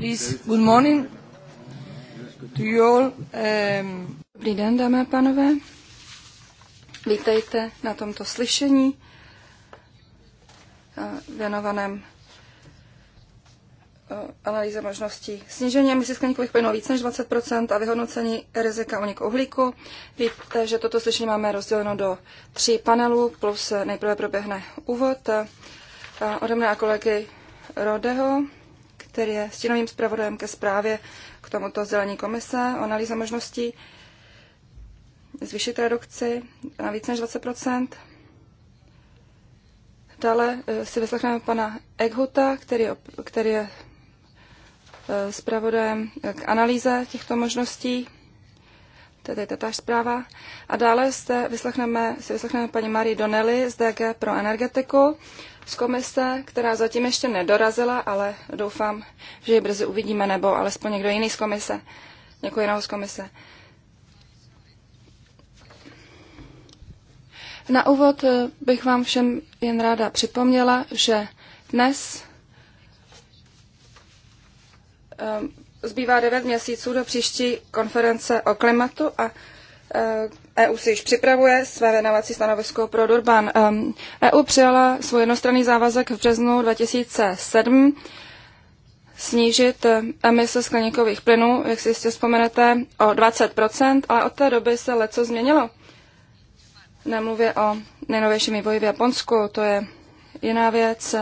Please, good morning to you all. Um, Dobrý den, dámy a pánové. Vítejte na tomto slyšení eh, věnovaném eh, analýze možností snížení emisí skleníkových plynů víc než 20 a vyhodnocení rizika uniku uhlíku. Víte, že toto slyšení máme rozděleno do tří panelů, plus eh, nejprve proběhne úvod ode mne a kolegy Rodeho, který je stínovým zpravodajem ke zprávě k tomuto zelení komise o analýze možností zvýšit redukci na více než 20 Dále eh, si vyslechneme pana Eghuta, který, který je eh, zpravodajem k analýze těchto možností tedy tatáž zpráva. A dále se vyslechneme, si vyslechneme paní Marie Donnelly z DG pro energetiku z komise, která zatím ještě nedorazila, ale doufám, že ji brzy uvidíme, nebo alespoň někdo jiný z komise, někoho jiného z komise. Na úvod eh, bych vám všem jen ráda připomněla, že dnes eh, zbývá 9 měsíců do příští konference o klimatu a EU eh, e si již připravuje své věnovací stanovisko pro Durban. EU e přijala svůj jednostranný závazek v březnu 2007 snížit eh, emise skleníkových plynů, jak si jistě vzpomenete, o 20 ale od té doby se leco změnilo. Nemluvě o nejnovějším vývoji v Japonsku, to je jiná věc.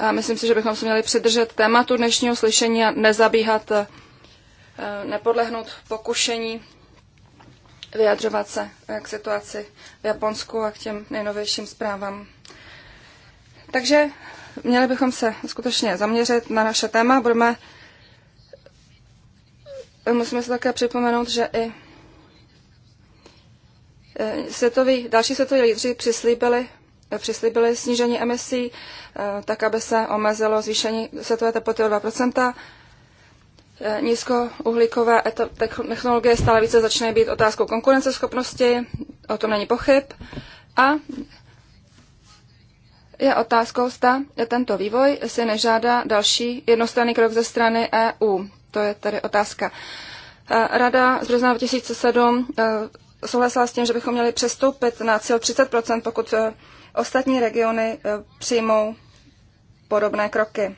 A myslím si, že bychom se měli přidržet tématu dnešního slyšení a nezabíhat, eh, nepodlehnout pokušení vyjadřovat se k situaci v Japonsku a k těm nejnovějším zprávám. Takže měli bychom se skutečně zaměřit na naše téma. Budeme, musíme se také připomenout, že i eh, světový, další světoví lídři přislíbili přislíbili snížení emisí, eh, tak aby se omezilo zvýšení světové teploty o 2 eh, Nízkouhlíkové technologie stále více začínají být otázkou konkurenceschopnosti, o tom není pochyb. A je otázkou, zda tento vývoj si nežádá další jednostranný krok ze strany EU. To je tedy otázka. Eh, Rada z března 2007 souhlasila s tím, že bychom měli přestoupit na cíl 30 pokud ostatní regiony eh, přijmou podobné kroky.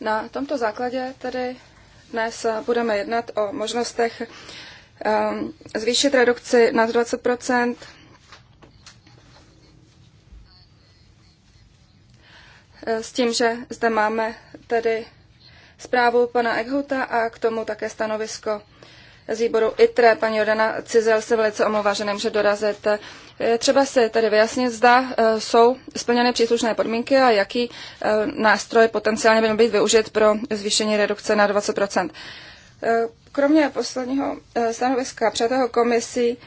Na tomto základě tedy dnes eh, budeme jednat o možnostech eh, zvýšit redukci na 20 s tím, že zde máme tedy zprávu pana Eghuta a k tomu také stanovisko z výboru ITRE. Paní Jordana Cizel se velice omlouvá, že nemůže dorazit. Je třeba si tedy vyjasnit, zda e, jsou splněny příslušné podmínky a jaký e, nástroj potenciálně by měl být využit pro zvýšení redukce na 20 e, Kromě posledního stanoviska přátého komisí,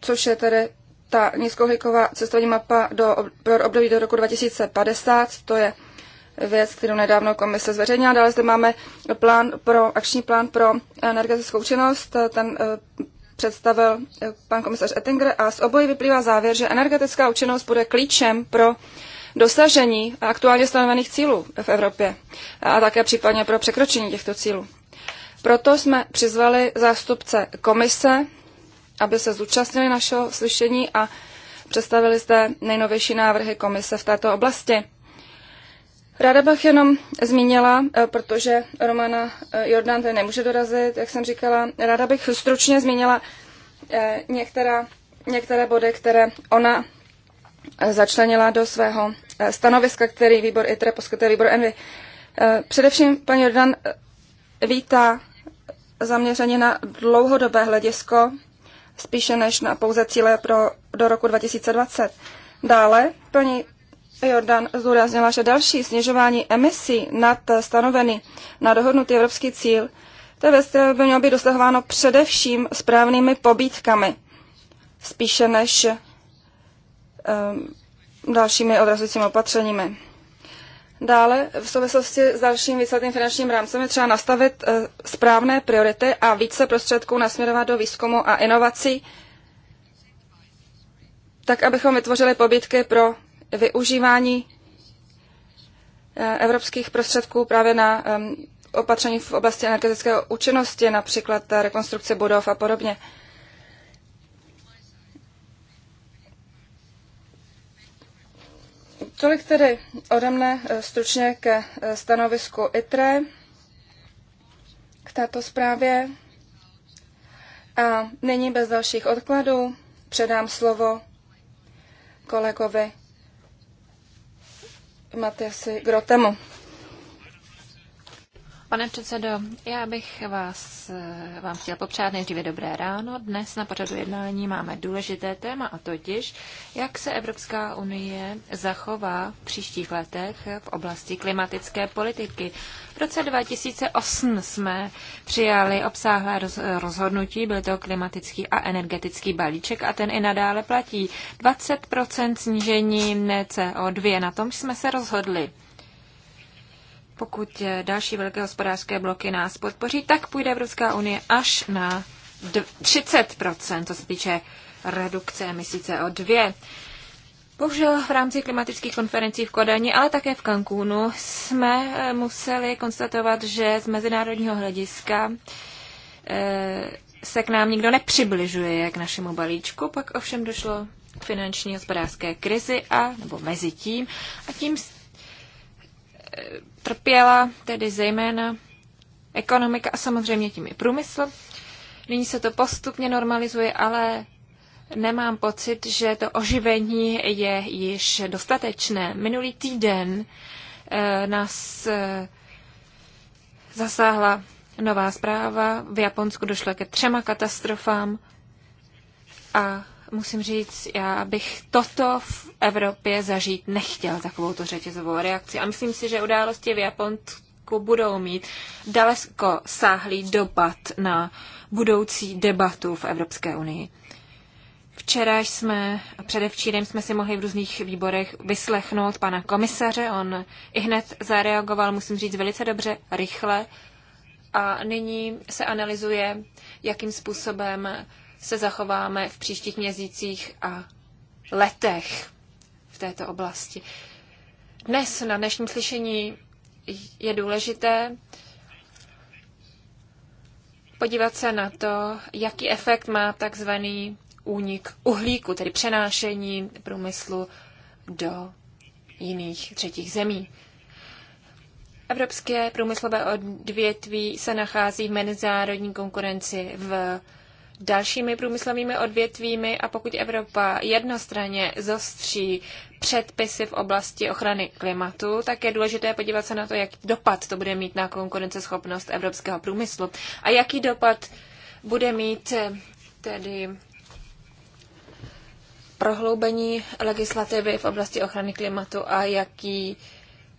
což je tedy ta nízkouhlíková cestovní mapa do, pro období do roku 2050, to je věc, kterou nedávno komise zveřejnila. Dále zde máme plán pro, akční plán pro energetickou činnost. Ten eh, představil eh, pan komisař Ettinger a z obojí vyplývá závěr, že energetická účinnost bude klíčem pro dosažení aktuálně stanovených cílů v Evropě a také případně pro překročení těchto cílů. Proto jsme přizvali zástupce komise, aby se zúčastnili našeho slyšení a představili zde nejnovější návrhy komise v této oblasti. Ráda bych jenom zmínila, eh, protože Romana eh, Jordán tady nemůže dorazit, jak jsem říkala, ráda bych stručně zmínila eh, některá, některé body, které ona začlenila do svého stanoviska, který výbor ITRE poskytuje výbor ENVY. Především paní Jordan vítá zaměření na dlouhodobé hledisko, spíše než na pouze cíle pro, do roku 2020. Dále paní Jordan zdůraznila, že další snižování emisí nad stanovený na dohodnutý evropský cíl, to je by mělo být dosahováno především správnými pobítkami, spíše než um, dalšími odrazujícími opatřeními. Dále v souvislosti s dalším výsledným finančním rámcem je třeba nastavit uh, správné priority a více prostředků nasměrovat do výzkumu a inovací, tak abychom vytvořili pobytky pro využívání eh, evropských prostředků právě na opatření v oblasti energetické účinnosti, například eh, rekonstrukce budov a podobně. Tolik tedy ode mne eh, stručně ke stanovisku ITRE k této zprávě. A nyní bez dalších odkladů předám slovo kolegovi Matiasi Grotemu. Pane předsedo, já bych vás, eh, vám chtěl popřát nejdříve dobré ráno. Dnes na pořadu jednání máme důležité téma a totiž, jak se Evropská unie zachová v příštích letech v oblasti klimatické politiky. V roce 2008 jsme přijali obsáhlé rozhodnutí, byl to klimatický a energetický balíček a ten i nadále platí. 20% snížení CO2, na tom jsme se rozhodli pokud eh, další velké hospodářské bloky nás podpoří, tak půjde Evropská unie až na 30%, co se týče redukce emisí CO2. Bohužel v rámci klimatických konferencí v Kodani, ale také v Cancúnu jsme eh, museli konstatovat, že z mezinárodního hlediska eh, se k nám nikdo nepřibližuje k našemu balíčku, pak ovšem došlo k finanční hospodářské krizi a nebo mezi tím a tím trpěla tedy zejména ekonomika a samozřejmě tím i průmysl. Nyní se to postupně normalizuje, ale nemám pocit, že to oživení je již dostatečné. Minulý týden eh, nás eh, zasáhla nová zpráva. V Japonsku došlo ke třema katastrofám a musím říct, já bych toto v Evropě zažít nechtěl, takovou tu řetězovou reakci. A myslím si, že události v Japonsku budou mít daleko sáhlý dopad na budoucí debatu v Evropské unii. Včera jsme, a předevčírem jsme si mohli v různých výborech vyslechnout pana komisaře. On i hned zareagoval, musím říct, velice dobře, rychle. A nyní se analyzuje, jakým způsobem se zachováme v příštích měsících a letech v této oblasti. Dnes na dnešním slyšení je důležité podívat se na to, jaký efekt má takzvaný únik uhlíku, tedy přenášení průmyslu do jiných třetích zemí. Evropské průmyslové odvětví se nachází v mezinárodní konkurenci v dalšími průmyslovými odvětvími a pokud Evropa jednostranně zostří předpisy v oblasti ochrany klimatu, tak je důležité podívat se na to, jaký dopad to bude mít na konkurenceschopnost evropského průmyslu a jaký dopad bude mít eh, tedy prohloubení legislativy v oblasti ochrany klimatu a jaký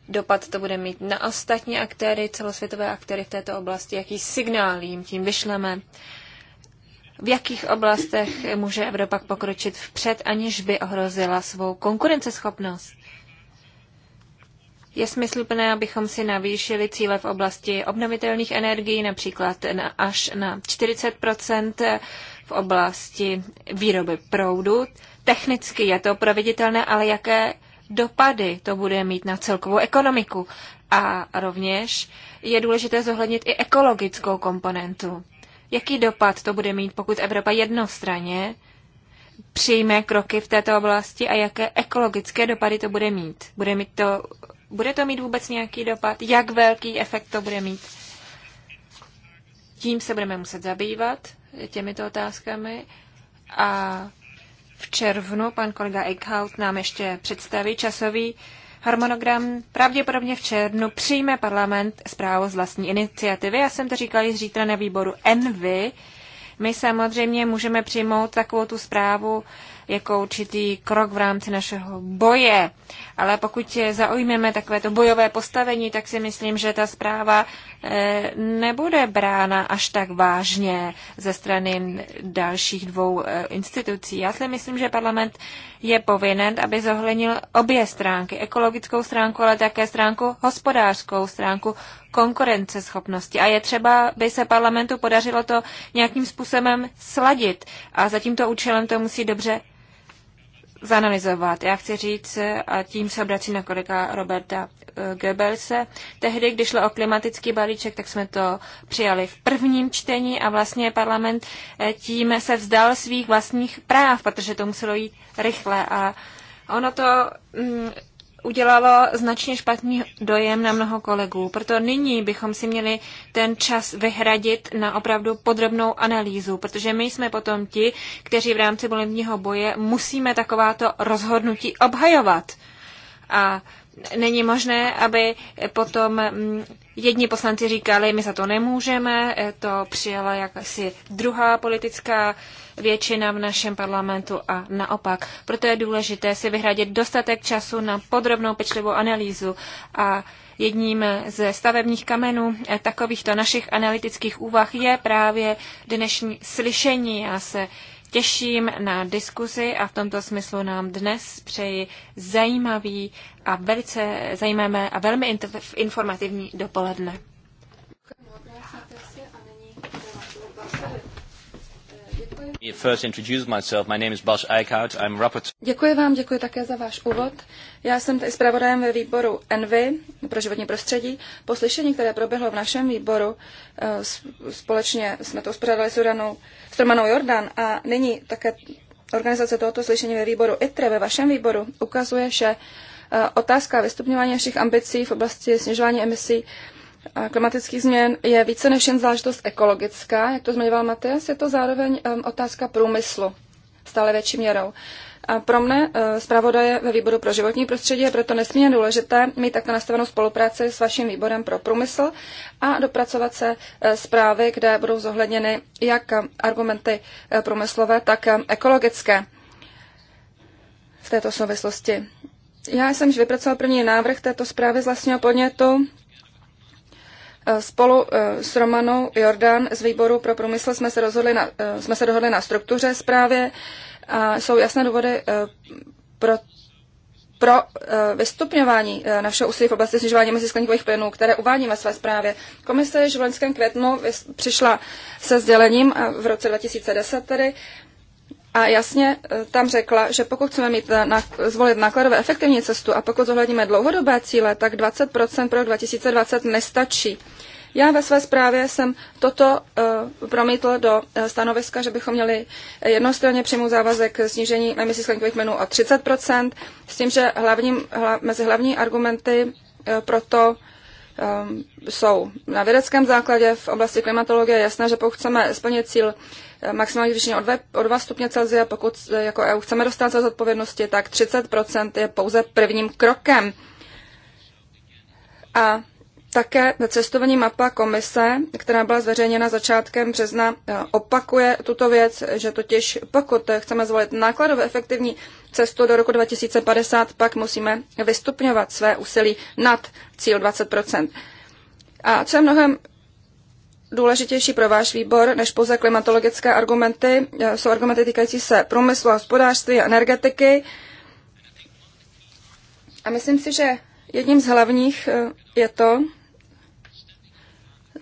dopad to bude mít na ostatní aktéry, celosvětové aktéry v této oblasti, jaký signál jim tím vyšleme v jakých oblastech může Evropa pokročit vpřed, aniž by ohrozila svou konkurenceschopnost. Je smysluplné, abychom si navýšili cíle v oblasti obnovitelných energií, například na, až na 40 v oblasti výroby proudu. Technicky je to proveditelné, ale jaké dopady to bude mít na celkovou ekonomiku? A rovněž je důležité zohlednit i ekologickou komponentu. Jaký dopad to bude mít, pokud Evropa jednostranně přijme kroky v této oblasti a jaké ekologické dopady to bude mít? Bude, mít to, bude to mít vůbec nějaký dopad? Jak velký efekt to bude mít? Tím se budeme muset zabývat, těmito otázkami. A v červnu pan kolega Eichhout nám ještě představí časový harmonogram pravděpodobně v červnu přijme parlament zprávu z vlastní iniciativy. Já jsem to říkala již zítra na výboru ENVY. My samozřejmě můžeme přijmout takovou tu zprávu jako určitý krok v rámci našeho boje. Ale pokud zaujmeme takovéto bojové postavení, tak si myslím, že ta zpráva eh, nebude brána až tak vážně ze strany dalších dvou eh, institucí. Já si myslím, že parlament je povinen, aby zohlednil obě stránky, ekologickou stránku, ale také stránku hospodářskou, stránku konkurenceschopnosti. A je třeba, by se parlamentu podařilo to nějakým způsobem sladit. A za tímto účelem to musí dobře zanalizovat. Já chci říct, a tím se obrací na kolega Roberta eh, Goebbelse, tehdy, když šlo o klimatický balíček, tak jsme to přijali v prvním čtení a vlastně parlament eh, tím se vzdal svých vlastních práv, protože to muselo jít rychle a ono to mm, udělalo značně špatný dojem na mnoho kolegů. Proto nyní bychom si měli ten čas vyhradit na opravdu podrobnou analýzu, protože my jsme potom ti, kteří v rámci volebního boje musíme takováto rozhodnutí obhajovat. A není možné, aby potom mm, jedni poslanci říkali, my za to nemůžeme, to přijala jakási druhá politická většina v našem parlamentu a naopak. Proto je důležité si vyhradit dostatek času na podrobnou pečlivou analýzu a Jedním ze stavebních kamenů eh, takovýchto našich analytických úvah je právě dnešní slyšení. Já se těším na diskuzi a v tomto smyslu nám dnes přeji zajímavý a velice zajímavé a velmi informativní dopoledne. Děkuji vám, děkuji také za váš úvod. Já jsem tady zpravodajem ve výboru Envy pro životní prostředí. Po slyšení, které proběhlo v našem výboru, eh, společně jsme to uspořádali s, Uranou, s Romanou Jordan a nyní také organizace tohoto slyšení ve výboru ITRE, ve vašem výboru, ukazuje, že eh, otázka vystupňování našich ambicí v oblasti snižování emisí klimatických změn je více než jen záležitost ekologická, jak to zmiňoval Matias, je to zároveň otázka průmyslu stále větší měrou. A pro mne e, zpravodaje ve výboru pro životní prostředí je proto nesmírně důležité mít takto nastavenou spolupráci s vaším výborem pro průmysl a dopracovat se e, zprávy, kde budou zohledněny jak argumenty e, průmyslové, tak ekologické v této souvislosti. Já jsem již vypracoval první návrh této zprávy z vlastního podnětu, Eh, spolu eh, s Romanou Jordan z výboru pro průmysl jsme se, rozhodli na, eh, jsme se dohodli na struktuře zprávě a jsou jasné důvody pro pro vystupňování našeho úsilí v oblasti snižování mezi skleníkových plynů, které uvádíme ve své zprávě. Komise již v loňském květnu přišla se sdělením v roce 2010 tedy a jasně e, tam řekla, že pokud chceme mít e, na, zvolit nákladové efektivní cestu a pokud zohledníme dlouhodobé cíle, tak 20% pro 2020 nestačí. Já ve své zprávě jsem toto uh, promítl do uh, stanoviska, že bychom měli jednostranně přijmout závazek snížení emisí skleníkových plynů o 30 s tím, že hlavním, hla, mezi hlavní argumenty uh, proto um, jsou na vědeckém základě v oblasti klimatologie jasné, že pokud chceme splnit cíl Maximálně zvýšení o 2, o 2 stupně Celsia, pokud eh, jako EU chceme dostat se z odpovědnosti, tak 30% je pouze prvním krokem. A také cestovní mapa komise, která byla zveřejněna začátkem března, eh, opakuje tuto věc, že totiž pokud chceme zvolit nákladově efektivní cestu do roku 2050, pak musíme vystupňovat své úsilí nad cíl 20 A co je mnohem důležitější pro váš výbor než pouze klimatologické argumenty. Eh, jsou argumenty týkající se průmyslu, hospodářství a energetiky. A myslím si, že jedním z hlavních eh, je to,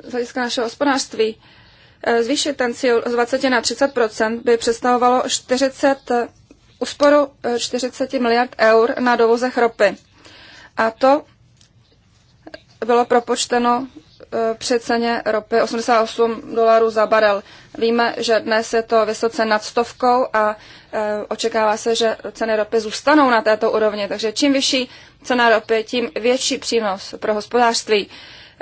z hlediska našeho hospodářství, eh, zvýšit ten cíl z 20 na 30 by představovalo 40, úsporu 40 miliard eur na dovozech ropy. A to bylo propočteno Eh, při ceně ropy 88 dolarů za barel. Víme, že dnes je to vysoce nad stovkou a eh, očekává se, že ceny ropy zůstanou na této úrovni. Takže čím vyšší cena ropy, tím větší přínos pro hospodářství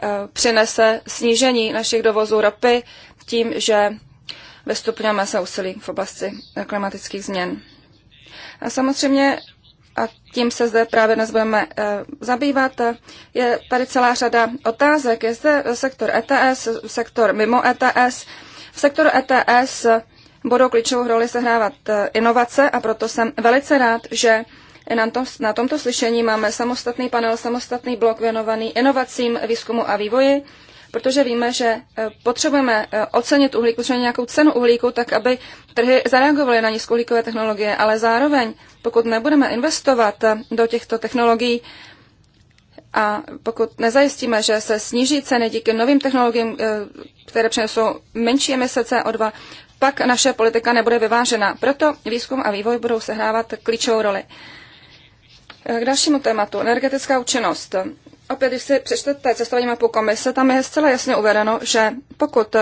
eh, přinese snížení našich dovozů ropy tím, že vystupňujeme se úsilí v oblasti klimatických změn. A samozřejmě a tím se zde právě dnes budeme eh, zabývat. Je tady celá řada otázek. Je zde sektor ETS, sektor mimo ETS. V sektoru ETS budou klíčovou roli sehrávat eh, inovace a proto jsem velice rád, že na, tom, na tomto slyšení máme samostatný panel, samostatný blok věnovaný inovacím, výzkumu a vývoji protože víme, že e, potřebujeme e, ocenit uhlík, potřebujeme nějakou cenu uhlíku, tak aby trhy zareagovaly na nízkouhlíkové technologie, ale zároveň, pokud nebudeme investovat e, do těchto technologií, a pokud nezajistíme, že se sníží ceny díky novým technologiím, které přinesou menší emise CO2, pak naše politika nebude vyvážena. Proto výzkum a vývoj budou sehrávat klíčovou roli. K dalšímu tématu, energetická účinnost opět, když si přečtete cestování mapu komise, tam je zcela jasně uvedeno, že pokud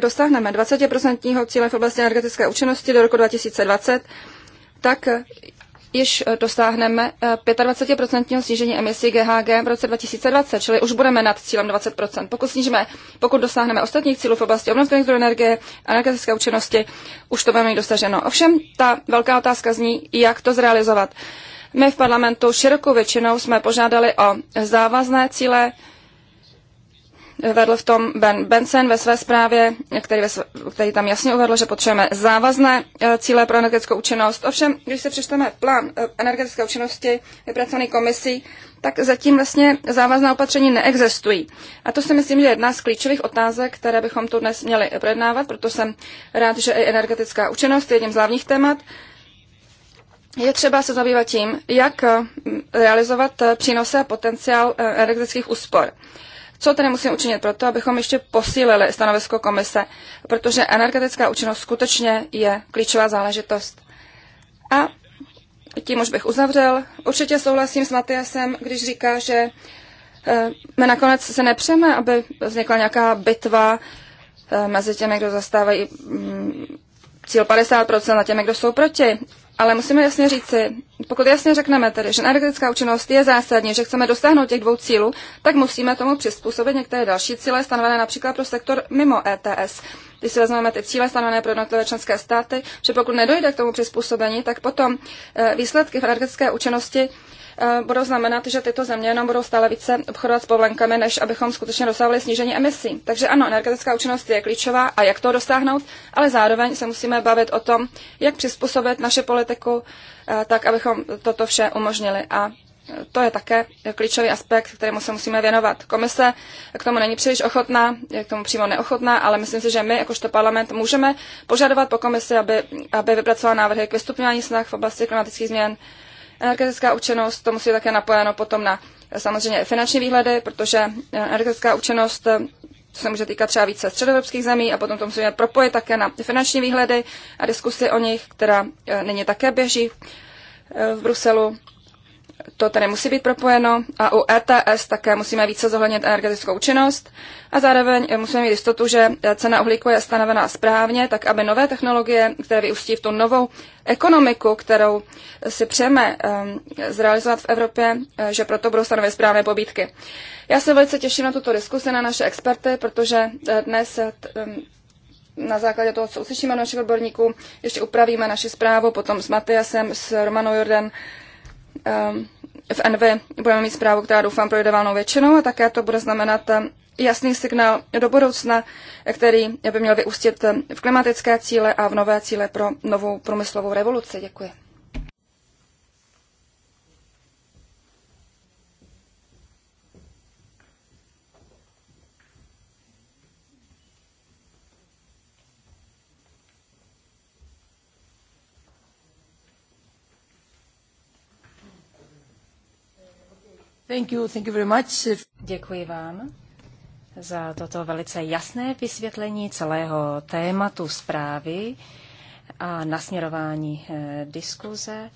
dosáhneme 20% cíle v oblasti energetické účinnosti do roku 2020, tak již dosáhneme 25% eh, snížení emisí GHG v roce 2020, čili už budeme nad cílem 20%. Pokud, snížíme, pokud dosáhneme ostatních cílů v oblasti obnovitelných zdrojů energie a energetické účinnosti, už to budeme mít dosaženo. Ovšem, ta velká otázka zní, jak to zrealizovat. My v parlamentu širokou většinou jsme požádali o závazné cíle. Vedl v tom Ben Benson ve své zprávě, který, ve, své, který tam jasně uvedl, že potřebujeme závazné eh, cíle pro energetickou účinnost. Ovšem, když se přečteme plán eh, energetické účinnosti vypracovaný komisí, tak zatím vlastně závazná opatření neexistují. A to si myslím, že je jedna z klíčových otázek, které bychom tu dnes měli projednávat, proto jsem rád, že i energetická účinnost je jedním z hlavních témat je třeba se zabývat tím, jak eh, realizovat eh, přínosy a potenciál eh, energetických úspor. Co tedy musím učinit pro to, abychom ještě posílili stanovisko komise, protože energetická účinnost skutečně je klíčová záležitost. A tím už bych uzavřel. Určitě souhlasím s Matiasem, když říká, že my nakonec se nepřeme, aby vznikla nějaká bitva mezi těmi, kdo zastávají mm, cíl 50% a těmi, kdo jsou proti. Ale musíme jasně říci, pokud jasně řekneme tedy, že energetická účinnost je zásadní, že chceme dosáhnout těch dvou cílů, tak musíme tomu přizpůsobit některé další cíle stanovené například pro sektor mimo ETS. Když si vezmeme ty cíle stanovené pro jednotlivé členské státy, že pokud nedojde k tomu přizpůsobení, tak potom eh, výsledky v energetické účinnosti Eh, budou znamenat, že tyto země nám budou stále více obchodovat s povolenkami, než abychom skutečně dosáhli snížení emisí. Takže ano, energetická účinnost je klíčová a jak to dosáhnout, ale zároveň se musíme bavit o tom, jak přizpůsobit naše politiku eh, tak, abychom toto vše umožnili. A eh, to je také klíčový aspekt, kterému se musíme věnovat. Komise k tomu není příliš ochotná, je k tomu přímo neochotná, ale myslím si, že my, jakožto parlament, můžeme požadovat po komisi, aby, aby vypracovala návrhy k vystupňování snah v oblasti klimatických změn, Energetická účinnost, to musí také napojeno potom na eh, samozřejmě finanční výhledy, protože eh, energetická účinnost eh, se může týkat třeba více středoevropských zemí a potom to musíme propojit také na finanční výhledy a diskusy o nich, která nyní také běží v Bruselu to tady musí být propojeno a u ETS také musíme více zohlednit energetickou účinnost a zároveň musíme mít jistotu, že cena uhlíku je stanovená správně, tak aby nové technologie, které vyústí v tu novou ekonomiku, kterou si přejeme ehm, zrealizovat v Evropě, eh, že proto budou stanovit správné pobídky. Já se velice těším na tuto diskusi, na naše experty, protože eh, dnes eh, ehm, na základě toho, co uslyšíme od našich odborníků, ještě upravíme naši zprávu, potom s Matyasem, s Romanou Jordan, Ehm, v NV budeme mít zprávu, která doufám projde valnou většinou a také to bude znamenat ehm, jasný signál do budoucna, který by měl vyústit ehm, v klimatické cíle a v nové cíle pro novou průmyslovou revoluci. Děkuji. Děkuji vám za toto velice jasné vysvětlení celého tématu zprávy a nasměrování eh, diskuze.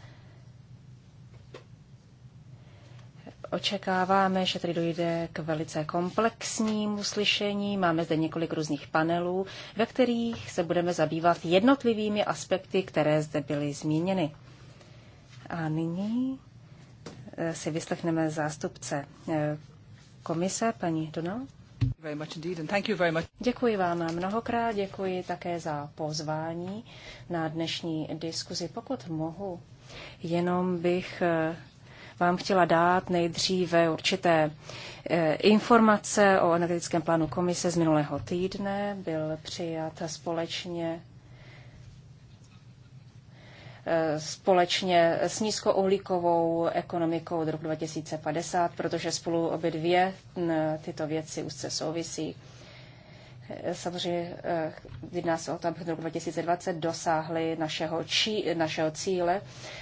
Očekáváme, že tady dojde k velice komplexnímu slyšení. Máme zde několik různých panelů, ve kterých se budeme zabývat jednotlivými aspekty, které zde byly zmíněny. A nyní si vyslechneme zástupce eh, komise, paní Donal. Děkuji vám mnohokrát, děkuji také za pozvání na dnešní diskuzi. Pokud mohu, jenom bych eh, vám chtěla dát nejdříve určité eh, informace o energetickém plánu komise z minulého týdne. Byl přijat společně společně s nízkouhlíkovou ekonomikou od roku 2050, protože spolu obě dvě tyto věci úzce souvisí. Samozřejmě eh, jedná se o to, abychom roku 2020 dosáhli našeho, či, našeho cíle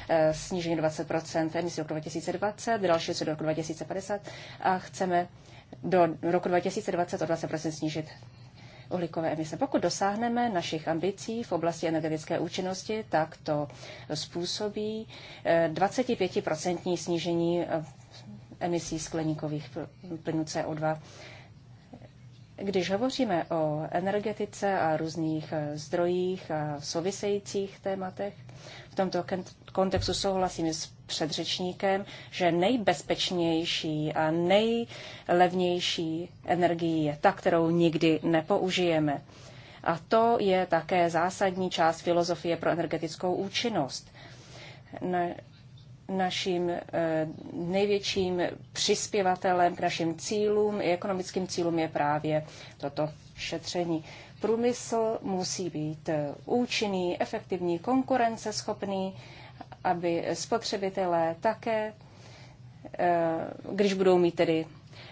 eh, snížení 20 emisí roku 2020, další do roku 2050 a chceme do roku 2020 o 20 snížit uhlíkové emise. Pokud dosáhneme našich ambicí v oblasti energetické účinnosti, tak to způsobí 25% eh, snížení eh, emisí skleníkových plynů CO2. Když hovoříme o energetice a různých eh, zdrojích a souvisejících tématech, v tomto kontextu souhlasím s předřečníkem, že nejbezpečnější a nejlevnější energií je ta, kterou nikdy nepoužijeme. A to je také zásadní část filozofie pro energetickou účinnost. Na, naším eh, největším přispěvatelem k našim cílům i ekonomickým cílům je právě toto šetření. Průmysl musí být eh, účinný, efektivní, konkurenceschopný, aby spotřebitelé také, eh, když budou mít tedy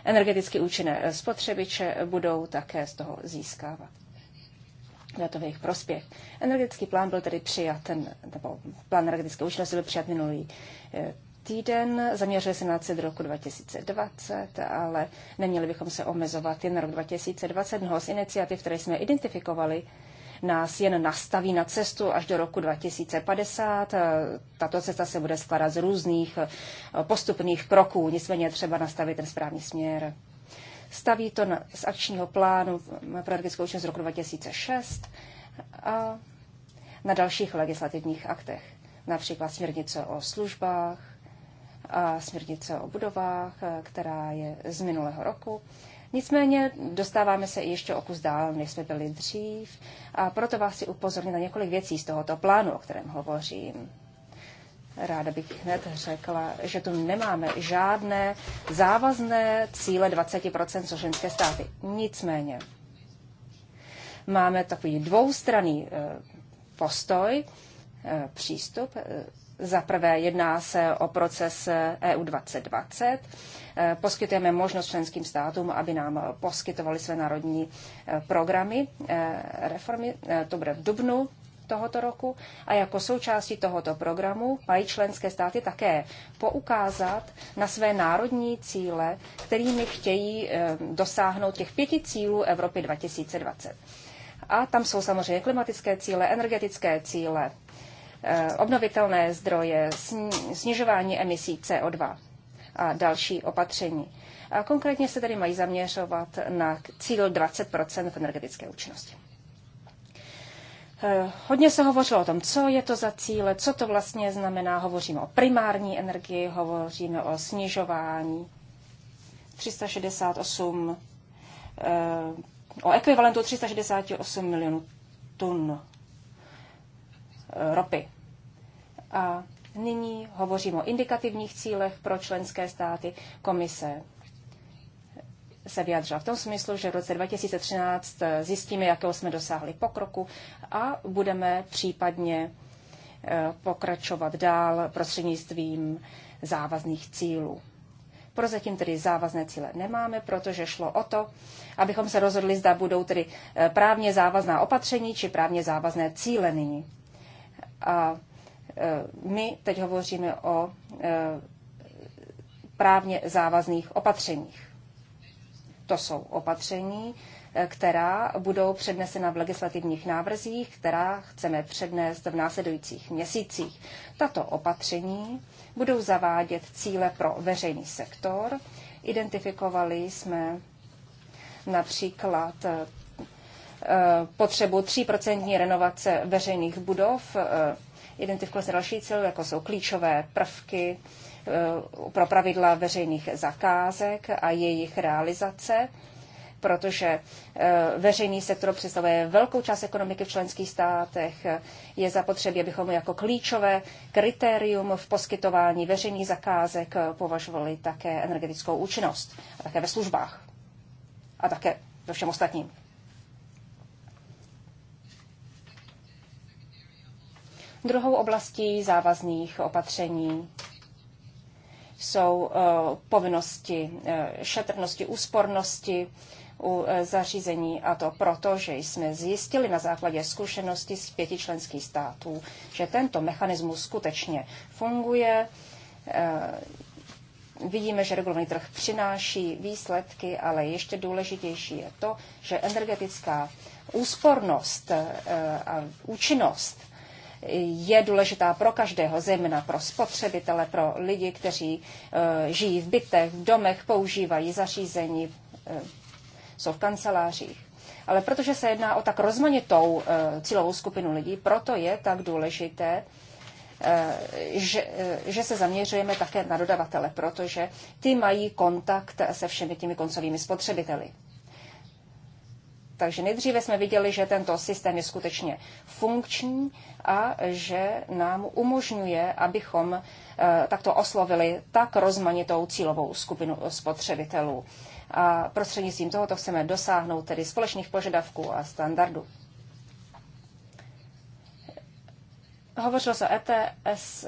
energeticky účinné eh, spotřebiče, budou také z toho získávat na to v jejich prospěch. Energetický plán byl tedy přijat, ten, nebo plán energetické účinnosti byl přijat minulý týden, zaměřili se na cíl roku 2020, ale neměli bychom se omezovat jen na rok 2020. Mnoho z iniciativ, které jsme identifikovali, nás jen nastaví na cestu až do roku 2050. Tato cesta se bude skládat z různých eh, postupných kroků, nicméně třeba nastavit ten správný směr. Staví to na, z akčního plánu pro energetickou účinnost z roku 2006 a na dalších legislativních aktech, například směrnice o službách, a směrnice o budovách, eh, která je z minulého roku. Nicméně dostáváme se i ještě o kus dál, než jsme byli dřív a proto vás si upozornit na několik věcí z tohoto plánu, o kterém hovořím. Ráda bych hned řekla, že tu nemáme žádné závazné cíle 20% co ženské státy. Nicméně máme takový dvoustranný eh, postoj, eh, přístup za prvé jedná se o proces EU 2020. Eh, poskytujeme možnost členským státům, aby nám poskytovali své národní eh, programy eh, reformy. To bude v Dubnu tohoto roku a jako součástí tohoto programu mají členské státy také poukázat na své národní cíle, kterými chtějí dosáhnout těch pěti cílů Evropy 2020. A tam jsou samozřejmě klimatické cíle, energetické cíle, Eh, obnovitelné zdroje, snižování emisí CO2 a další opatření. A konkrétně se tedy mají zaměřovat na cíl 20 v energetické účinnosti. Eh, hodně se hovořilo o tom, co je to za cíle, co to vlastně znamená. Hovoříme o primární energii, hovoříme o snižování 368, eh, o ekvivalentu 368 milionů tun ropy. A nyní hovořím o indikativních cílech pro členské státy komise se vyjadřila v tom smyslu, že v roce 2013 zjistíme, jakého jsme dosáhli pokroku a budeme případně eh, pokračovat dál prostřednictvím závazných cílů. Prozatím tedy závazné cíle nemáme, protože šlo o to, abychom se rozhodli, zda budou tedy eh, právně závazná opatření či právně závazné cíle nyní. A Eh, my teď hovoříme o eh, právně závazných opatřeních. To jsou opatření, eh, která budou přednesena v legislativních návrzích, která chceme přednést v následujících měsících. Tato opatření budou zavádět cíle pro veřejný sektor. Identifikovali jsme například potřebu 3% renovace veřejných budov identifikuje se další cíl, jako jsou klíčové prvky eh, pro pravidla veřejných zakázek a jejich realizace, protože eh, veřejný sektor představuje velkou část ekonomiky v členských státech. Je zapotřebí, abychom jako klíčové kritérium v poskytování veřejných zakázek eh, považovali také energetickou účinnost, a také ve službách a také ve všem ostatním. Druhou oblastí závazných opatření jsou eh, povinnosti eh, šetrnosti, úspornosti u eh, zařízení a to proto, že jsme zjistili na základě zkušenosti z pěti členských států, že tento mechanismus skutečně funguje. Vidíme, že regulovaný trh přináší výsledky, ale ještě důležitější je to, že energetická úspornost a účinnost je důležitá pro každého, zejména pro spotřebitele, pro lidi, kteří eh, žijí v bytech, v domech, používají zařízení, eh, jsou v kancelářích. Ale protože se jedná o tak rozmanitou eh, cílovou skupinu lidí, proto je tak důležité, že, že se zaměřujeme také na dodavatele, protože ty mají kontakt se všemi těmi koncovými spotřebiteli. Takže nejdříve jsme viděli, že tento systém je skutečně funkční a že nám umožňuje, abychom eh, takto oslovili tak rozmanitou cílovou skupinu spotřebitelů. A prostřednictvím tohoto chceme dosáhnout tedy společných požadavků a standardů. Hovořilo se o ETS,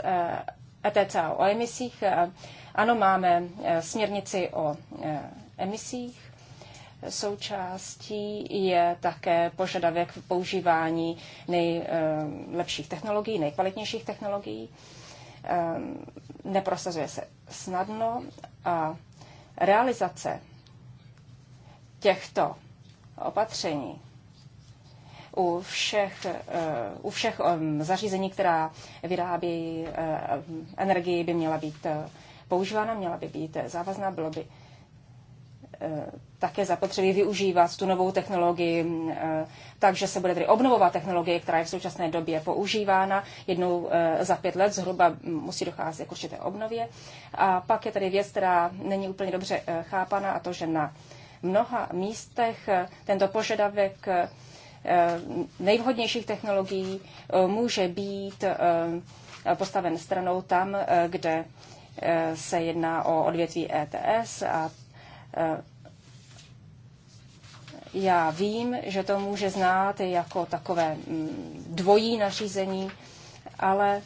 ETC eh, e a o emisích. Eh, ano, máme směrnici o emisích Součástí je také požadavek používání nejlepších technologií, nejkvalitnějších technologií. Ehm, neprosazuje se snadno a realizace těchto opatření u všech, eh, u všech ehm, zařízení, která vyrábí eh, energii, by měla být eh, používána, měla by být závazná, bylo by také zapotřebí využívat tu novou technologii, eh, takže se bude tedy obnovovat technologie, která je v současné době používána. Jednou eh, za pět let zhruba musí docházet k určité obnově. A pak je tady věc, která není úplně dobře eh, chápana, a to, že na mnoha místech tento požadavek nejvhodnějších technologií může být postaven stranou tam, kde se jedná o odvětví ETS a já vím, že to může znát jako takové mm, dvojí nařízení, ale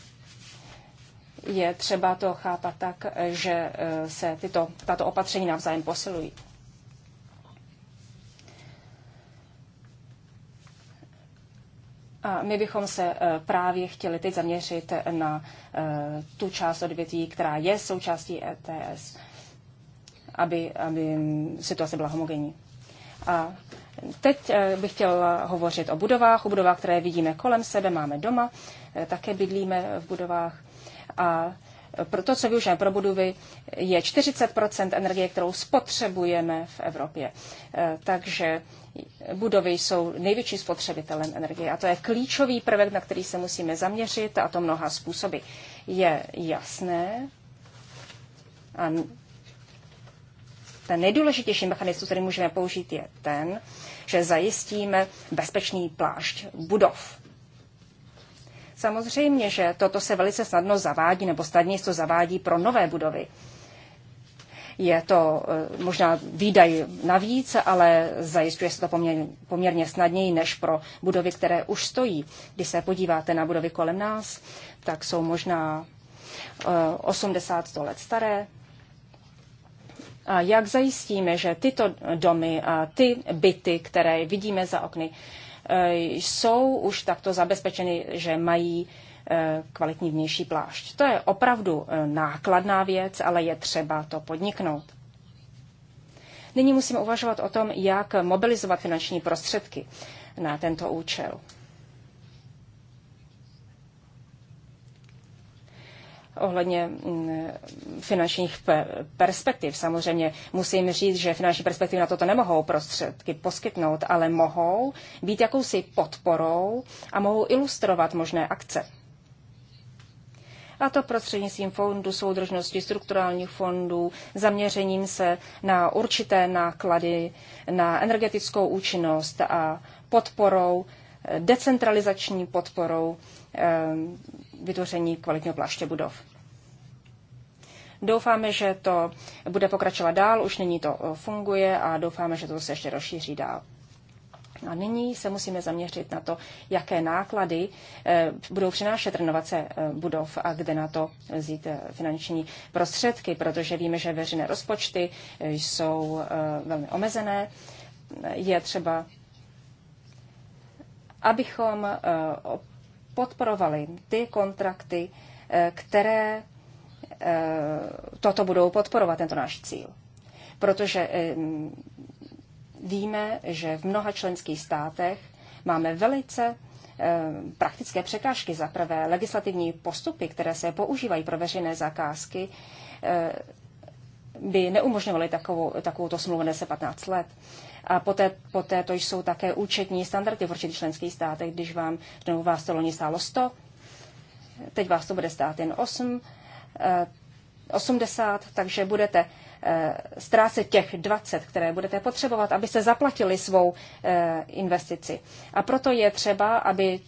je třeba to chápat tak, že e, se tyto, tato opatření navzájem posilují. A my bychom se e, právě chtěli teď zaměřit na e, tu část odvětví, která je součástí ETS, aby, aby mm, situace byla homogenní. A Teď eh, bych chtěl eh, hovořit o budovách, o budovách, které vidíme kolem sebe, máme doma, eh, také bydlíme v budovách. A to, co využijeme pro budovy, je 40 energie, kterou spotřebujeme v Evropě. Takže budovy jsou největším spotřebitelem energie. A to je klíčový prvek, na který se musíme zaměřit, a to mnoha způsoby. Je jasné, a ten nejdůležitější mechanismus, který můžeme použít, je ten, že zajistíme bezpečný plášť budov. Samozřejmě, že toto se velice snadno zavádí, nebo snadně to zavádí pro nové budovy. Je to eh, možná výdaj navíc, ale zajišťuje se to poměrně, poměrně snadněji než pro budovy, které už stojí. Když se podíváte na budovy kolem nás, tak jsou možná 80 eh, let staré, jak zajistíme, že tyto domy a ty byty, které vidíme za okny, e, jsou už takto zabezpečeny, že mají e, kvalitní vnější plášť. To je opravdu e, nákladná věc, ale je třeba to podniknout. Nyní musíme uvažovat o tom, jak mobilizovat finanční prostředky na tento účel. ohledně mm, finančních perspektiv. Samozřejmě musím říct, že finanční perspektivy na toto nemohou prostředky poskytnout, ale mohou být jakousi podporou a mohou ilustrovat možné akce. A to prostřednictvím fondu soudržnosti, strukturálních fondů, zaměřením se na určité náklady, na energetickou účinnost a podporou decentralizační podporou eh, vytvoření kvalitního pláště budov. Doufáme, že to bude pokračovat dál, už nyní to eh, funguje a doufáme, že to se ještě rozšíří dál. A nyní se musíme zaměřit na to, jaké náklady eh, budou přinášet renovace budov a kde na to vzít finanční prostředky, protože víme, že veřejné rozpočty jsou velmi omezené. Je třeba abychom eh, podporovali ty kontrakty, eh, které eh, toto budou podporovat, tento náš cíl. Protože víme, že v mnoha členských státech máme velice praktické překážky. Za prvé legislativní postupy, které se používají pro veřejné zakázky, by neumožňovaly takovou, takovouto smlouvu 10 15 let a poté, poté to jsou také účetní standardy v určitých členských státech, když vám, znovu vás to loni stálo 100, teď vás to bude stát jen 8, 80, eh, takže budete eh, ztrácet těch 20, které budete potřebovat, aby se zaplatili svou eh, investici. A proto je třeba, aby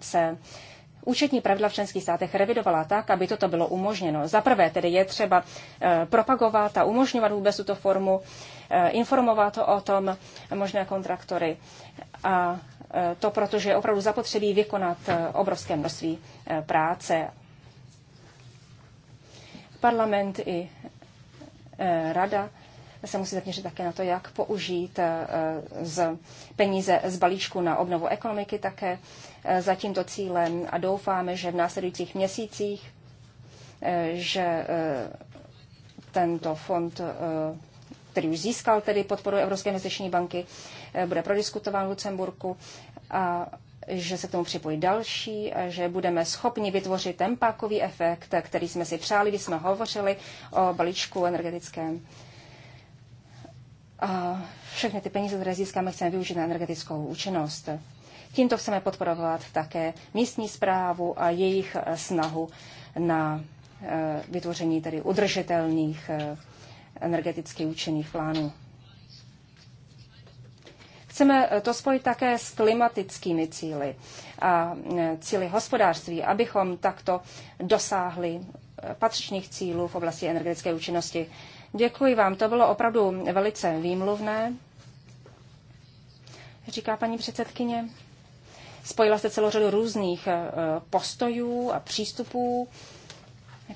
se účetní pravidla v členských státech revidovala tak, aby toto bylo umožněno. Za prvé tedy je třeba eh, propagovat a umožňovat vůbec tuto formu, eh, informovat o tom možné kontraktory. A eh, to protože je opravdu zapotřebí vykonat obrovské množství práce. Parlament i rada se musí zaměřit také na to, jak použít eh, z peníze z balíčku na obnovu ekonomiky také eh, za tímto cílem a doufáme, že v následujících měsících, eh, že tento fond který už získal tedy podporu Evropské investiční banky, bude prodiskutován v Lucemburku a že se k tomu připojí další, že budeme schopni vytvořit ten pákový efekt, který jsme si přáli, když jsme hovořili o balíčku energetickém. A všechny ty peníze, které získáme, chceme využít na energetickou účinnost. Tímto chceme podporovat také místní zprávu a jejich eh, snahu na eh, vytvoření tedy udržitelných eh, energeticky účinných plánů. Chceme to spojit také s klimatickými cíly a cíly hospodářství, abychom takto dosáhli patřičných cílů v oblasti energetické účinnosti Děkuji vám, to bylo opravdu velice výmluvné, říká paní předsedkyně. Spojila jste celou řadu různých eh, postojů a přístupů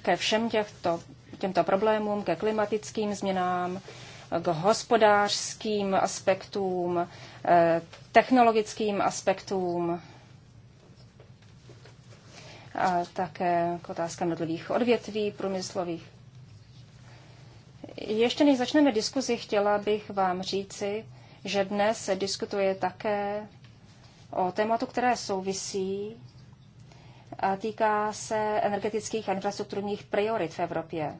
ke všem těchto, těmto problémům, ke klimatickým změnám, k hospodářským aspektům, eh, technologickým aspektům a také k otázkám jednotlivých odvětví průmyslových. Ještě než začneme diskuzi, chtěla bych vám říci, že dnes se diskutuje také o tématu, které souvisí a týká se energetických a infrastrukturních priorit v Evropě.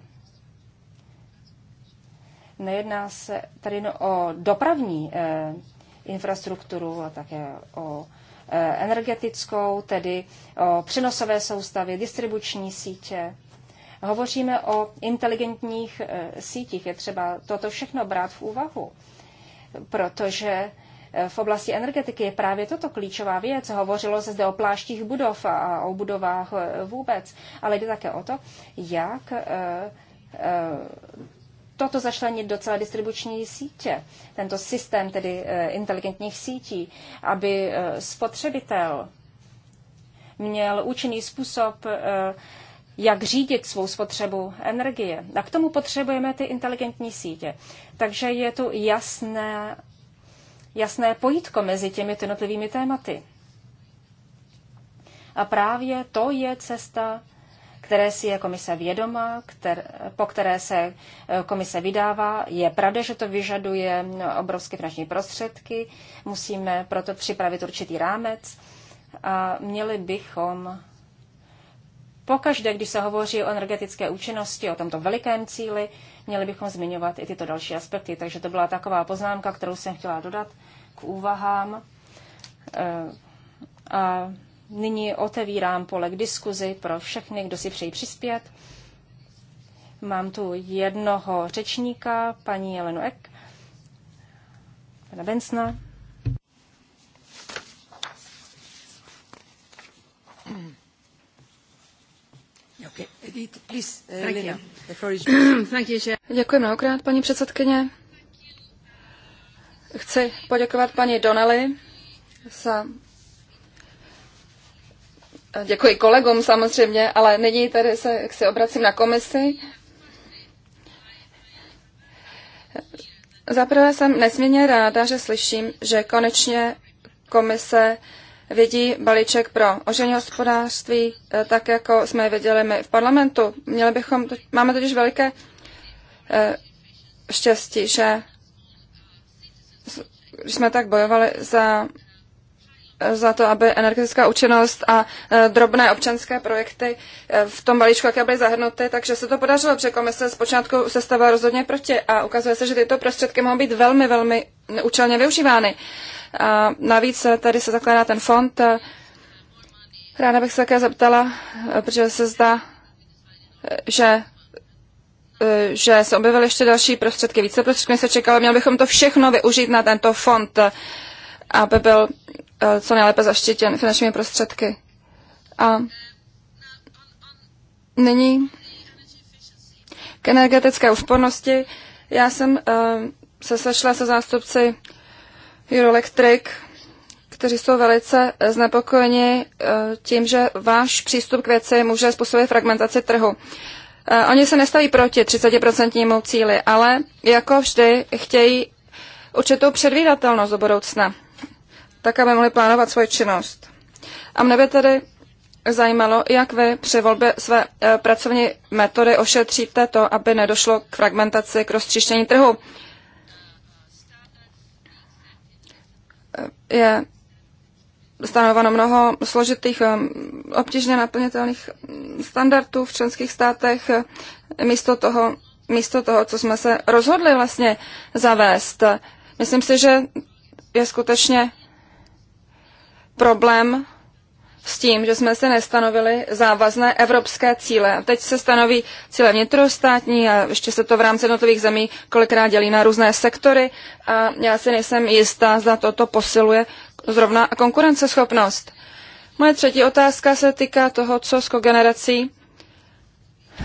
Nejedná se tady o dopravní eh, infrastrukturu a také o eh, energetickou, tedy o přenosové soustavy, distribuční sítě. Hovoříme o inteligentních eh, sítích, je třeba toto všechno brát v úvahu, protože eh, v oblasti energetiky je právě toto klíčová věc. Hovořilo se zde o pláštích budov a o budovách eh, vůbec, ale jde také o to, jak toto začlenit do celé distribuční sítě, tento systém tedy inteligentních sítí, aby spotřebitel měl účinný způsob jak řídit svou spotřebu energie. A k tomu potřebujeme ty inteligentní sítě. Takže je tu jasné, jasné pojítko mezi těmi jednotlivými tématy. A právě to je cesta, které si je komise vědoma, kter, po které se eh, komise vydává. Je pravda, že to vyžaduje no, obrovské finanční prostředky, musíme proto připravit určitý rámec a měli bychom Pokaždé, když se hovoří o energetické účinnosti, o tomto velikém cíli, měli bychom zmiňovat i tyto další aspekty. Takže to byla taková poznámka, kterou jsem chtěla dodat k úvahám. Eh, a nyní otevírám pole k diskuzi pro všechny, kdo si přejí přispět. Mám tu jednoho řečníka, paní Jelenu Ek, pana Bensna. Uh, Děkuji mnohokrát, paní předsedkyně. Chci poděkovat paní Donnelly za Děkuji kolegům samozřejmě, ale nyní tady se, jak se obracím na komisi. Zaprvé jsem nesmírně ráda, že slyším, že konečně komise vidí balíček pro ožení hospodářství, eh, tak jako jsme viděli my v parlamentu. Měli bychom, máme totiž veliké eh, štěstí, že jsme tak bojovali za, za to, aby energetická účinnost a eh, drobné občanské projekty v tom balíčku, jaké byly zahrnuty, takže se to podařilo, protože komise zpočátku se stavila rozhodně proti a ukazuje se, že tyto prostředky mohou být velmi, velmi účelně využívány. A navíc tady se zakládá ten fond. Ráda bych se také zeptala, protože se zdá, že že se objevily ještě další prostředky, více prostředků, se čekalo. Měli bychom to všechno využít na tento fond, aby byl eh, co nejlépe zaštítěn finančními prostředky. A nyní k energetické úspornosti. Já jsem eh, se sešla se zástupci Euroelectric, kteří jsou velice znepokojeni eh, tím, že váš přístup k věci může způsobit fragmentaci trhu. Eh, oni se nestaví proti 30% cíli, ale jako vždy chtějí určitou předvídatelnost do budoucna, tak aby mohli plánovat svoji činnost. A mne by tedy zajímalo, jak vy při volbě své eh, pracovní metody ošetříte to, aby nedošlo k fragmentaci, k roztříštění trhu. je stanoveno mnoho složitých, um, obtížně naplnitelných standardů v členských státech. Eh, místo toho, místo toho, co jsme se rozhodli vlastně zavést, myslím si, že je skutečně problém s tím, že jsme se nestanovili závazné evropské cíle. Teď se stanoví cíle vnitrostátní a ještě se to v rámci jednotlivých zemí kolikrát dělí na různé sektory a já si nejsem jistá, zda toto posiluje zrovna konkurenceschopnost. Moje třetí otázka se týká toho, co s kogenerací,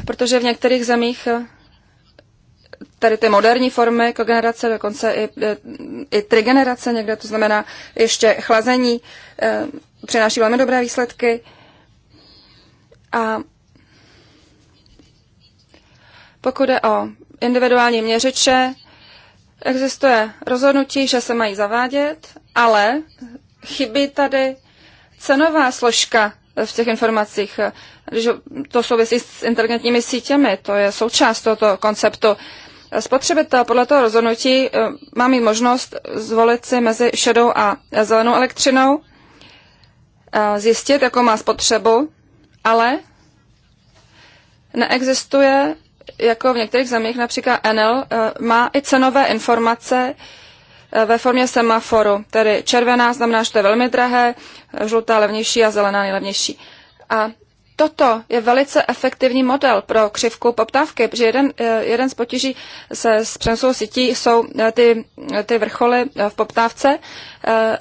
protože v některých zemích tady ty moderní formy kogenerace, dokonce i, e, i trigenerace někde, to znamená ještě chlazení, e, přináší velmi dobré výsledky. A pokud je o individuální měřiče, existuje rozhodnutí, že se mají zavádět, ale chybí tady cenová složka v těch informacích, že to souvisí s inteligentními sítěmi, to je součást tohoto konceptu spotřebitel podle toho rozhodnutí eh, má mít možnost zvolit si mezi šedou a zelenou elektřinou, eh, zjistit, jakou má spotřebu, ale neexistuje, jako v některých zemích, například Enel, eh, má i cenové informace ve formě semaforu, tedy červená znamená, že to je velmi drahé, žlutá levnější a zelená nejlevnější. A toto je velice efektivní model pro křivku poptávky, protože jeden, eh, jeden z potíží se s přenosovou sítí jsou eh, ty, ty vrcholy eh, v poptávce,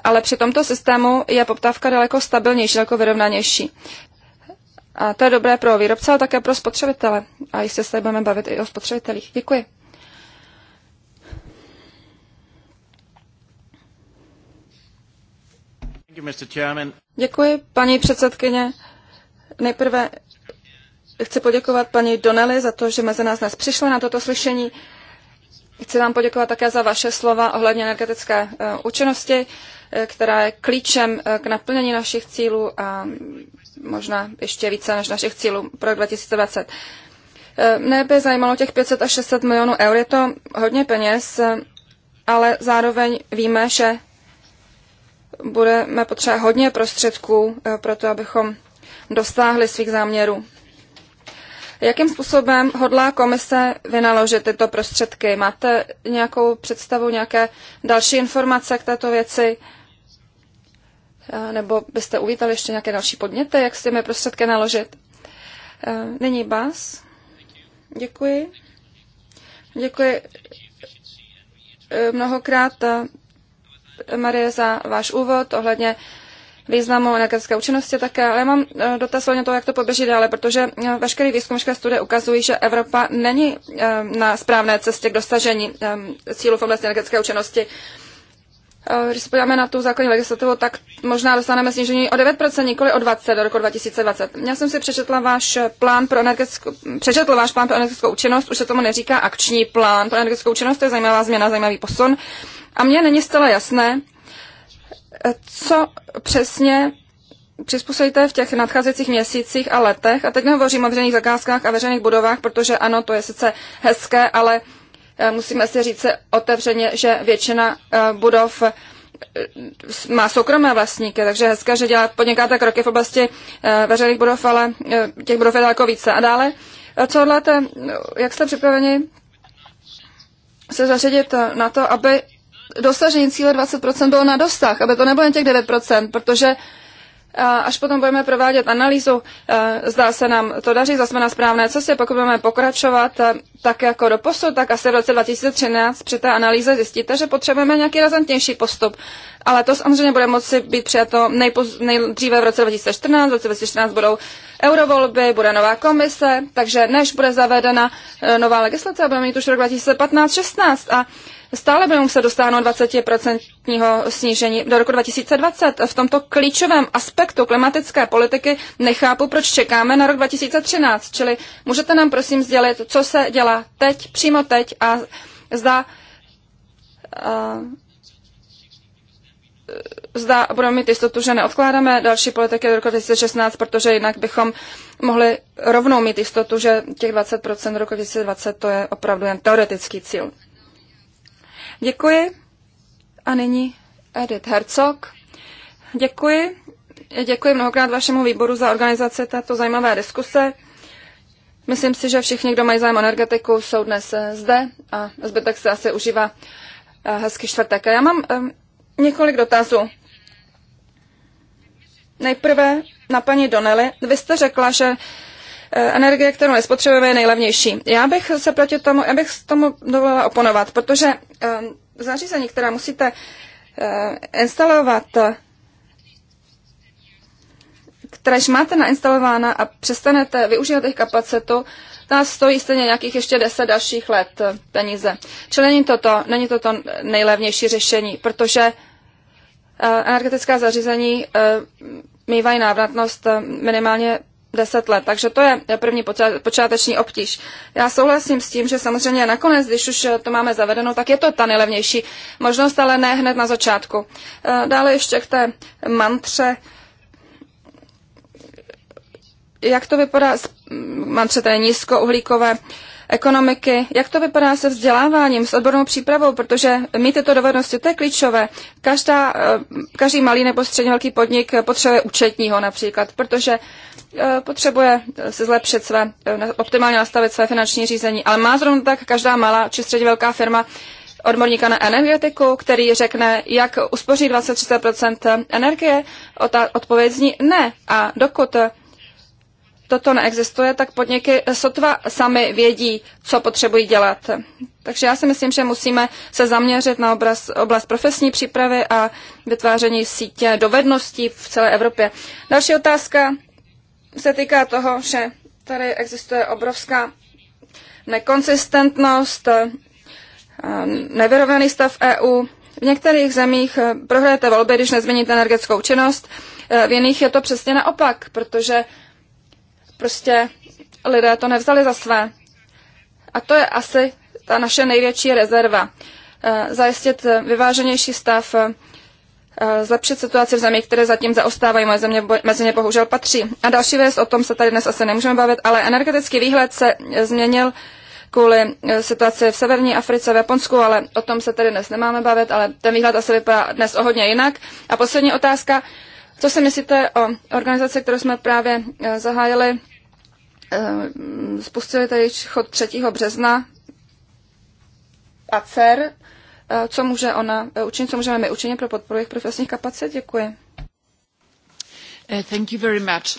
ale při tomto systému je poptávka daleko stabilnější, daleko vyrovnanější. A to je dobré pro výrobce, ale také pro spotřebitele. A jistě se budeme bavit i o spotřebitelích. Děkuji. Děkuji, paní předsedkyně. Nejprve chci poděkovat paní Donnelly za to, že mezi nás dnes přišla na toto slyšení. Chci vám poděkovat také za vaše slova ohledně energetické eh, účinnosti, eh, která je klíčem eh, k naplnění našich cílů a možná ještě více než našich cílů pro 2020. Mne by zajímalo těch 500 až 600 milionů eur, je to hodně peněz, ale zároveň víme, že budeme potřebovat hodně prostředků pro to, abychom dosáhly svých záměrů. Jakým způsobem hodlá komise vynaložit tyto prostředky? Máte nějakou představu, nějaké další informace k této věci? Eh, nebo byste uvítali ještě nějaké další podněty, jak s těmi prostředky naložit? Eh, nyní Bas. Děkuji. Děkuji eh, mnohokrát, Marie, za váš úvod ohledně významu energetické účinnosti také, ale já mám eh, dotaz na to, jak to poběží dále, protože eh, veškeré výzkumské studie ukazují, že Evropa není eh, na správné cestě k dosažení cílu v oblasti energetické účinnosti. Když se podíváme na tu základní legislativu, tak možná dostaneme snížení o 9%, nikoli o 20% do roku 2020. Já jsem si přečetla váš plán pro energetickou, přečetl váš plán pro energetickou účinnost, už se tomu neříká akční plán pro energetickou účinnost, to je zajímavá změna, zajímavý posun. A mně není zcela jasné, co přesně přizpůsobíte v těch nadcházejících měsících a letech. A teď nehovořím o veřejných zakázkách a veřejných budovách, protože ano, to je sice hezké, ale eh, musíme si říct otevřeně, že většina eh, budov eh, má soukromé vlastníky, takže je hezké, že dělá, podnikáte kroky v oblasti veřejných budov, ale těch budov je daleko více. A dále, co hodláte, jak jste připraveni se zařadit na to, aby dosažení cíle 20% bylo na dosah, aby to nebylo jen těch 9%, protože až potom budeme provádět analýzu, zdá se nám to daří, zase jsme na správné cestě, pokud budeme pokračovat tak jako do posud, tak asi v roce 2013 při té analýze zjistíte, že potřebujeme nějaký razantnější postup. Ale to samozřejmě bude moci být přijato nejpoz, nejdříve v roce 2014, v roce 2014 budou eurovolby, bude nová komise, takže než bude zavedena e, nová legislace, budeme mít už rok 2015-16 a stále budeme muset dostáhnout 20% snížení do roku 2020. V tomto klíčovém aspektu klimatické politiky nechápu, proč čekáme na rok 2013. Čili můžete nám prosím sdělit, co se dělá teď, přímo teď a zda, uh, zda budeme mít jistotu, že neodkládáme další politiky do roku 2016, protože jinak bychom mohli rovnou mít jistotu, že těch 20% do roku 2020 to je opravdu jen teoretický cíl. Děkuji. A nyní Edith Herzog. Děkuji. Děkuji mnohokrát vašemu výboru za organizaci této zajímavé diskuse. Myslím si, že všichni, kdo mají zájem o energetiku, jsou dnes eh, zde a zbytek se asi užívá eh, hezký čtvrtek. A já mám eh, několik dotazů. Nejprve na paní Donely. Vy jste řekla, že Eh, energie, kterou nespotřebujeme, je nejlevnější. Já bych se proti tomu, já bych tomu dovolila oponovat, protože eh, zařízení, která musíte eh, instalovat, kteréž máte nainstalována a přestanete využívat jejich kapacitu, ta stojí stejně nějakých ještě 10 dalších let peníze. Čili není to to, není to, to nejlevnější řešení, protože energetická zařízení mývají návratnost minimálně deset let. Takže to je první počáteční obtíž. Já souhlasím s tím, že samozřejmě nakonec, když už eh, to máme zavedeno, tak je to ta nejlevnější možnost, ale ne hned na začátku. Eh, dále ještě k té mantře, jak to vypadá s mm, mantře té nízkouhlíkové ekonomiky, jak to vypadá se vzděláváním, s odbornou přípravou, protože mít tyto dovednosti, to je klíčové. Každá, eh, každý malý nebo středně velký podnik potřebuje účetního například, protože Eh, potřebuje se zlepšit své, eh, optimálně nastavit své finanční řízení, ale má zrovna tak každá malá či středně velká firma odborníka na energetiku, který řekne, jak uspoří 20-30 energie, odpověď zní ne. A dokud toto neexistuje, tak podniky sotva sami vědí, co potřebují dělat. Takže já si myslím, že musíme se zaměřit na obraz, oblast profesní přípravy a vytváření sítě dovedností v celé Evropě. Další otázka se týká toho, že tady existuje obrovská nekonsistentnost, eh, nevyrovnaný stav EU. V některých zemích eh, prohráte volby, když nezměníte energetickou činnost, eh, v jiných je to přesně naopak, protože prostě lidé to nevzali za své. A to je asi ta naše největší rezerva. Zajistit vyváženější stav Eh, zlepšit situaci v zemích, které zatím zaostávají. Moje země mezi ně bohužel patří. A další věc, o tom se tady dnes asi nemůžeme bavit, ale energetický výhled se eh, změnil kvůli eh, situaci v severní Africe, v Japonsku, ale o tom se tady dnes nemáme bavit, ale ten výhled asi vypadá dnes o hodně jinak. A poslední otázka, co si myslíte o organizaci, kterou jsme právě zahájili, spustili tady chod 3. března, ACER, Eh, co může ona eh, učinit, co můžeme my učinit pro podporu jejich profesních kapacit. Děkuji. Eh, thank you very much.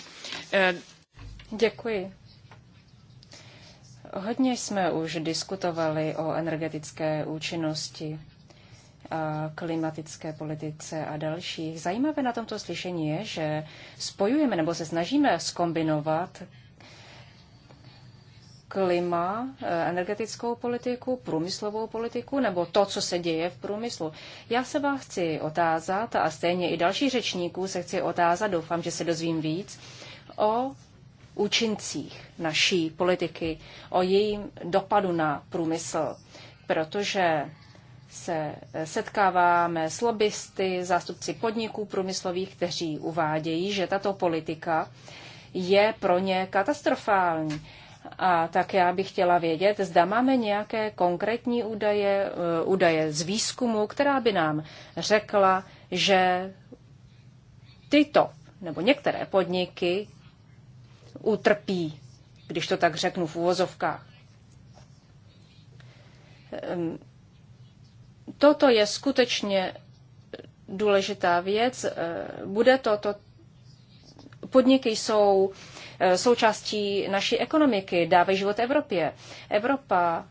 Děkuji. Hodně jsme už diskutovali o energetické účinnosti, a klimatické politice a dalších. Zajímavé na tomto slyšení je, že spojujeme nebo se snažíme skombinovat klima, eh, energetickou politiku, průmyslovou politiku nebo to, co se děje v průmyslu. Já se vás chci otázat a stejně i další řečníků se chci otázat, doufám, že se dozvím víc, o účincích naší politiky, o jejím dopadu na průmysl, protože se eh, setkáváme s lobbysty, zástupci podniků průmyslových, kteří uvádějí, že tato politika je pro ně katastrofální a tak já bych chtěla vědět, zda máme nějaké konkrétní údaje, eh, údaje z výzkumu, která by nám řekla, že tyto nebo některé podniky utrpí, když to tak řeknu v úvozovkách. Ehm, toto je skutečně důležitá věc. Eh, bude to, to podniky jsou Eh, součástí naší ekonomiky, dávají život Evropě. Evropa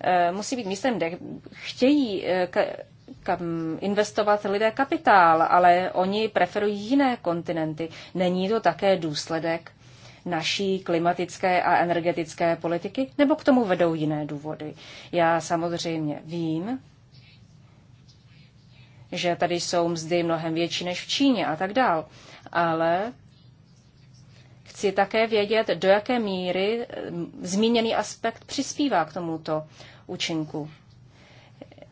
eh, musí být místem, kde chtějí eh, kam investovat lidé kapitál, ale oni preferují jiné kontinenty. Není to také důsledek naší klimatické a energetické politiky, nebo k tomu vedou jiné důvody? Já samozřejmě vím, že tady jsou mzdy mnohem větší než v Číně a tak dál, ale Chci také vědět, do jaké míry eh, zmíněný aspekt přispívá k tomuto účinku.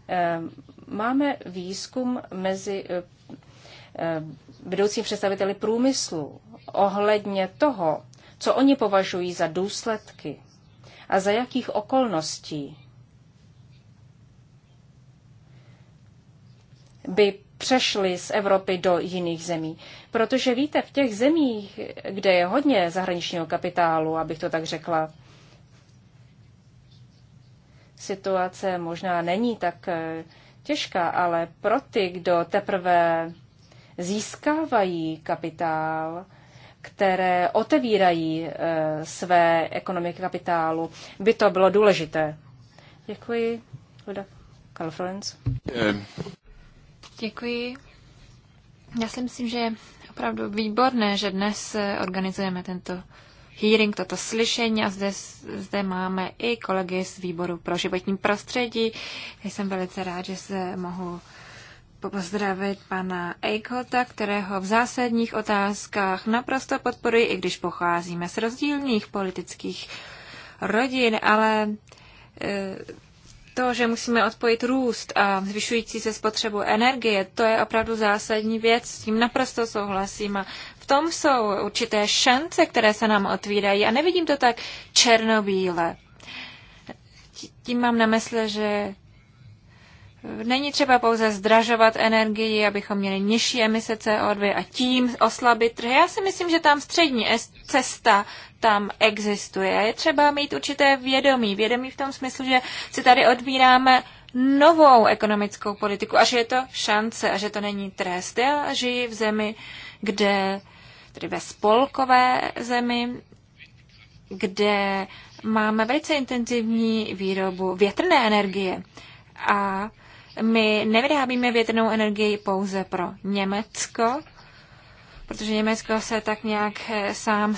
Eh, máme výzkum mezi eh, vedoucím představiteli průmyslu ohledně toho, co oni považují za důsledky a za jakých okolností by přešli z Evropy do jiných zemí. Protože víte, v těch zemích, kde je hodně zahraničního kapitálu, abych to tak řekla, situace možná není tak eh, těžká, ale pro ty, kdo teprve získávají kapitál, které otevírají eh, své ekonomiky kapitálu, by to bylo důležité. Děkuji. Luda Kalfrenz. Eh, Děkuji. Já si myslím, že je opravdu výborné, že dnes eh, organizujeme tento hearing, toto slyšení a zde, zde máme i kolegy z výboru pro životní prostředí. Já jsem velice rád, že se mohu pozdravit pana Eichhota, kterého v zásadních otázkách naprosto podporuji, i když pocházíme z rozdílných politických rodin, ale eh, to, že musíme odpojit růst a zvyšující se spotřebu energie, to je opravdu zásadní věc, s tím naprosto souhlasím. A v tom jsou určité šance, které se nám otvírají a nevidím to tak černobíle. Tím mám na mysli, že Není třeba pouze zdražovat energii, abychom měli nižší emise CO2 a tím oslabit trhy. Já si myslím, že tam střední cesta tam existuje. Je třeba mít určité vědomí. Vědomí v tom smyslu, že si tady odbíráme novou ekonomickou politiku a že je to šance a že to není trest. Já žiji v zemi, kde, tedy ve spolkové zemi, kde máme velice intenzivní výrobu větrné energie. A my nevyrábíme větrnou energii pouze pro Německo, protože Německo se tak nějak eh, sám,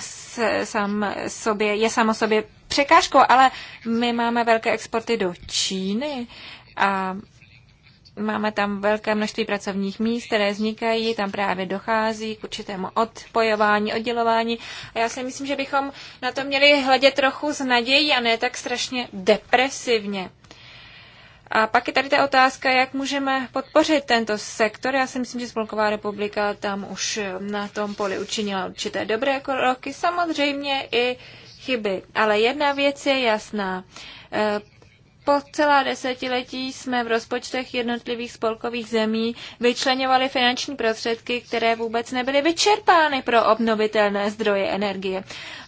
sám sobě, je samo sobě překážkou, ale my máme velké exporty do Číny a máme tam velké množství pracovních míst, které vznikají, tam právě dochází k určitému odpojování, oddělování a já si myslím, že bychom na to měli hledět trochu s nadějí a ne tak strašně depresivně. A pak je tady ta otázka, jak můžeme podpořit tento sektor. Já si myslím, že Spolková republika tam už eh, na tom poli učinila určité dobré kroky, samozřejmě i chyby. Ale jedna věc je jasná. Eh, po celá desetiletí jsme v rozpočtech jednotlivých spolkových zemí vyčlenovali finanční prostředky, které vůbec nebyly vyčerpány pro obnovitelné zdroje energie.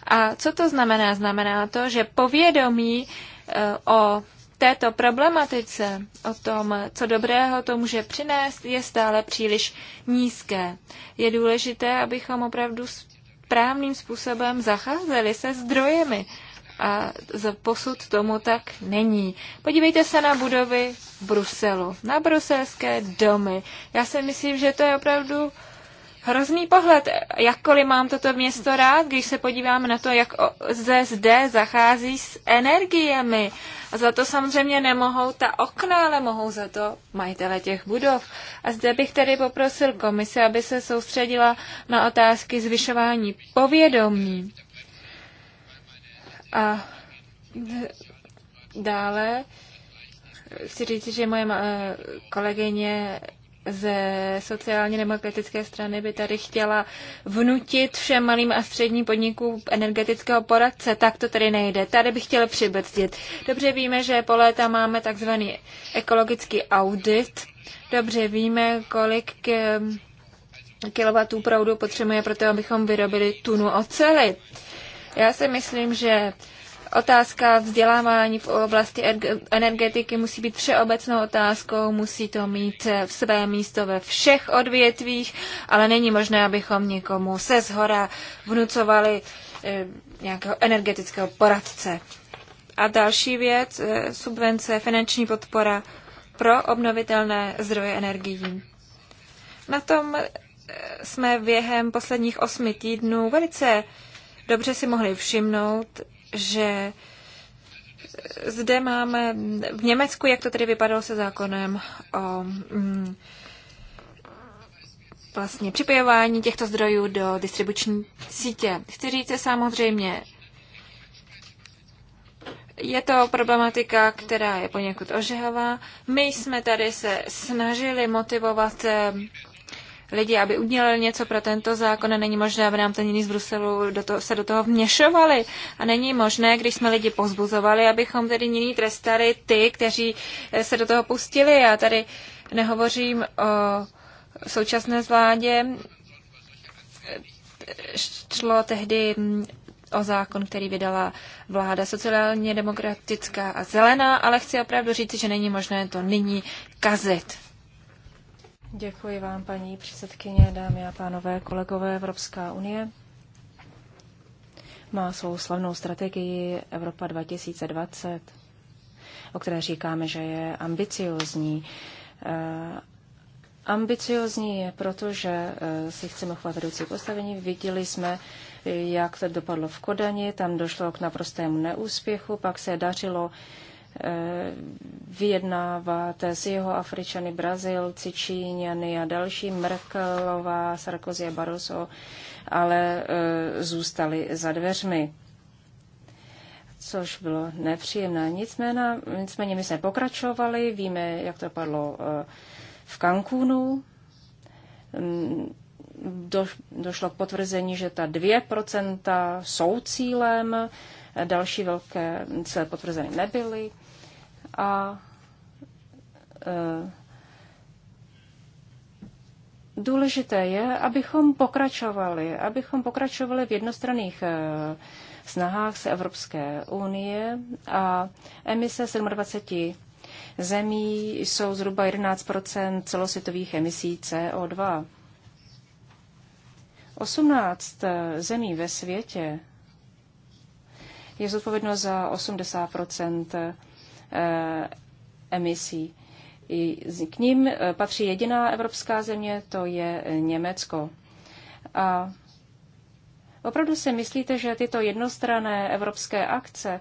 A co to znamená? Znamená to, že povědomí eh, o této problematice, o tom, co dobrého to může přinést, je stále příliš nízké. Je důležité, abychom opravdu správným způsobem zacházeli se zdrojemi. A posud tomu tak není. Podívejte se na budovy v Bruselu, na bruselské domy. Já si myslím, že to je opravdu hrozný pohled. Jakkoliv mám toto město rád, když se podívám na to, jak zde zde zachází s energiemi. A za to samozřejmě nemohou ta okna, ale mohou za to majitele těch budov. A zde bych tedy poprosil komise, aby se soustředila na otázky zvyšování povědomí. A dále chci říct, že moje kolegyně ze sociálně demokratické strany by tady chtěla vnutit všem malým a středním podnikům energetického poradce, tak to tady nejde. Tady bych chtěla přibrzdit. Dobře víme, že po léta máme takzvaný ekologický audit. Dobře víme, kolik kilovatů proudu potřebuje pro to, abychom vyrobili tunu oceli. Já si myslím, že Otázka vzdělávání v oblasti energetiky musí být všeobecnou otázkou, musí to mít v eh, své místo ve všech odvětvích, ale není možné, abychom někomu se zhora vnucovali eh, nějakého energetického poradce. A další věc, eh, subvence, finanční podpora pro obnovitelné zdroje energií. Na tom jsme během posledních osmi týdnů velice dobře si mohli všimnout, že zde máme v Německu, jak to tedy vypadalo se zákonem o mm, vlastně připojování těchto zdrojů do distribuční sítě. Chci říct, samozřejmě je to problematika, která je poněkud ožehavá. My jsme tady se snažili motivovat eh, lidi, aby udělali něco pro tento zákon a není možné, aby nám ten jiný z Bruselu do toho, se do toho vměšovali. A není možné, když jsme lidi pozbuzovali, abychom tedy nyní trestali ty, kteří eh, se do toho pustili. Já tady nehovořím o současné zvládě. Šlo tehdy mm, o zákon, který vydala vláda sociálně demokratická a zelená, ale chci opravdu říct, že není možné to nyní kazit. Děkuji vám, paní předsedkyně, dámy a pánové, kolegové Evropská unie. Má svou slavnou strategii Evropa 2020, o které říkáme, že je ambiciozní. Eh, ambiciozní je proto, že eh, si chceme chovat vedoucí postavení. Viděli jsme, eh, jak to dopadlo v Kodani, tam došlo k naprostému neúspěchu, pak se dařilo Eh, vyjednáváte s jeho Afričany, Brazilci, Číňany a další, Merkelová, Sarkozy a Barroso, ale eh, zůstali za dveřmi což bylo nepříjemné. Nicméně, nicméně my jsme pokračovali, víme, jak to padlo eh, v Cancúnu. Mm, došlo k potvrzení, že ta 2% jsou cílem další velké cíle potvrzeny nebyly. A e, důležité je, abychom pokračovali, abychom pokračovali v jednostranných e, snahách se Evropské unie a emise 27 zemí jsou zhruba 11 celosvětových emisí CO2. 18 e, zemí ve světě je zodpovědnost za 80 eh, emisí. K ním eh, patří jediná evropská země, to je eh, Německo. A opravdu si myslíte, že tyto jednostrané evropské akce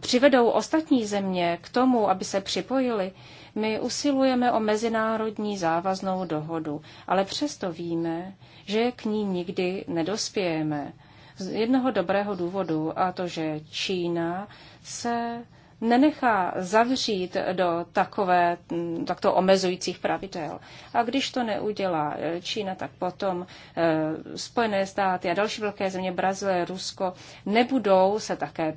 přivedou ostatní země k tomu, aby se připojili? My usilujeme o mezinárodní závaznou dohodu, ale přesto víme, že k ní nikdy nedospějeme z jednoho dobrého důvodu, a to, že Čína se nenechá zavřít do takové, takto omezujících pravidel. A když to neudělá Čína, tak potom eh, Spojené státy a další velké země, Brazílie, Rusko, nebudou se také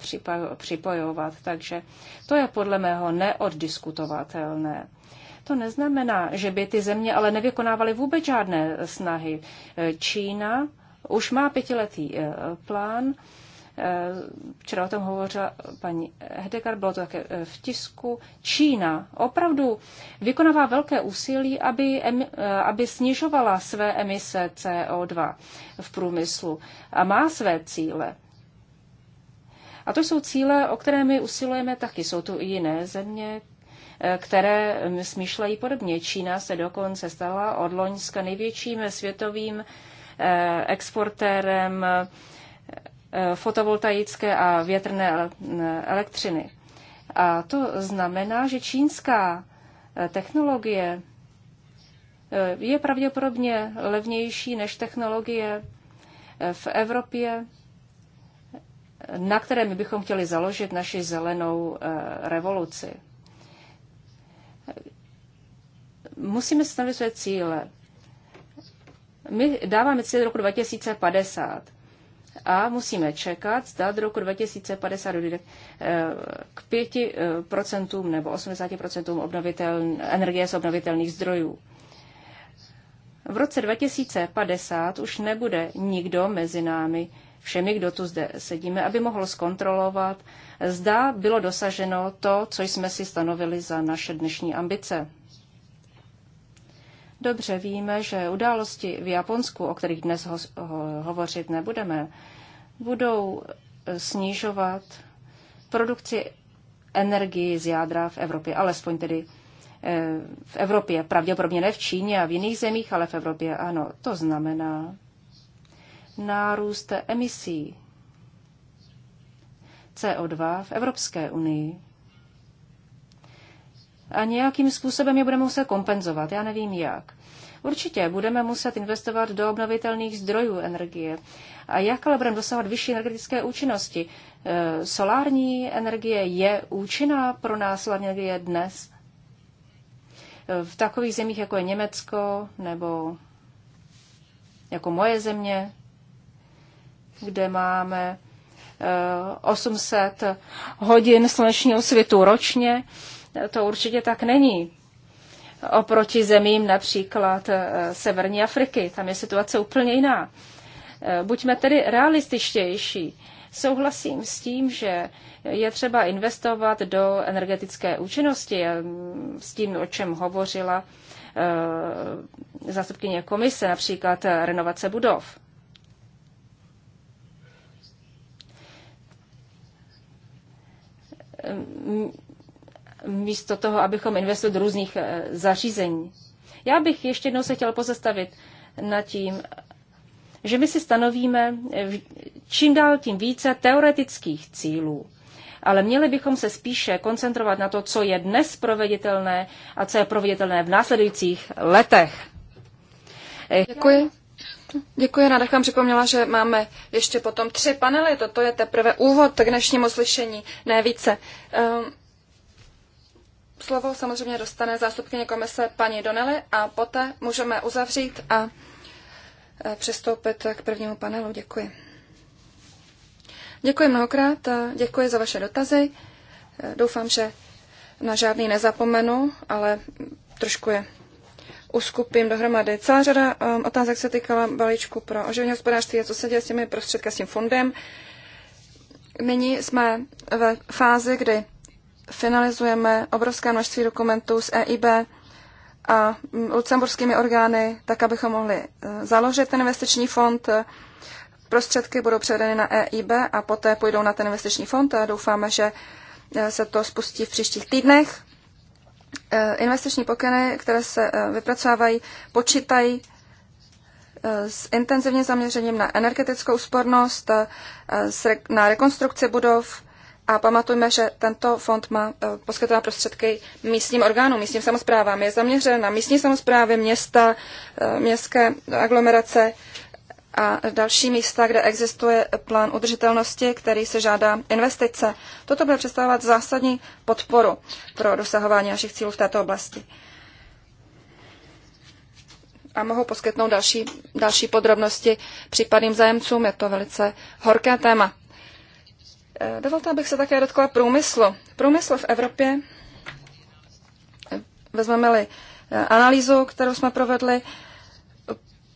připojovat. Takže to je podle mého neoddiskutovatelné. To neznamená, že by ty země ale nevykonávaly vůbec žádné snahy. Eh, Čína už má pětiletý eh, plán. Eh, včera o tom hovořila paní Hedegard, bylo to také eh, v tisku. Čína opravdu vykonává velké úsilí, aby, aby snižovala své emise CO2 v průmyslu a má své cíle. A to jsou cíle, o které my usilujeme taky. Jsou tu i jiné země, které hm, smýšlejí podobně. Čína se dokonce stala od loňska největším světovým Eh, exportérem eh, fotovoltaické a větrné eh, elektřiny. A to znamená, že čínská technologie je pravděpodobně levnější než technologie v Evropě, na které my bychom chtěli založit naši zelenou revoluci. Musíme stanovit své cíle. My dáváme cíl roku 2050 a musíme čekat, zda do roku 2050 dojde eh, k 5% eh, nebo 80% obnovitel, energie z obnovitelných zdrojů. V roce 2050 už nebude nikdo mezi námi, všemi, kdo tu zde sedíme, aby mohl zkontrolovat, zda bylo dosaženo to, co jsme si stanovili za naše dnešní ambice. Dobře víme, že události v Japonsku, o kterých dnes ho, ho, hovořit nebudeme, budou eh, snižovat produkci energii z jádra v Evropě, alespoň tedy eh, v Evropě, pravděpodobně ne v Číně a v jiných zemích, ale v Evropě ano. To znamená nárůst emisí CO2 v Evropské unii a nějakým způsobem je budeme muset kompenzovat. Já nevím jak. Určitě budeme muset investovat do obnovitelných zdrojů energie. A jak ale budeme dosahovat vyšší energetické účinnosti? E, solární energie je účinná pro nás solární energie dnes? E, v takových zemích, jako je Německo nebo jako moje země, kde máme 800 e, hodin slunečního svitu ročně, to určitě tak není. Oproti zemím například eh, Severní Afriky, tam je situace úplně jiná. Eh, buďme tedy realističtější. Souhlasím s tím, že je třeba investovat do energetické účinnosti, mm, s tím, o čem hovořila eh, zástupkyně komise, například renovace budov místo toho, abychom investovali do různých eh, zařízení. Já bych ještě jednou se chtěl pozastavit nad tím, že my si stanovíme eh, čím dál tím více teoretických cílů. Ale měli bychom se spíše koncentrovat na to, co je dnes proveditelné a co je proveditelné v následujících letech. Eh, Děkuji. Děkuji, ráda vám připomněla, že máme ještě potom tři panely. Toto je teprve úvod k dnešnímu slyšení, ne více. Um, slovo samozřejmě dostane zástupkyně komise paní Donely a poté můžeme uzavřít a e, přistoupit k prvnímu panelu. Děkuji. Děkuji mnohokrát, děkuji za vaše dotazy. E, doufám, že na žádný nezapomenu, ale trošku je uskupím dohromady. Celá řada um, otázek se týkala balíčku pro oživení hospodářství a co se děje s těmi prostředky, s tím fondem. Nyní jsme ve fázi, kdy finalizujeme obrovské množství dokumentů z EIB a lucemburskými orgány, tak abychom mohli e, založit ten investiční fond. Prostředky budou převedeny na EIB a poté půjdou na ten investiční fond a doufáme, že e, se to spustí v příštích týdnech. E, investiční pokyny, které se vypracovávají, počítají s intenzivním zaměřením na energetickou úspornost, na rekonstrukci budov, a pamatujme, že tento fond má eh, poskytovat prostředky místním orgánům, místním samozprávám. Je zaměřen na místní samozprávy, města, eh, městské aglomerace a další místa, kde existuje plán udržitelnosti, který se žádá investice. Toto bude představovat zásadní podporu pro dosahování našich cílů v této oblasti. A mohu poskytnout další, další podrobnosti případným zájemcům. Je to velice horké téma. Eh, dovolte, abych se také dotkla průmyslu. Průmysl v Evropě, eh, vezmeme-li eh, analýzu, kterou jsme provedli,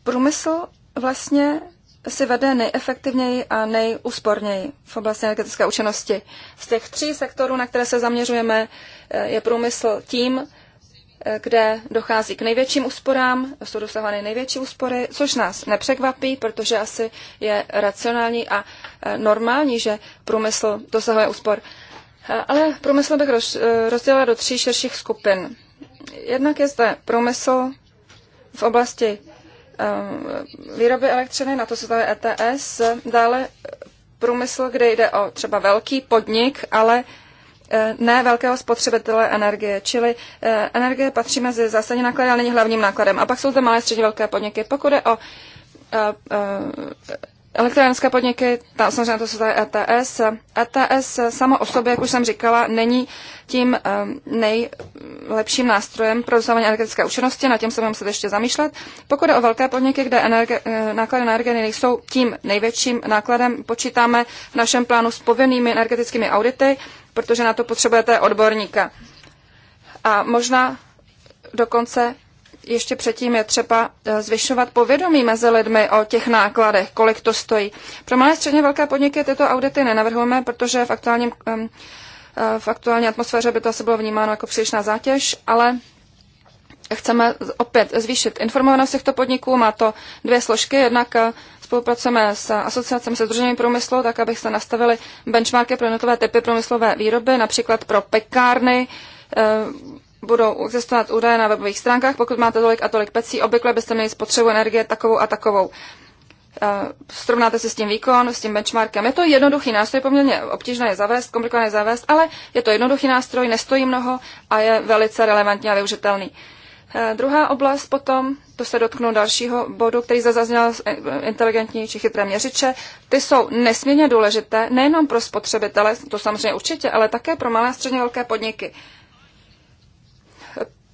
průmysl vlastně si vede nejefektivněji a nejúsporněji v oblasti energetické účinnosti. Z těch tří sektorů, na které se zaměřujeme, je průmysl tím, kde dochází k největším úsporám, jsou dosahovány největší úspory, což nás nepřekvapí, protože asi je racionální a e, normální, že průmysl dosahuje úspor. E, ale průmysl bych e, rozdělila do tří širších skupin. Jednak je zde průmysl v oblasti výroby elektřiny, na to se tady ETS, dále průmysl, kde jde o třeba velký podnik, ale Eh, ne velkého spotřebitele energie, čili eh, energie patří mezi zásadní náklady, ale není hlavním nákladem. A pak jsou to malé středně velké podniky. Pokud je o eh, elektronické podniky, tam samozřejmě to se tady ETS. ETS samo o sobě, jak už jsem říkala, není tím nejlepším nástrojem pro dosahování energetické účinnosti, Na tím se budeme muset ještě zamýšlet. Pokud je o velké podniky, kde energie, náklady na energie nejsou tím největším nákladem, počítáme v našem plánu s povinnými energetickými audity, protože na to potřebujete odborníka. A možná dokonce ještě předtím je třeba eh, zvyšovat povědomí mezi lidmi o těch nákladech, kolik to stojí. Pro malé středně velké podniky tyto audity nenavrhujeme, protože v, aktuálním, eh, v aktuální atmosféře by to asi bylo vnímáno jako přílišná zátěž, ale chceme opět zvýšit informovanost těchto podniků. Má to dvě složky, jednak eh, Spolupracujeme s asociacemi se združením průmyslu, tak aby se nastavili benchmarky pro jednotlivé typy průmyslové výroby, například pro pekárny, eh, budou existovat údaje na webových stránkách. Pokud máte tolik a tolik pecí, obvykle byste měli spotřebu energie takovou a takovou. Eh, srovnáte se s tím výkon, s tím benchmarkem. Je to jednoduchý nástroj, poměrně obtížné je zavést, komplikované je zavést, ale je to jednoduchý nástroj, nestojí mnoho a je velice relevantní a využitelný. Eh, druhá oblast potom, to se dotknu dalšího bodu, který zazněl eh, inteligentní či chytré měřiče, ty jsou nesmírně důležité nejenom pro spotřebitele, to samozřejmě určitě, ale také pro malé a středně velké podniky.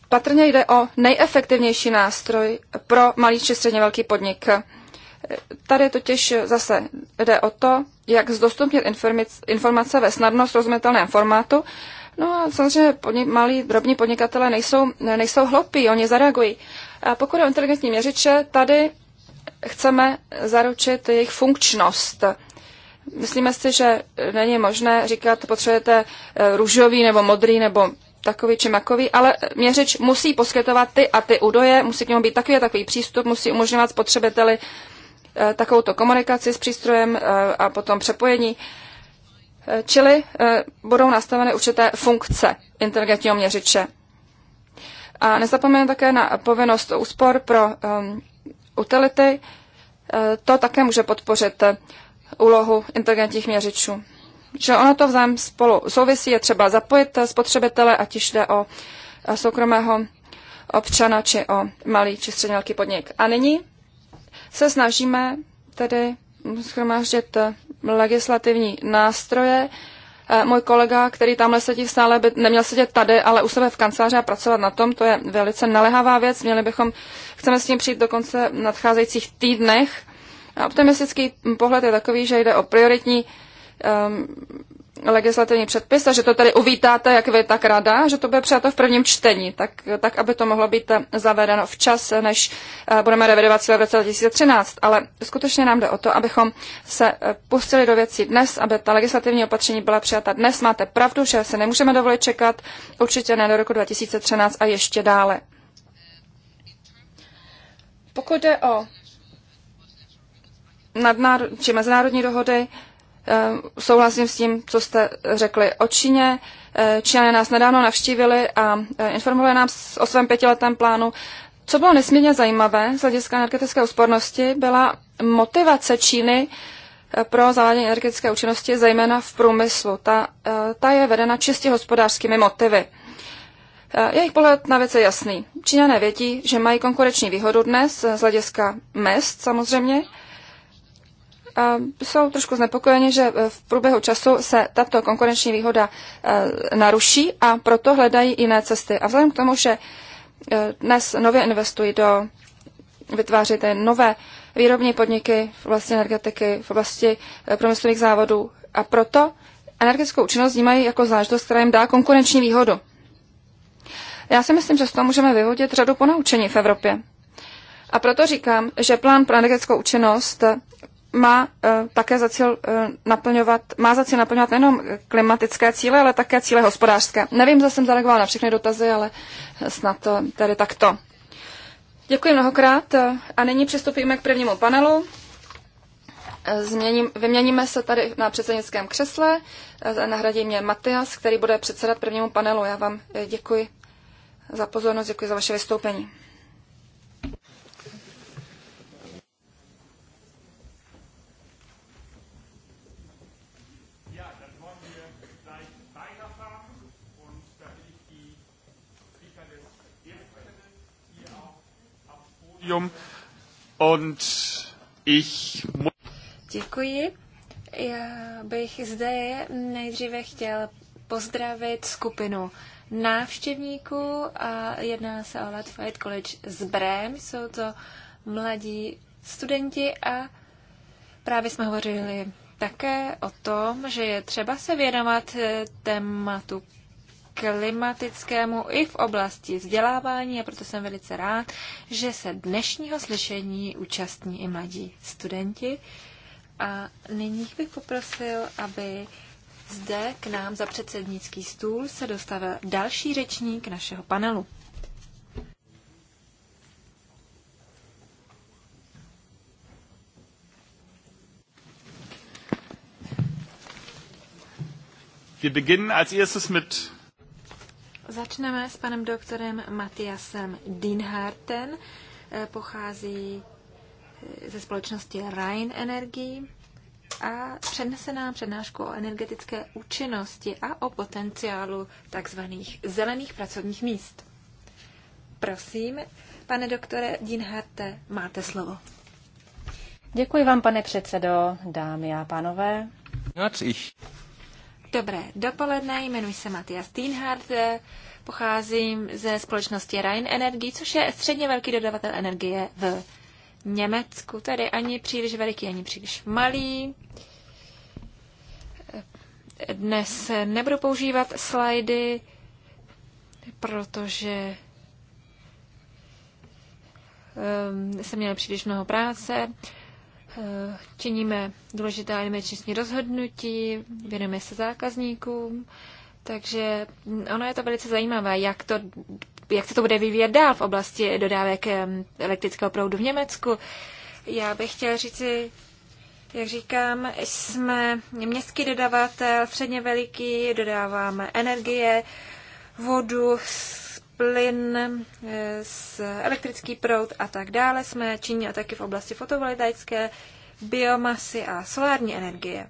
Patrně jde o nejefektivnější nástroj pro malý či středně velký podnik. Eh, tady totiž zase jde o to, jak zdostupnit informace ve snadno srozumitelném formátu, No a samozřejmě podnik, malí drobní podnikatele nejsou, nejsou hloupí, oni zareagují. A pokud je o inteligentní měřiče, tady chceme zaručit jejich funkčnost. Myslíme si, že není možné říkat, potřebujete eh, růžový nebo modrý nebo takový či makový, ale měřič musí poskytovat ty a ty údoje, musí k němu být takový a takový přístup, musí umožňovat spotřebiteli eh, takovouto komunikaci s přístrojem eh, a potom přepojení Čili eh, budou nastaveny určité funkce inteligentního měřiče. A nezapomeňme také na povinnost úspor pro um, utility. Eh, to také může podpořit eh, úlohu inteligentních měřičů. Že ono to vzájem spolu souvisí, je třeba zapojit spotřebitele, ať již jde o soukromého občana či o malý či středně velký podnik. A nyní se snažíme tedy schromáždit legislativní nástroje. Eh, můj kolega, který tamhle sedí v sále, by neměl sedět tady, ale u sebe v kanceláři a pracovat na tom, to je velice nalehavá věc. Měli bychom, chceme s tím přijít do konce nadcházejících týdnech. A optimistický pohled je takový, že jde o prioritní um, legislativní předpis a že to tady uvítáte, jak vy, tak rada, že to bude přijato v prvním čtení, tak, tak aby to mohlo být eh, zavedeno včas, eh, než eh, budeme revidovat své v roce 2013. Ale skutečně nám jde o to, abychom se pustili do věcí dnes, aby ta legislativní opatření byla přijata dnes. Máte pravdu, že se nemůžeme dovolit čekat, určitě ne do roku 2013 a ještě dále. Pokud jde o nadnáro- či mezinárodní dohody, Eh, souhlasím s tím, co jste řekli o Číně. Eh, Číňané nás nedávno navštívili a eh, informovali nám o svém pětiletém plánu. Co bylo nesmírně zajímavé z hlediska energetické úspornosti, byla motivace Číny pro zavádění energetické účinnosti, zejména v průmyslu. Ta, ta je vedena čistě hospodářskými motivy. Jejich pohled na věc je jasný. Číňané vědí, že mají konkurenční výhodu dnes z hlediska mest samozřejmě, jsou trošku znepokojeni, že e, v průběhu času se tato konkurenční výhoda e, naruší a proto hledají jiné cesty. A vzhledem k tomu, že e, dnes nově investují do vytvářet nové výrobní podniky v oblasti energetiky, v oblasti průmyslových závodů a proto energetickou účinnost vnímají jako záležitost, která jim dá konkurenční výhodu. Já si myslím, že z toho můžeme vyvodit řadu ponaučení v Evropě. A proto říkám, že plán pro energetickou účinnost má eh, také za cíl eh, naplňovat, má za cíl naplňovat nejenom klimatické cíle, ale také cíle hospodářské. Nevím, zase jsem zareagovala na všechny dotazy, ale snad to tady takto. Děkuji mnohokrát eh, a nyní přistoupíme k prvnímu panelu. Změním, vyměníme se tady na předsednickém křesle. Nahradí mě Matias, který bude předsedat prvnímu panelu. Já vám děkuji za pozornost, děkuji za vaše vystoupení. Studium und ich Děkuji. Já bych zde nejdříve chtěl pozdravit skupinu návštěvníků a jedná se o Latfight College z Brém. Jsou to mladí studenti a právě jsme hovořili také o tom, že je třeba se věnovat eh, tématu klimatickému i v oblasti vzdělávání a proto jsem velice rád, že se dnešního slyšení účastní i mladí studenti. A nyní bych poprosil, aby zde k nám za předsednický stůl se dostavil další řečník našeho panelu. Wir beginnen als erstes mit Začneme s panem doktorem Matiasem Dinharten. Eh, pochází eh, ze společnosti Rhein Energy a přednese nám přednášku o energetické účinnosti a o potenciálu tzv. zelených pracovních míst. Prosím, pane doktore Dinharte, máte slovo. Děkuji vám, pane předsedo, dámy a pánové. Nacich. Dobré dopoledne, jmenuji se Matias Steinhardt, pocházím ze společnosti Rhein Energy, což je středně velký dodavatel energie v Německu, tedy ani příliš veliký, ani příliš malý. Dnes nebudu používat slajdy, protože ehm, jsem měla příliš mnoho práce. Eh, činíme důležitá investiční rozhodnutí, věnujeme se zákazníkům, takže ono je to velice zajímavé, jak to jak se to bude vyvíjet dál v oblasti dodávek elektrického proudu v Německu. Já bych chtěla říci, jak říkám, jsme městský dodavatel, středně veliký, dodáváme energie, vodu, plyn, eh, s elektrický proud a tak dále. Jsme činní a taky v oblasti fotovoltaické, biomasy a solární energie.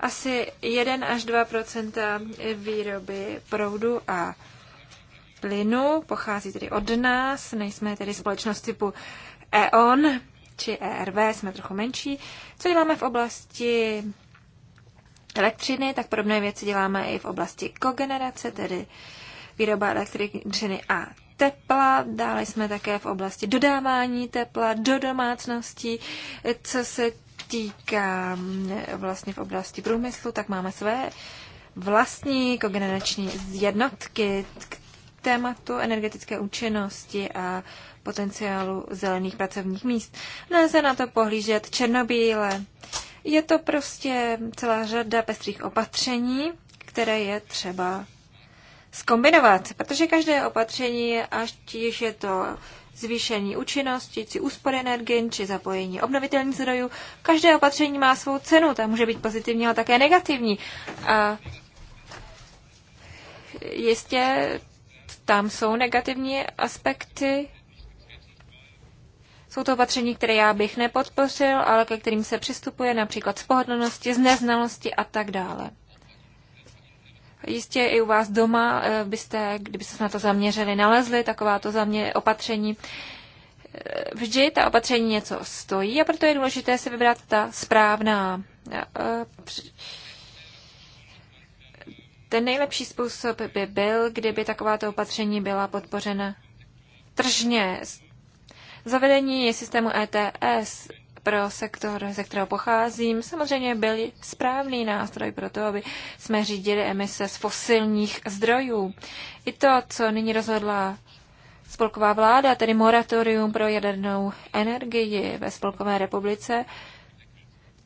Asi 1 až 2 výroby proudu a plynu pochází tedy od nás, nejsme tedy společnost typu E.ON či ERV, jsme trochu menší. Co děláme v oblasti elektřiny, tak podobné věci děláme i v oblasti kogenerace, tedy výroba elektřiny a tepla, dále jsme také v oblasti dodávání tepla do domácností, co se týká mm, vlastně v oblasti průmyslu, tak máme své vlastní kogenerační jednotky k tématu energetické účinnosti a potenciálu zelených pracovních míst. Nelze na to pohlížet černobíle. Je to prostě celá řada pestrých opatření, které je třeba skombinovat, protože každé opatření, až když je to zvýšení účinnosti, či úspory energie, či zapojení obnovitelných zdrojů. Každé opatření má svou cenu, ta může být pozitivní, ale také negativní. A jistě tam jsou negativní aspekty jsou to opatření, které já bych nepodpořil, ale ke kterým se přistupuje například z pohodlnosti, z neznalosti a tak dále. Jistě i u vás doma eh, byste, kdybyste se na to zaměřili, nalezli takováto zamě- opatření. Eh, vždy ta opatření něco stojí a proto je důležité si vybrat ta správná. Eh, ten nejlepší způsob by byl, kdyby takováto opatření byla podpořena tržně, z Zavedení systému ETS pro sektor, ze kterého pocházím, samozřejmě byl správný nástroj pro to, aby jsme řídili emise z fosilních zdrojů. I to, co nyní rozhodla spolková vláda, tedy moratorium pro jadernou energii ve Spolkové republice,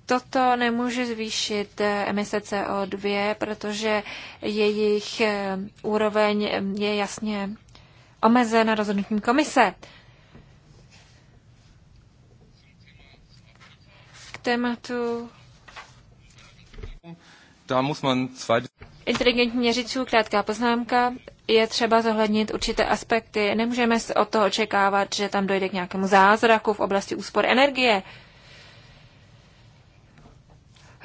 toto nemůže zvýšit emise CO2, protože jejich eh, úroveň eh, je jasně omezena rozhodnutím komise. tématu Inteligentní měřiců, krátká poznámka. Je třeba zohlednit určité aspekty. Nemůžeme od toho očekávat, že tam dojde k nějakému zázraku v oblasti úspor energie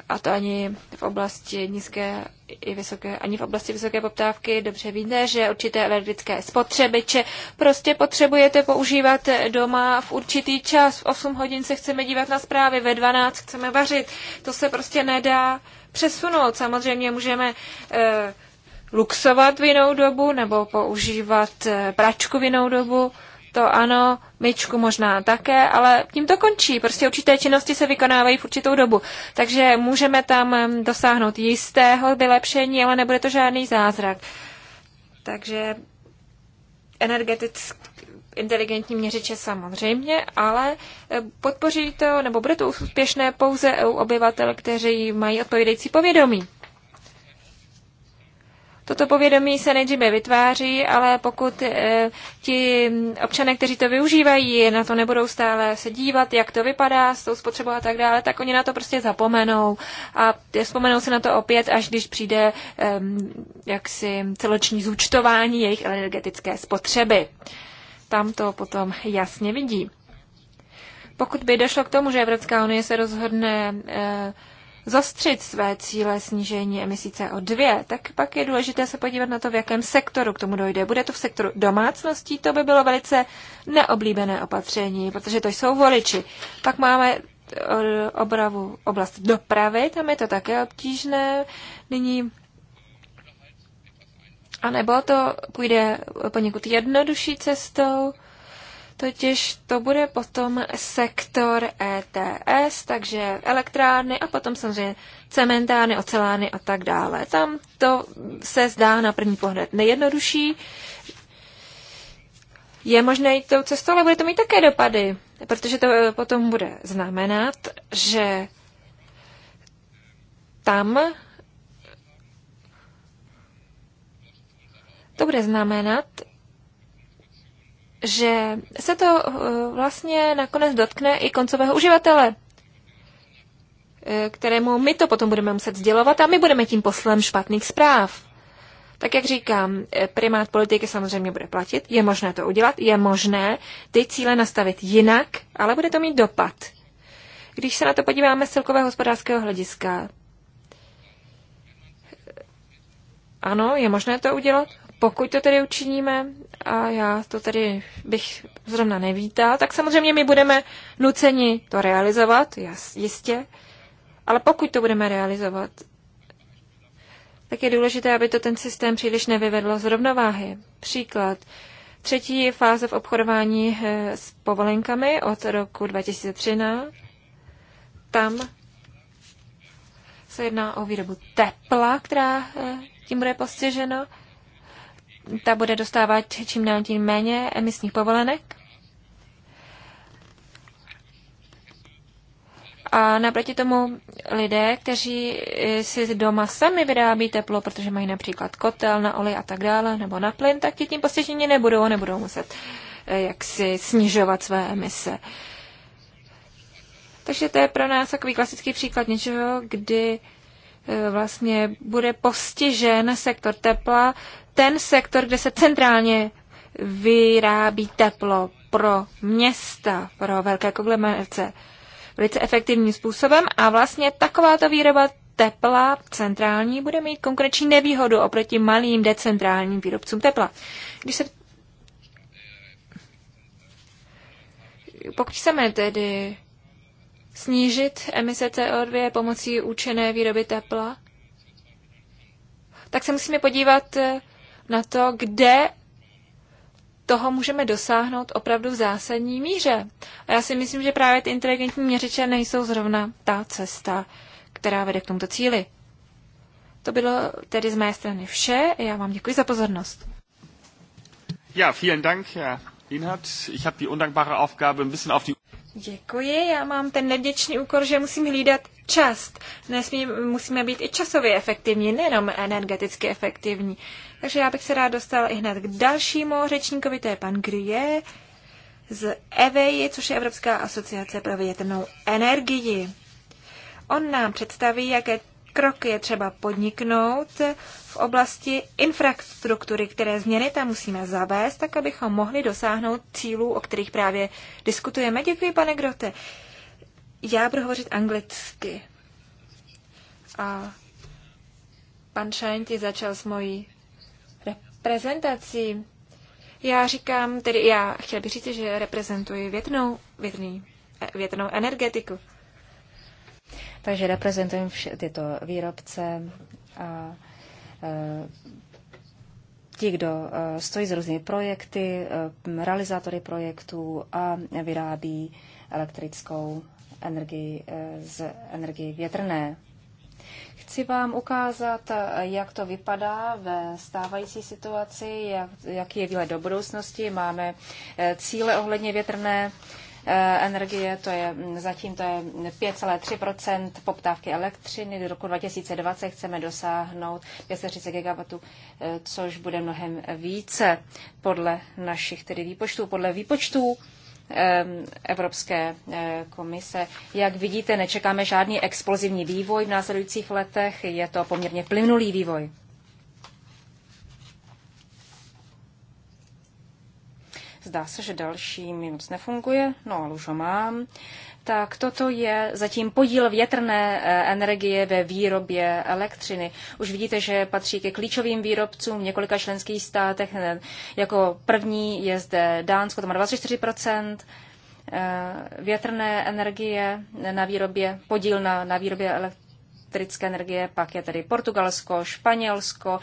a to ani v oblasti nízké i vysoké, ani v oblasti vysoké poptávky dobře víte, že určité elektrické spotřebiče prostě potřebujete používat doma v určitý čas. V 8 hodin se chceme dívat na zprávy, ve 12 chceme vařit. To se prostě nedá přesunout. Samozřejmě můžeme e, luxovat v jinou dobu nebo používat e, pračku v jinou dobu. To ano, myčku možná také, ale tím to končí. Prostě určité činnosti se vykonávají v určitou dobu. Takže můžeme tam dosáhnout jistého vylepšení, ale nebude to žádný zázrak. Takže energetický inteligentní měřiče samozřejmě, ale eh, podpoří to, nebo bude to úspěšné pouze u obyvatel, kteří mají odpovídající povědomí. Toto povědomí se nejdříve vytváří, ale pokud e, ti občané, kteří to využívají, na to nebudou stále se dívat, jak to vypadá s tou spotřebou a tak dále, tak oni na to prostě zapomenou a vzpomenou se na to opět, až když přijde e, jaksi celoční zúčtování jejich energetické spotřeby. Tam to potom jasně vidí. Pokud by došlo k tomu, že Evropská unie se rozhodne e, zastřit své cíle snížení emisí CO2, tak pak je důležité se podívat na to, v jakém sektoru k tomu dojde. Bude to v sektoru domácností, to by bylo velice neoblíbené opatření, protože to jsou voliči. Pak máme eh, obravu oblast dopravy, tam je to také obtížné. Nyní a nebo to půjde poněkud jednodušší cestou, totiž to bude potom sektor ETS, takže elektrárny a potom samozřejmě cementárny, ocelárny a tak dále. Tam to se zdá na první pohled nejjednodušší. Je možné jít tou cestou, ale bude to mít také dopady, protože to eh, potom bude znamenat, že tam to bude znamenat, že se to eh, vlastně nakonec dotkne i koncového uživatele, eh, kterému my to potom budeme muset sdělovat a my budeme tím poslem špatných zpráv. Tak jak říkám, eh, primát politiky samozřejmě bude platit, je možné to udělat, je možné ty cíle nastavit jinak, ale bude to mít dopad. Když se na to podíváme z celkového hospodářského hlediska, ano, je možné to udělat, pokud to tedy učiníme, a já to tedy bych zrovna nevítá, tak samozřejmě my budeme nuceni to realizovat, jas, jistě. Ale pokud to budeme realizovat, tak je důležité, aby to ten systém příliš nevyvedlo z rovnováhy. Příklad. Třetí fáze v obchodování eh, s povolenkami od roku 2013. Tam se jedná o výrobu tepla, která eh, tím bude postižena ta bude dostávat čím dál tím méně emisních povolenek. A naproti tomu lidé, kteří eh, si doma sami vyrábí teplo, protože mají například kotel na olej a tak dále, nebo na plyn, tak ti tím postižení nebudou, nebudou muset eh, jaksi snižovat své emise. Takže to je pro nás takový klasický příklad něčeho, kdy eh, vlastně bude postižen sektor tepla ten sektor, kde se centrálně vyrábí teplo pro města, pro velké koglomerace, velice efektivním způsobem a vlastně takováto výroba tepla centrální bude mít konkurenční nevýhodu oproti malým decentrálním výrobcům tepla. Když se... Pokud chceme tedy snížit emise CO2 pomocí účinné výroby tepla, tak se musíme podívat na to, kde toho můžeme dosáhnout opravdu v zásadní míře. A já si myslím, že právě ty inteligentní měřiče nejsou zrovna ta cesta, která vede k tomuto cíli. To bylo tedy z mé strany vše. Já vám děkuji za pozornost. Ja, vielen Dank, Herr Inhard. Ich habe die undankbare Aufgabe ein bisschen auf die... Děkuji, já mám ten nevděčný úkol, že musím hlídat čas. Nesmí, musíme být i časově efektivní, nejenom energeticky efektivní. Takže já bych se rád dostal i hned k dalšímu řečníkovi, to je pan Grie z EVEI, což je Evropská asociace pro větrnou energii. On nám představí, jaké kroky je třeba podniknout v oblasti infrastruktury, které změny tam musíme zavést, tak abychom mohli dosáhnout cílů, o kterých právě diskutujeme. Děkuji, pane Grote. Já budu hovořit anglicky. A pan Šajn ti začal s mojí prezentací. Já říkám, tedy já chtěl bych říct, že reprezentuji větnou, větný, e, větnou energetiku. Takže reprezentujeme vše, tyto výrobce a e, ti, kdo e, stojí s různými projekty, e, realizátory projektů a vyrábí elektrickou energii z energie větrné. Chci vám ukázat, jak to vypadá ve stávající situaci, jak, jaký je výhled do budoucnosti. Máme eh, cíle ohledně větrné eh, energie, to je mm, zatím to je 5,3 poptávky elektřiny. Do roku 2020 chceme dosáhnout 530 GW, eh, což bude mnohem více podle našich tedy výpočtů. Podle výpočtů Evropské eh, komise. Jak vidíte, nečekáme žádný explozivní vývoj v následujících letech, je to poměrně plynulý vývoj. Zdá se, že další minus nefunguje, no ale už ho mám tak toto je zatím podíl větrné eh, energie ve výrobě elektřiny. Už vidíte, že patří ke klíčovým výrobcům v několika členských státech. Eh, jako první je zde Dánsko, to má 24 eh, větrné energie na výrobě, podíl na, na výrobě elektrické energie, pak je tedy Portugalsko, Španělsko,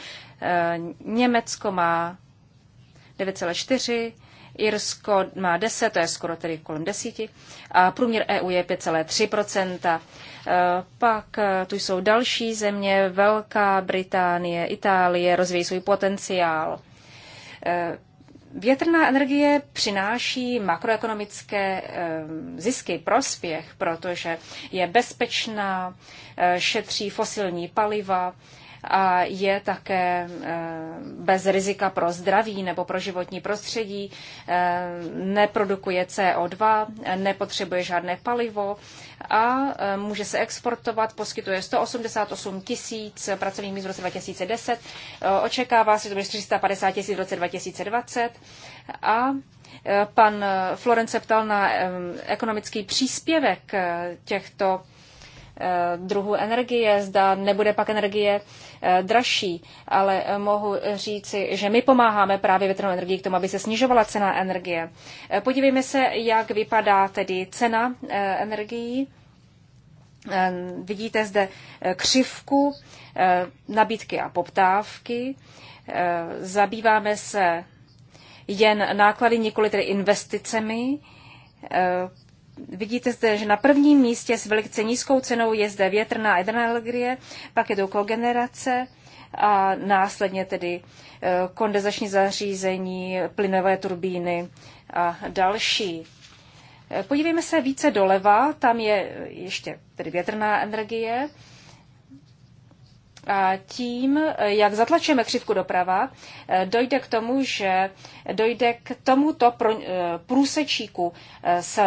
Německo má 9,4 Irsko má 10, to je skoro tedy kolem 10, a průměr EU je 5,3 e, Pak e, tu jsou další země, Velká Británie, Itálie, rozvíjí svůj potenciál. E, větrná energie přináší makroekonomické zisky, prospěch, protože je bezpečná, šetří fosilní paliva, a je také eh, bez rizika pro zdraví nebo pro životní prostředí, eh, neprodukuje CO2, nepotřebuje žádné palivo a eh, může se exportovat, poskytuje 188 tisíc pracovních míst v roce 2010, očekává se, že to bude 350 tisíc v roce 2020 a Pan Florence ptal na ekonomický příspěvek těchto Eh, druhů energie, zda nebude pak energie eh, dražší, ale eh, mohu říci, že my pomáháme právě větrnou energii k tomu, aby se snižovala cena energie. Podívejme se, jak vypadá tedy cena energií. Vidíte zde křivku nabídky a poptávky. Zabýváme se jen náklady, nikoli tedy investicemi vidíte zde, že na prvním místě s velice nízkou cenou je zde větrná energie, pak je to kogenerace a následně tedy e, kondenzační zařízení, plynové turbíny a další. E, podívejme se více doleva, tam je ještě tedy větrná energie. A tím, e, jak zatlačíme křivku doprava, dojde k tomu, že dojde k tomuto průsečíku s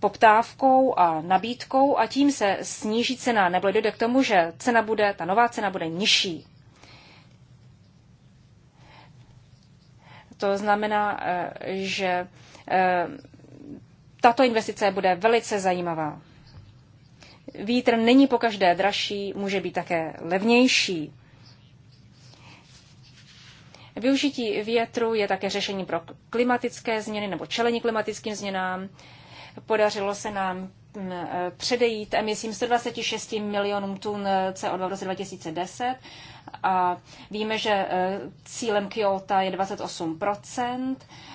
poptávkou a nabídkou a tím se sníží cena, nebo dojde k tomu, že cena bude, ta nová cena bude nižší. To znamená, eh, že eh, tato investice bude velice zajímavá. Vítr není po každé dražší, může být také levnější. Využití větru je také řešení pro klimatické změny nebo čelení klimatickým změnám Podařilo se nám mm, eh, předejít emisím 126 milionům tun eh, CO2 v roce 2010 a víme, že eh, cílem Kyoto je 28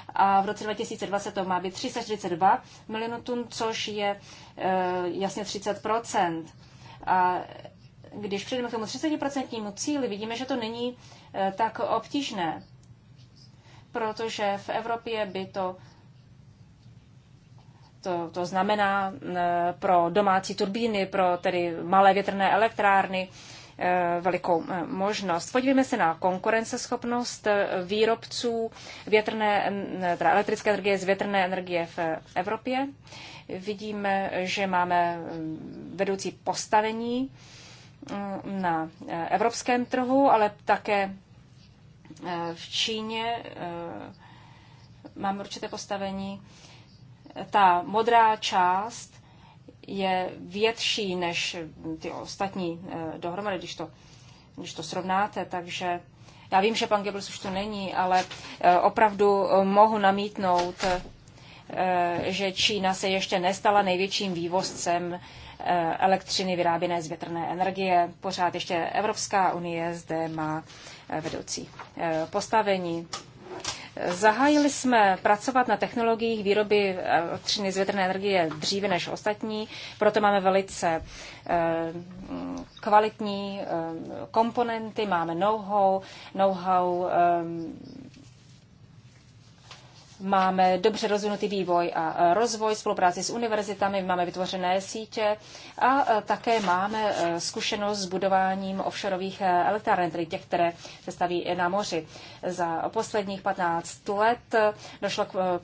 a v roce 2020 to má být 342 milionů tun, což je jasně 30 A když přejdeme k tomu 30% cíli, vidíme, že to není tak obtížné, protože v Evropě by to to, to znamená eh, pro domácí turbíny, pro tedy malé větrné elektrárny eh, velikou eh, možnost. Podívejme se na konkurenceschopnost výrobců větrné, teda elektrické energie z větrné energie v Evropě. Vidíme, že máme mm, vedoucí postavení mm, na evropském trhu, ale také v Číně máme určité postavení ta modrá část je větší než ty ostatní eh, dohromady, když to, když to srovnáte, takže já vím, že pan Goebbels už tu není, ale eh, opravdu eh, mohu namítnout, že Čína se ještě nestala největším vývozcem elektřiny vyráběné z větrné energie. Pořád ještě Evropská unie zde má vedoucí postavení. Zahájili jsme pracovat na technologiích výroby elektřiny z větrné energie dříve než ostatní, proto máme velice eh, kvalitní eh, komponenty, máme know-how, know-how eh, máme dobře rozvinutý vývoj a rozvoj, spolupráci s univerzitami, máme vytvořené sítě a e, také máme e, zkušenost s budováním offshoreových e, elektráren, tedy těch, které se staví na moři. Za posledních 15 let došlo k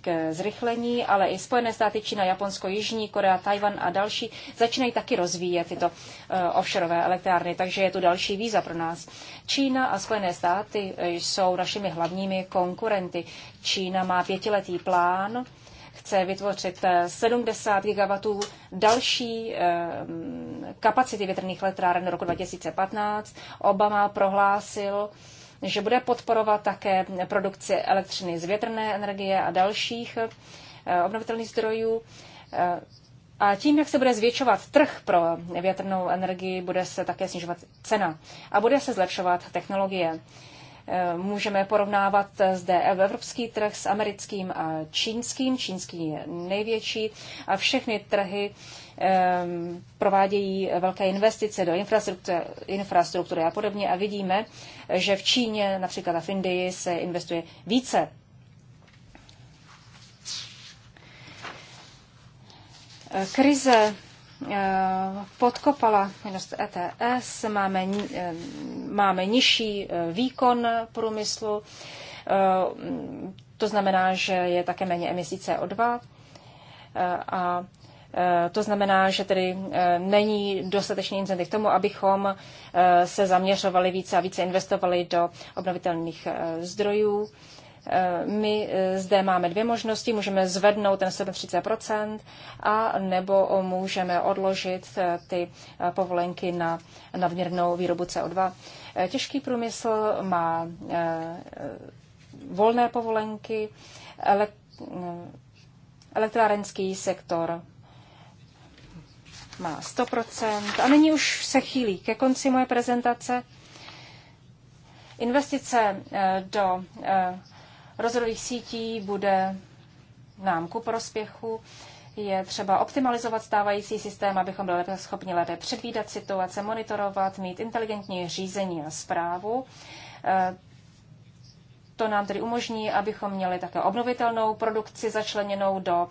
k zrychlení, ale i Spojené státy, Čína, Japonsko, Jižní Korea, Tajvan a další začínají taky rozvíjet tyto eh, offshoreové elektrárny, takže je tu další víza pro nás. Čína a Spojené státy eh, jsou našimi hlavními konkurenty. Čína má pětiletý plán, chce vytvořit 70 eh, gigawatů další kapacity větrných elektráren do roku 2015. Obama prohlásil, že bude podporovat také produkci elektřiny z větrné energie a dalších eh, obnovitelných zdrojů. Eh, a tím, jak se bude zvětšovat trh pro větrnou energii, bude se také snižovat cena a bude se zlepšovat technologie. Eh, můžeme porovnávat zde evropský trh s americkým a čínským. Čínský je největší a všechny trhy Ehm, provádějí velké investice do infrastruktury, infrastruktury a podobně a vidíme, že v Číně, například a v Indii, se investuje více. Krize ehm, podkopala minus e ETS, máme, ehm, máme nižší výkon průmyslu, to znamená, že je také méně emisí CO2 e, a Eh, to znamená, že tedy eh, není dostatečný incentiv k tomu, abychom eh, se zaměřovali více a více investovali do obnovitelných zdrojů. My zde máme dvě možnosti. Můžeme zvednout ten 37 a nebo můžeme odložit ty povolenky na nadměrnou výrobu CO2. Těžký průmysl má volné povolenky, elektrárenský sektor má 100%. A nyní už se chýlí ke konci moje prezentace. Investice eh, do eh, rozhodových sítí bude nám ku prospěchu. Je třeba optimalizovat stávající systém, abychom byli schopni lépe předvídat situace, monitorovat, mít inteligentní řízení a zprávu. Eh, to nám tedy umožní, abychom měli také obnovitelnou produkci začleněnou do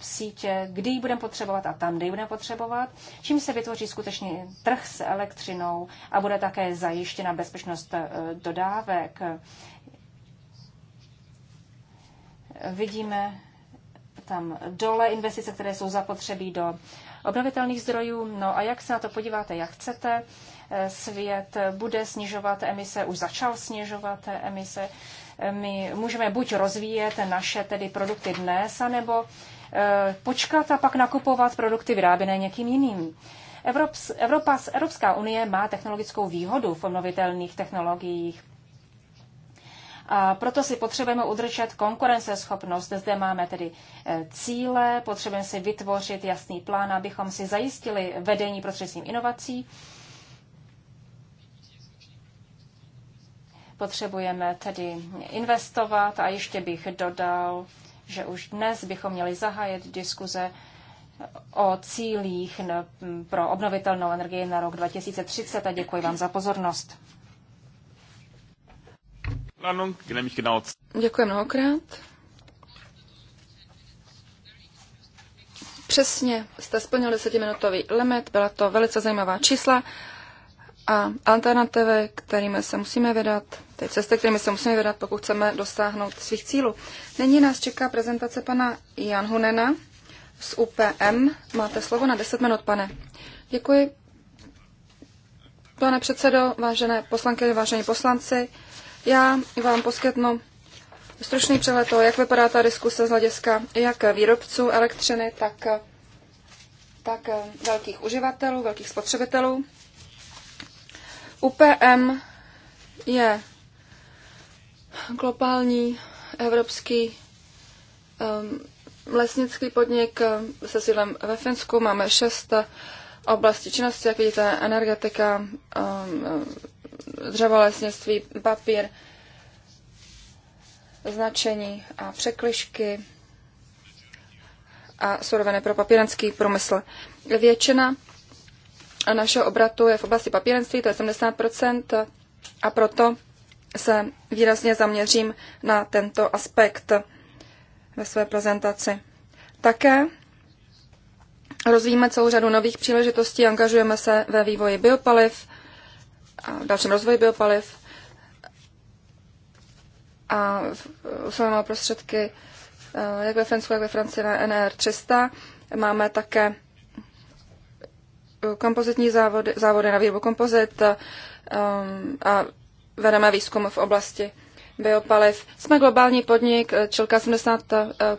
sítě, kdy ji budeme potřebovat a tam, kde ji budeme potřebovat, čím se vytvoří skutečně trh s elektřinou a bude také zajištěna bezpečnost eh, dodávek. Vidíme tam dole investice, které jsou zapotřebí do obnovitelných zdrojů. No a jak se na to podíváte, jak chcete, eh, svět bude snižovat emise, už začal snižovat emise. My můžeme buď rozvíjet naše tedy produkty dnes, anebo Eh, počkat a pak nakupovat produkty vyráběné někým jiným. Evrops, Evropa, Evropská unie má technologickou výhodu v obnovitelných technologiích. A proto si potřebujeme udržet konkurenceschopnost. Zde máme tedy eh, cíle, potřebujeme si vytvořit jasný plán, abychom si zajistili vedení prostřednictvím inovací. Potřebujeme tedy investovat a ještě bych dodal, že už dnes bychom měli zahájit diskuze o cílích pro obnovitelnou energii na rok 2030 a děkuji vám za pozornost. Děkuji mnohokrát. Přesně jste splnil desetiminutový limit, byla to velice zajímavá čísla a alternativy, kterými se musíme vydat, ty cesty, kterými se musíme vydat, pokud chceme dosáhnout svých cílů. Nyní nás čeká prezentace pana Jan Hunena z UPM. Máte slovo na 10 minut, pane. Děkuji. Pane předsedo, vážené poslankyně, vážení poslanci, já vám poskytnu stručný přehled toho, jak vypadá ta diskuse z hlediska jak výrobců elektřiny, tak, tak velkých uživatelů, velkých spotřebitelů. UPM je globální evropský um, lesnický podnik se sídlem ve Finsku. Máme šest oblastí činnosti, jak vidíte, energetika, um, dřevolesnictví, papír, značení a překlišky a suroviny pro papírenský průmysl. Většina našeho obratu je v oblasti papírenství, to je 70 a proto se výrazně zaměřím na tento aspekt ve své prezentaci. Také rozvíjíme celou řadu nových příležitostí, angažujeme se ve vývoji biopaliv, a v dalším rozvoji biopaliv a usilujeme o prostředky eh, jak ve Finsku, jak ve Francii na NR300. Máme také eh, kompozitní závody, závody na výrobu kompozit eh, a vedeme výzkum v oblasti biopaliv. Jsme globální podnik, eh, čelka 70 eh,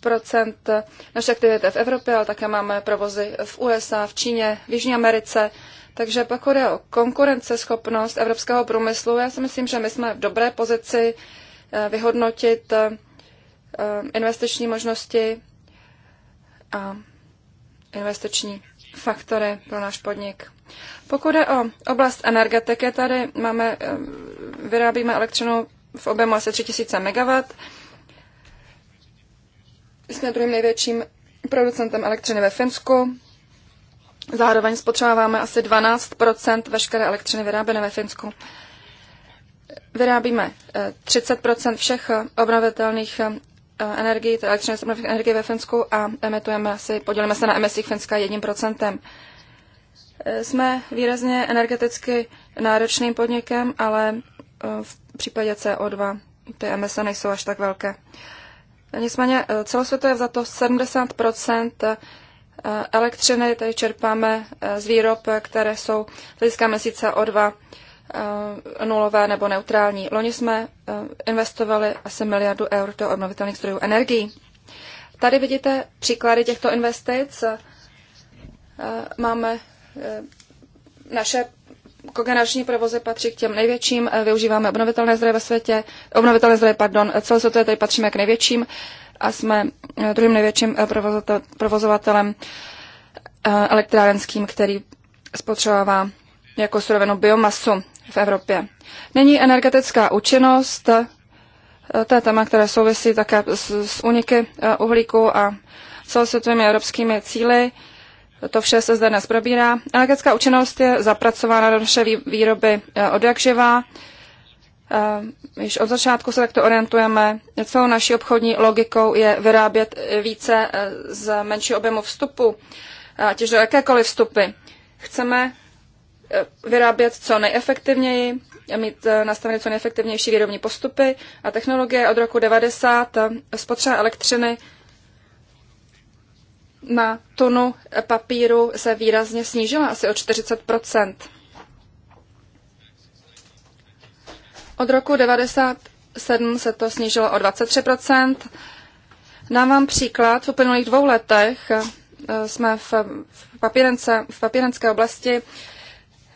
procent naše aktivit v Evropě, ale také máme provozy v USA, v Číně, v Jižní Americe. Takže pokud je o konkurenceschopnost evropského průmyslu, já si myslím, že my jsme v dobré pozici eh, vyhodnotit investiční možnosti a investiční faktory pro náš podnik. Pokud je o oblast energetiky, tady máme, eh, vyrábíme elektřinu v objemu asi 3000 MW. Jsme druhým největším producentem elektřiny ve Finsku. Zároveň spotřebáváme asi 12 veškeré elektřiny vyráběné ve Finsku. Vyrábíme 30 eh, všech eh, obnovitelných energií, elektřiny z obnovitelných energií ve Finsku a emitujeme asi, podělíme se na emisích Finska 1 Eh, jsme výrazně energeticky náročným podnikem, ale eh, v případě CO2 ty emise nejsou až tak velké. Nicméně eh, celosvětově za to 70 elektřiny tady čerpáme z výrob, které jsou z hlediska měsíce O2 nulové nebo neutrální. Loni jsme investovali asi miliardu eur do obnovitelných zdrojů energií. Tady vidíte příklady těchto investic. Máme Eh, naše kogenerační provozy patří k těm největším, eh, využíváme obnovitelné zdroje ve světě, obnovitelné zdroje, pardon, celosvětově tady patříme k největším a jsme eh, druhým největším provozovatelem elektrárenským, který spotřebovává jako surovinu biomasu v Evropě. Není energetická účinnost, to je téma, které souvisí také s, s uniky uhlíku a celosvětovými evropskými cíly. To vše se zde dnes probírá. Energetická účinnost je zapracována do naše výroby eh, od jak živá. Eh, již od začátku se takto orientujeme. Celou naší obchodní logikou je vyrábět eh, více z menšího objemu vstupu, ať už do jakékoliv vstupy. Chceme vyrábět co nejefektivněji, mít nastavené co nejefektivnější výrobní postupy a technologie od roku 90 spotřeba elektřiny na tonu papíru se výrazně snížila asi o 40 Od roku 1997 se to snížilo o 23 Dám vám příklad. V uplynulých dvou letech eh, jsme v, v, papírence, v papírenské oblasti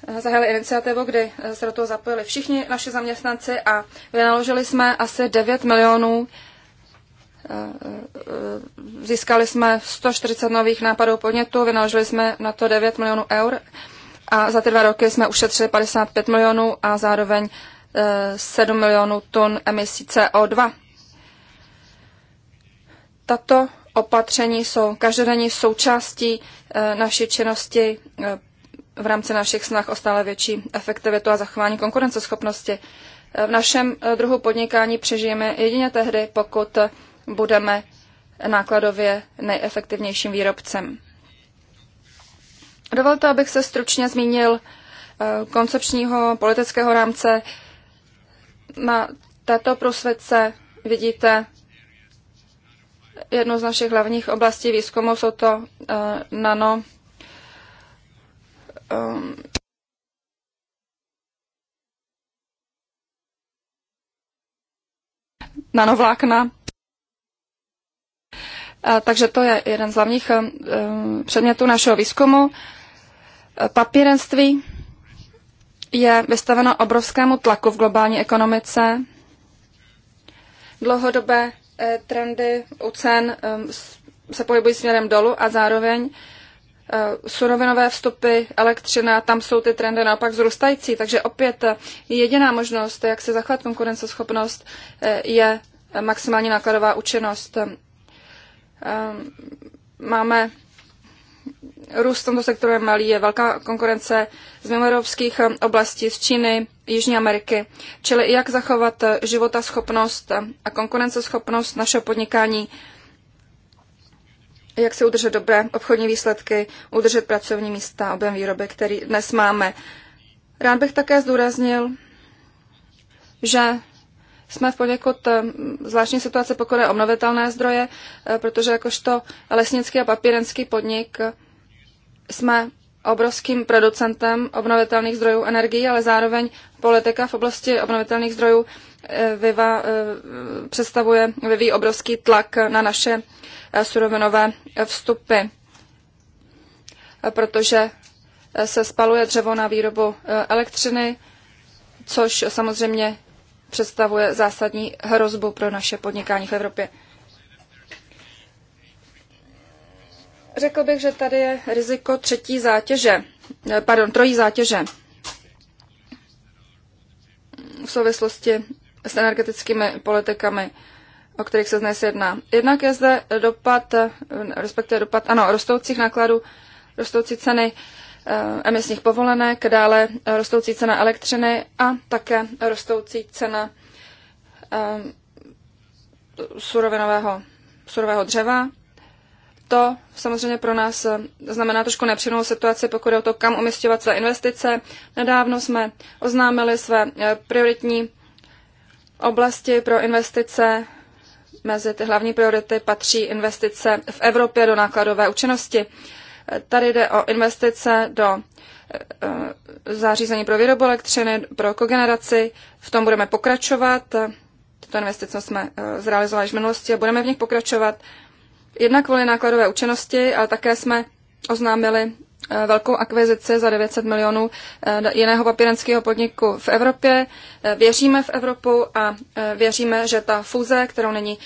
eh, zahájili iniciativu, kdy eh, se do toho zapojili všichni naši zaměstnanci a vynaložili jsme asi 9 milionů Získali jsme 140 nových nápadů podnětů, vynaložili jsme na to 9 milionů eur a za ty dva roky jsme ušetřili 55 milionů a zároveň 7 eh, milionů tun emisí CO2. Tato opatření jsou každodenní součástí eh, naší činnosti eh, v rámci našich snah o stále větší efektivitu a zachování konkurenceschopnosti. V našem druhu podnikání přežijeme jedině tehdy, pokud budeme nákladově nejefektivnějším výrobcem. Dovolte, abych se stručně zmínil eh, koncepčního politického rámce. Na této prosvědce vidíte jednu z našich hlavních oblastí výzkumu, jsou to uh, nano, um, nanovlákna takže to je jeden z hlavních eh, předmětů našeho výzkumu. Eh, papírenství je vystaveno obrovskému tlaku v globální ekonomice. Dlouhodobé eh, trendy u cen se pohybují směrem dolů a zároveň surovinové vstupy, elektřina, tam jsou ty trendy naopak zrůstající. Takže opět jediná možnost, jak se zachovat konkurenceschopnost, je maximální nákladová účinnost Ehm, máme růst v tomto sektoru je malý, je velká konkurence z mimoevropských ehm, oblastí, z Číny, Jižní Ameriky. Čili jak zachovat eh, schopnost a konkurenceschopnost našeho podnikání, jak si udržet dobré obchodní výsledky, udržet pracovní místa, objem výroby, který dnes máme. Rád bych také zdůraznil, že jsme v poněkud eh, zvláštní situace pokud je obnovitelné zdroje, eh, protože jakožto lesnický a papírenský podnik eh, jsme obrovským producentem obnovitelných zdrojů energií, ale zároveň politika v oblasti obnovitelných zdrojů vyva, představuje, vyvíjí obrovský tlak na naše surovinové vstupy, protože se spaluje dřevo na výrobu elektřiny, což samozřejmě představuje zásadní hrozbu pro naše podnikání v Evropě. Řekl bych, že tady je riziko třetí zátěže, eh, pardon, trojí zátěže v souvislosti s energetickými politikami, o kterých se dnes jedná. Jednak je zde dopad, eh, respektive dopad, ano, rostoucích nákladů, rostoucí ceny Eh, emisních povolenek, dále rostoucí cena elektřiny a také rostoucí cena eh, surovinového, surového dřeva. To samozřejmě pro nás znamená trošku nepříjemnou situaci, pokud je o to, kam umistovat své investice. Nedávno jsme oznámili své eh, prioritní oblasti pro investice. Mezi ty hlavní priority patří investice v Evropě do nákladové účinnosti. Tady jde o investice do eh, zařízení pro výrobu elektřiny, pro kogeneraci. V tom budeme pokračovat. Tyto investice jsme eh, zrealizovali v minulosti a budeme v nich pokračovat. Jednak kvůli nákladové účinnosti, ale také jsme oznámili eh, velkou akvizici za 900 milionů jiného papírenského podniku v Evropě. Věříme v Evropu a věříme, že ta fuze, kterou nyní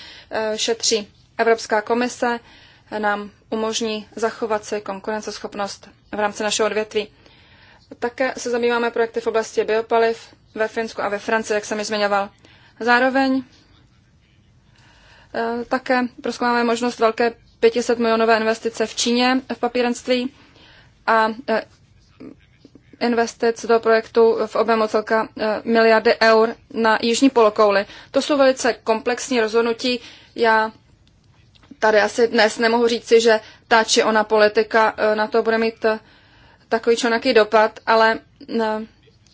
šetří Evropská komise, nám umožní zachovat si konkurenceschopnost v rámci našeho odvětví. Také se zabýváme projekty v oblasti biopaliv ve Finsku a ve Francii, jak jsem ji zmiňoval. Zároveň e, také proskoumáme možnost velké 500 milionové investice v Číně v papírenství a e, investic do projektu v objemu celka e, miliardy eur na jižní polokouli. To jsou velice komplexní rozhodnutí. Já tady asi dnes nemohu říci, že ta či ona politika e, na to bude mít e, takový čonaký dopad, ale e,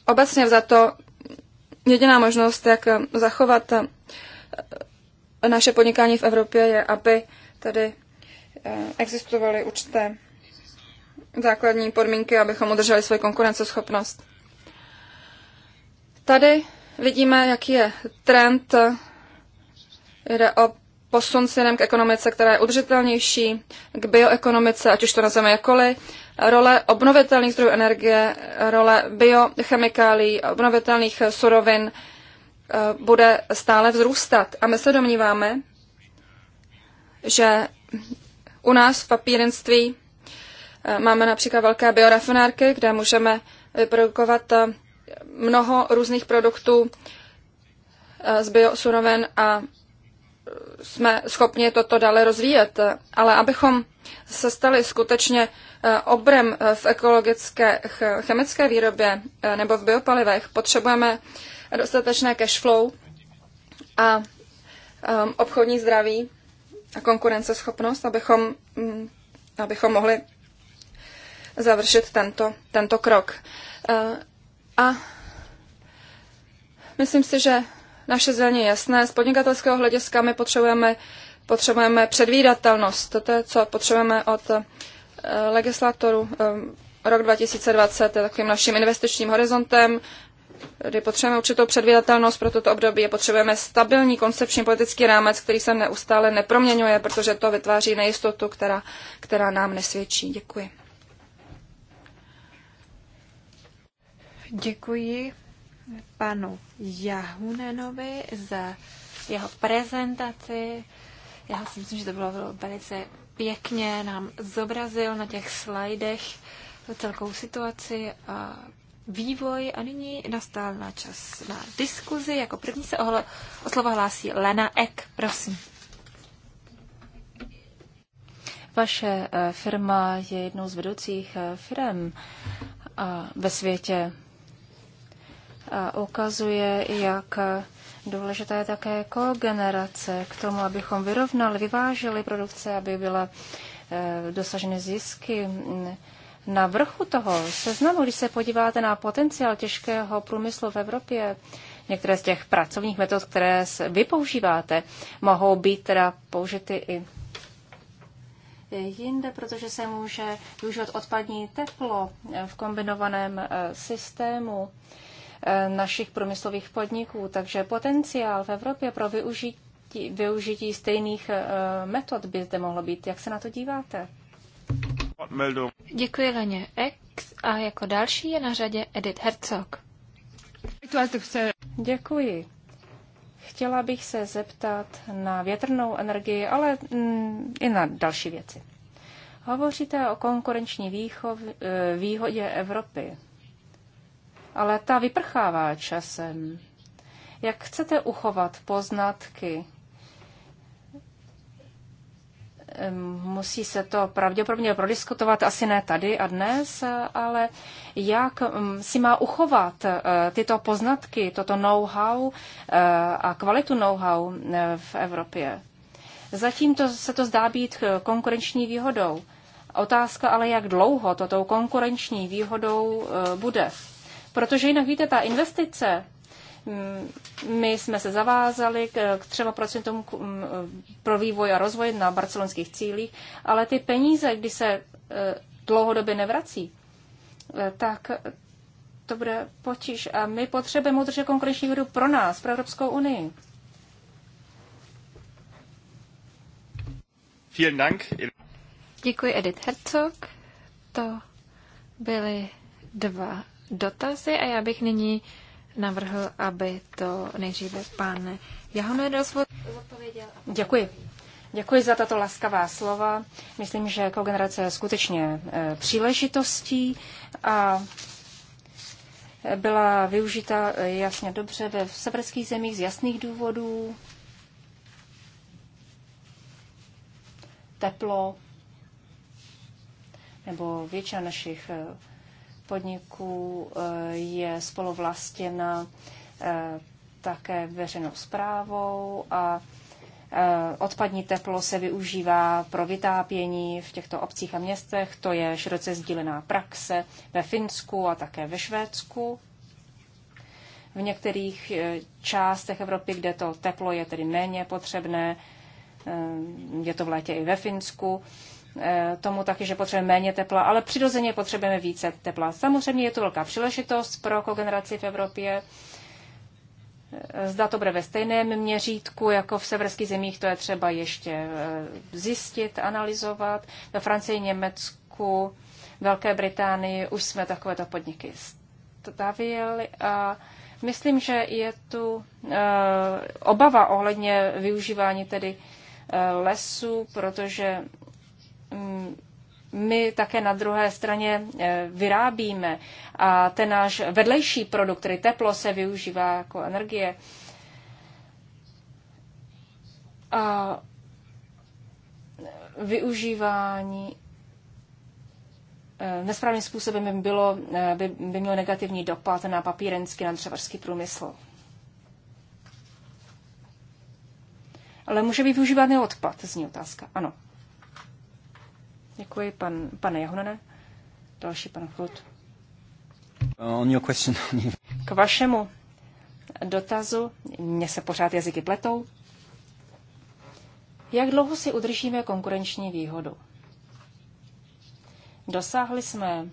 obecně za to jediná možnost, jak zachovat naše podnikání v Evropě, je, aby tady existovaly určité základní podmínky, abychom udrželi svoji konkurenceschopnost. Tady vidíme, jaký je trend. Jde o posun směrem k ekonomice, která je udržitelnější, k bioekonomice, ať už to nazveme jakoli, role obnovitelných zdrojů energie, role biochemikálí, obnovitelných surovin eh, bude stále vzrůstat. A my se domníváme, že u nás v papírenství eh, máme například velké biorafinárky, kde můžeme vyprodukovat eh, mnoho různých produktů z biosurovin a jsme schopni toto dále rozvíjet. Ale abychom se stali skutečně eh, obrem eh, v ekologické chemické výrobě eh, nebo v biopalivech, potřebujeme dostatečné cash flow a obchodní zdraví a konkurenceschopnost, abychom, mm, abychom mohli završit tento, tento krok. A myslím si, že naše zelně jasné. Z podnikatelského hlediska my potřebujeme, potřebujeme předvídatelnost. To je, co potřebujeme od eh, legislatoru eh, Rok 2020 je takovým naším investičním horizontem, kdy potřebujeme určitou předvídatelnost pro toto období a potřebujeme stabilní koncepční politický rámec, který se neustále neproměňuje, protože to vytváří nejistotu, která, která nám nesvědčí. Děkuji. Děkuji panu Jahunenovi za jeho prezentaci. Já si myslím, že to bylo, velice pěkně, nám zobrazil na těch slajdech celkou situaci a vývoj a nyní nastal na čas na diskuzi. Jako první se ohlo, o slovo hlásí Lena Ek, prosím. Vaše eh, firma je jednou z vedoucích eh, firm eh, ve světě a ukazuje, jak důležitá je také kogenerace k tomu, abychom vyrovnali, vyvážili produkce, aby byla eh, dosaženy zisky. Na vrchu toho seznamu, když se podíváte na potenciál těžkého průmyslu v Evropě, některé z těch pracovních metod, které vy používáte, mohou být teda použity i jinde, protože se může využívat odpadní teplo v kombinovaném eh, systému. Eh, našich průmyslových podniků. Takže potenciál v Evropě pro využití, využití stejných eh, metod by zde mohlo být. Jak se na to díváte? Děkuji Leně X a jako další je na řadě Edith Herzog. Děkuji. Chtěla bych se zeptat na větrnou energii, ale mm, i na další věci. Hovoříte o konkurenční výchov, eh, výhodě Evropy ale ta vyprchává časem. Jak chcete uchovat poznatky? Musí se to pravděpodobně prodiskutovat asi ne tady a dnes, ale jak si má uchovat eh, tyto poznatky, toto know-how eh, a kvalitu know-how eh, v Evropě? Zatím to, se to zdá být konkurenční výhodou. Otázka ale, jak dlouho to tou konkurenční výhodou bude. Protože jinak víte, ta investice, mm, my jsme se zavázali k, k třeba procentům mm, pro vývoj a rozvoj na barcelonských cílích, ale ty peníze, když se e, dlouhodobě nevrací, e, tak to bude potíž. A my potřebujeme udržet konkurenční výhodu pro nás, pro Evropskou unii. Vielen Dank. Děkuji Edith Herzog. To byly dva dotazy a já bych nyní navrhl, aby to nejdříve pan Jahomer odpověděl. Děkuji. Děkuji za tato laskavá slova. Myslím, že kogenerace je skutečně e, příležitostí a byla využita e, jasně dobře ve severských zemích z jasných důvodů. Teplo nebo většina našich e, Podniku eh, je spolovlastněna eh, také veřejnou zprávou a eh, odpadní teplo se využívá pro vytápění v těchto obcích a městech. To je široce sdílená praxe ve Finsku a také ve Švédsku. V některých částech Evropy, kde to teplo je tedy méně potřebné, je to v létě i ve Finsku, Eh, tomu taky, že potřebujeme méně tepla, ale přirozeně potřebujeme více tepla. Samozřejmě je to velká příležitost pro kogeneraci v Evropě. Eh, zda to bude ve stejném měřítku jako v severských zemích, to je třeba ještě eh, zjistit, analyzovat. Ve Francii, Německu, Velké Británii už jsme takovéto podniky stavili a myslím, že je tu obava ohledně využívání tedy lesů, protože Mm, my také na druhé straně eh, vyrábíme a ten náš vedlejší produkt, který teplo, se využívá jako energie. A využívání eh, nesprávným způsobem by, bylo, eh, by, by mělo negativní dopad na papírenský, na dřevařský průmysl. Ale může být využívaný odpad, zní otázka. Ano. Děkuji, pan, pane Jahonene. Další pan Chod. On your question. K vašemu dotazu, mně se pořád jazyky pletou. Jak dlouho si udržíme konkurenční výhodu? Dosáhli jsme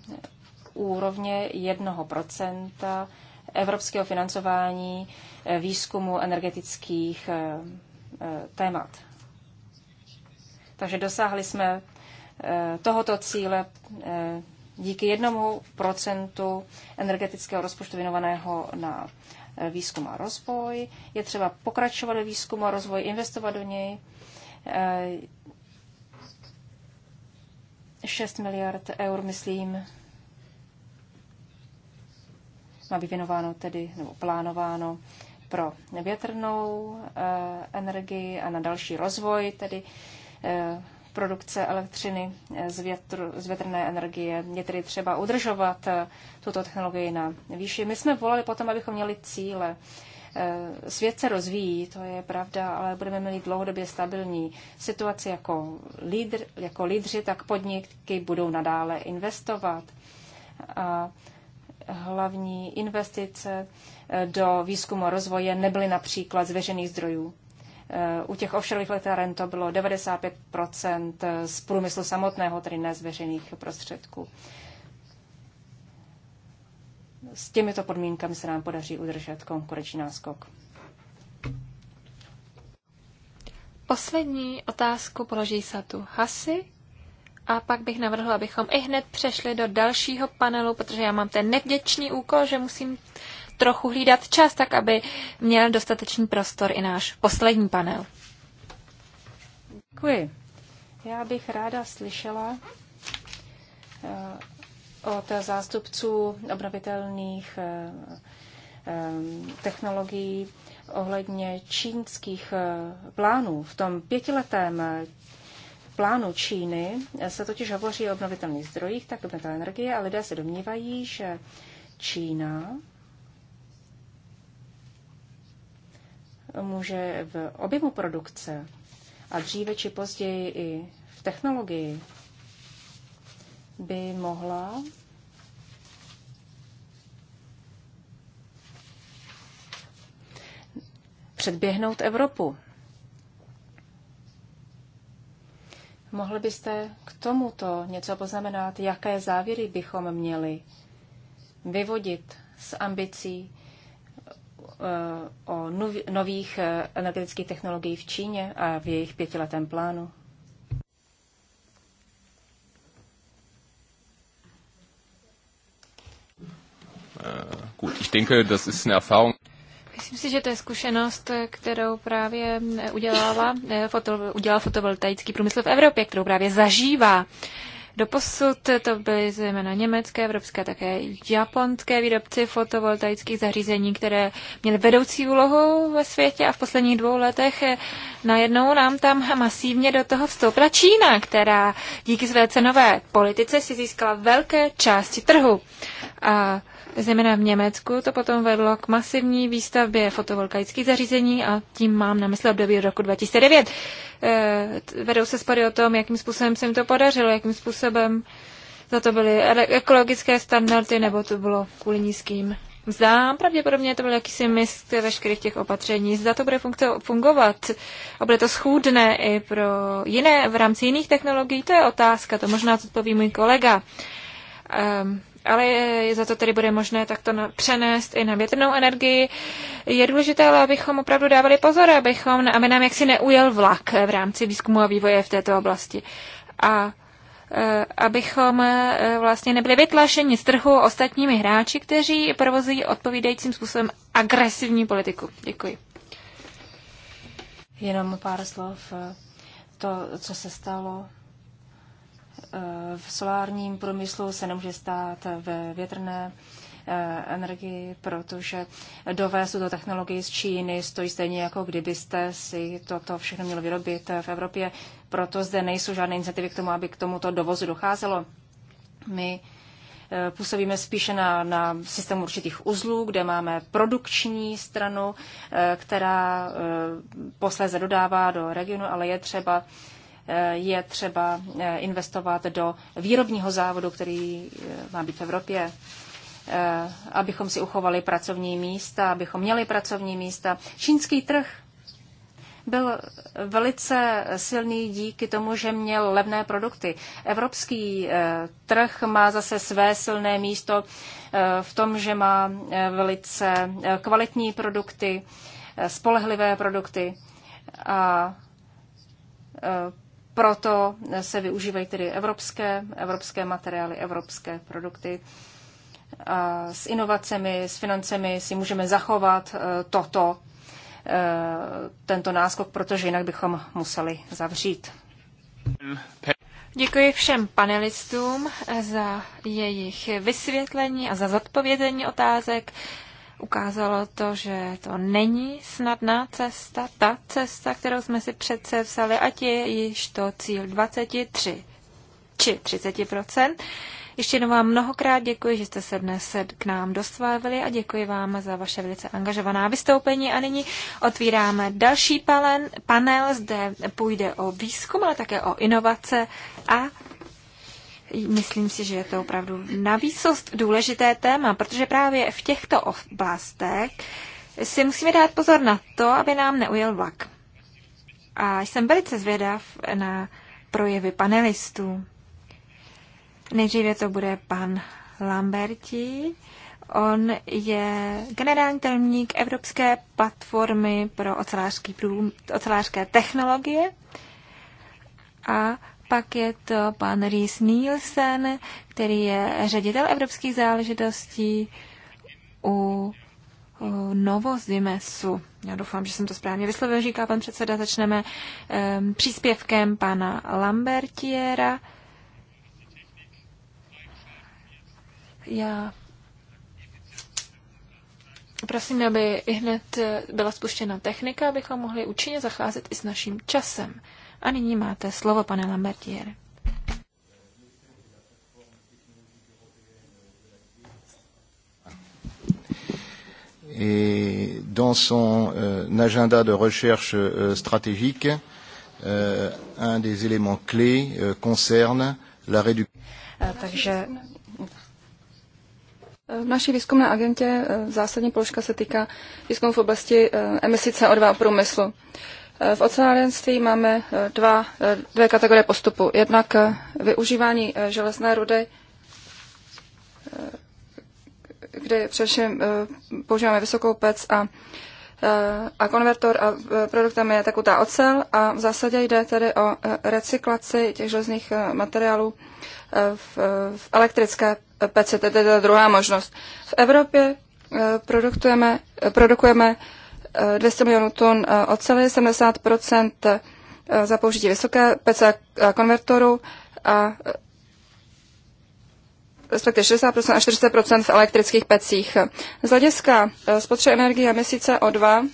úrovně 1% evropského financování eh, výzkumu energetických eh, eh, témat. Takže dosáhli jsme Eh, tohoto cíle eh, díky jednomu procentu energetického rozpočtu věnovaného na eh, výzkum a rozvoj. Je třeba pokračovat ve výzkumu a rozvoji, investovat do něj. 6 miliard eur, myslím, má být věnováno tedy, nebo plánováno pro větrnou energii a na další rozvoj, tedy produkce elektřiny z, větru, z větrné energie. Je tedy třeba udržovat eh, tuto technologii na výši. My jsme volali potom, abychom měli cíle. Eh, svět se rozvíjí, to je pravda, ale budeme mít dlouhodobě stabilní situaci jako, lídr, jako lídři, tak podniky budou nadále investovat. A hlavní investice eh, do výzkumu a rozvoje nebyly například z veřejných zdrojů. U těch offshoreových elektráren to bylo 95 z průmyslu samotného, tedy ne z veřejných prostředků. S těmito podmínkami se nám podaří udržet konkurenční náskok. Poslední otázku položí Satu Hasi a pak bych navrhla, abychom i hned přešli do dalšího panelu, protože já mám ten nevděčný úkol, že musím trochu hlídat čas, tak aby měl dostatečný prostor i náš poslední panel. Děkuji. Já bych ráda slyšela eh, od zástupců obnovitelných eh, eh, technologií ohledně čínských plánů. V tom pětiletém plánu Číny se totiž hovoří o obnovitelných zdrojích, tak obnovitelné energie a lidé se domnívají, že Čína může v objemu produkce a dříve či později i v technologii by mohla předběhnout Evropu. Mohli byste k tomuto něco poznamenat, jaké závěry bychom měli vyvodit z ambicí Eh, o nových eh, energetických technologií v Číně a v jejich pětiletém plánu? Eh, gut, ich denke, das ist eine Erfahrung. Myslím si, že to je zkušenost, kterou právě udělala, foto, udělal fotovoltaický průmysl v Evropě, kterou právě zažívá. Uh, Doposud to byly zejména německé, evropské, také japonské výrobci fotovoltaických zařízení, které měly vedoucí úlohu ve světě a v posledních dvou letech najednou nám tam masivně do toho vstoupila Čína, která díky své cenové politice si získala velké části trhu. A zejména v Německu, to potom vedlo k masivní výstavbě fotovoltaických zařízení a tím mám na mysli období roku 2009. Eh, vedou se spory o tom, jakým způsobem se jim to podařilo, jakým způsobem za to byly ekologické standardy, nebo to bylo kvůli nízkým mzdám. Pravděpodobně to byl jakýsi mist veškerých těch opatření. Zda to bude fungovat a bude to schůdné i pro jiné, v rámci jiných technologií, to je otázka, to možná odpovím můj kolega. Um, ale za to tedy bude možné takto přenést i na větrnou energii. Je důležité, ale abychom opravdu dávali pozor, abychom, aby nám jaksi neujel vlak v rámci výzkumu a vývoje v této oblasti. A e, abychom e, vlastně nebyli vytlašeni z trhu ostatními hráči, kteří provozují odpovídajícím způsobem agresivní politiku. Děkuji. Jenom pár slov. E, to, co se stalo v solárním průmyslu se nemůže stát ve větrné eh, energii, protože dovést tuto technologii z Číny stojí stejně jako kdybyste si toto všechno měli vyrobit v Evropě. Proto zde nejsou žádné iniciativy k tomu, aby k tomuto dovozu docházelo. My eh, působíme spíše na, na systém určitých uzlů, kde máme produkční stranu, eh, která posléze dodává do regionu, ale je třeba je třeba eh, investovat do výrobního závodu, který eh, má být v Evropě, eh, abychom si uchovali pracovní místa, abychom měli pracovní místa. Čínský trh byl velice silný díky tomu, že měl levné produkty. Evropský trh má zase své silné místo v tom, že má velice kvalitní produkty, spolehlivé produkty a proto se využívají tedy evropské, evropské materiály, evropské produkty. A s inovacemi, s financemi si můžeme zachovat e, toto, e, tento náskok, protože jinak bychom museli zavřít. Děkuji všem panelistům za jejich vysvětlení a za zodpovězení otázek. Ukázalo to, že to není snadná cesta, ta cesta, kterou jsme si přece vzali, ať je již to cíl 23 či 30 ještě jednou vám mnohokrát děkuji, že jste se dnes k nám dostávili a děkuji vám za vaše velice angažovaná vystoupení. A nyní otvíráme další palen, panel, zde půjde o výzkum, ale také o inovace a Myslím si, že je to opravdu na výsost důležité téma, protože právě v těchto oblastech si musíme dát pozor na to, aby nám neujel vlak. A jsem velice zvědav na projevy panelistů. Nejdříve to bude pan Lamberti. On je generální tajemník Evropské platformy pro ocelářské technologie a pak je to pan Rhys Nielsen, který je ředitel evropských záležitostí u Novozimesu. Já doufám, že jsem to správně vyslovil, říká pan předseda. Začneme um, příspěvkem pana Lambertiera. Já prosím, aby i hned eh, byla spuštěna technika, abychom mohli účinně zacházet i s naším časem. A nyní máte slovo, pane Lambertier. dans son euh, agenda de recherche euh, stratégique, euh, un des éléments clés euh, concerne la réduction. Euh, takže euh, v naší výzkumné agentě euh, zásadní položka se týká výzkumu v oblasti emisí CO2 průmyslu. V ocelárenství máme eh, dva, eh, dvě kategorie postupu. Jednak eh, využívání železné rudy, kde především používáme vysokou pec a, a konvertor a produktem je takutá ocel a v zásadě jde tedy o recyklaci těch železných materiálů v, v elektrické peci, to je ta druhá možnost. V Evropě produkujeme, produkujeme 200 milionů tun e, oceli, 70 e, za použití vysoké PC konvertoru a e, respektive 60% a 40% v elektrických pecích. Z hlediska spotřeby energie měsíce O2,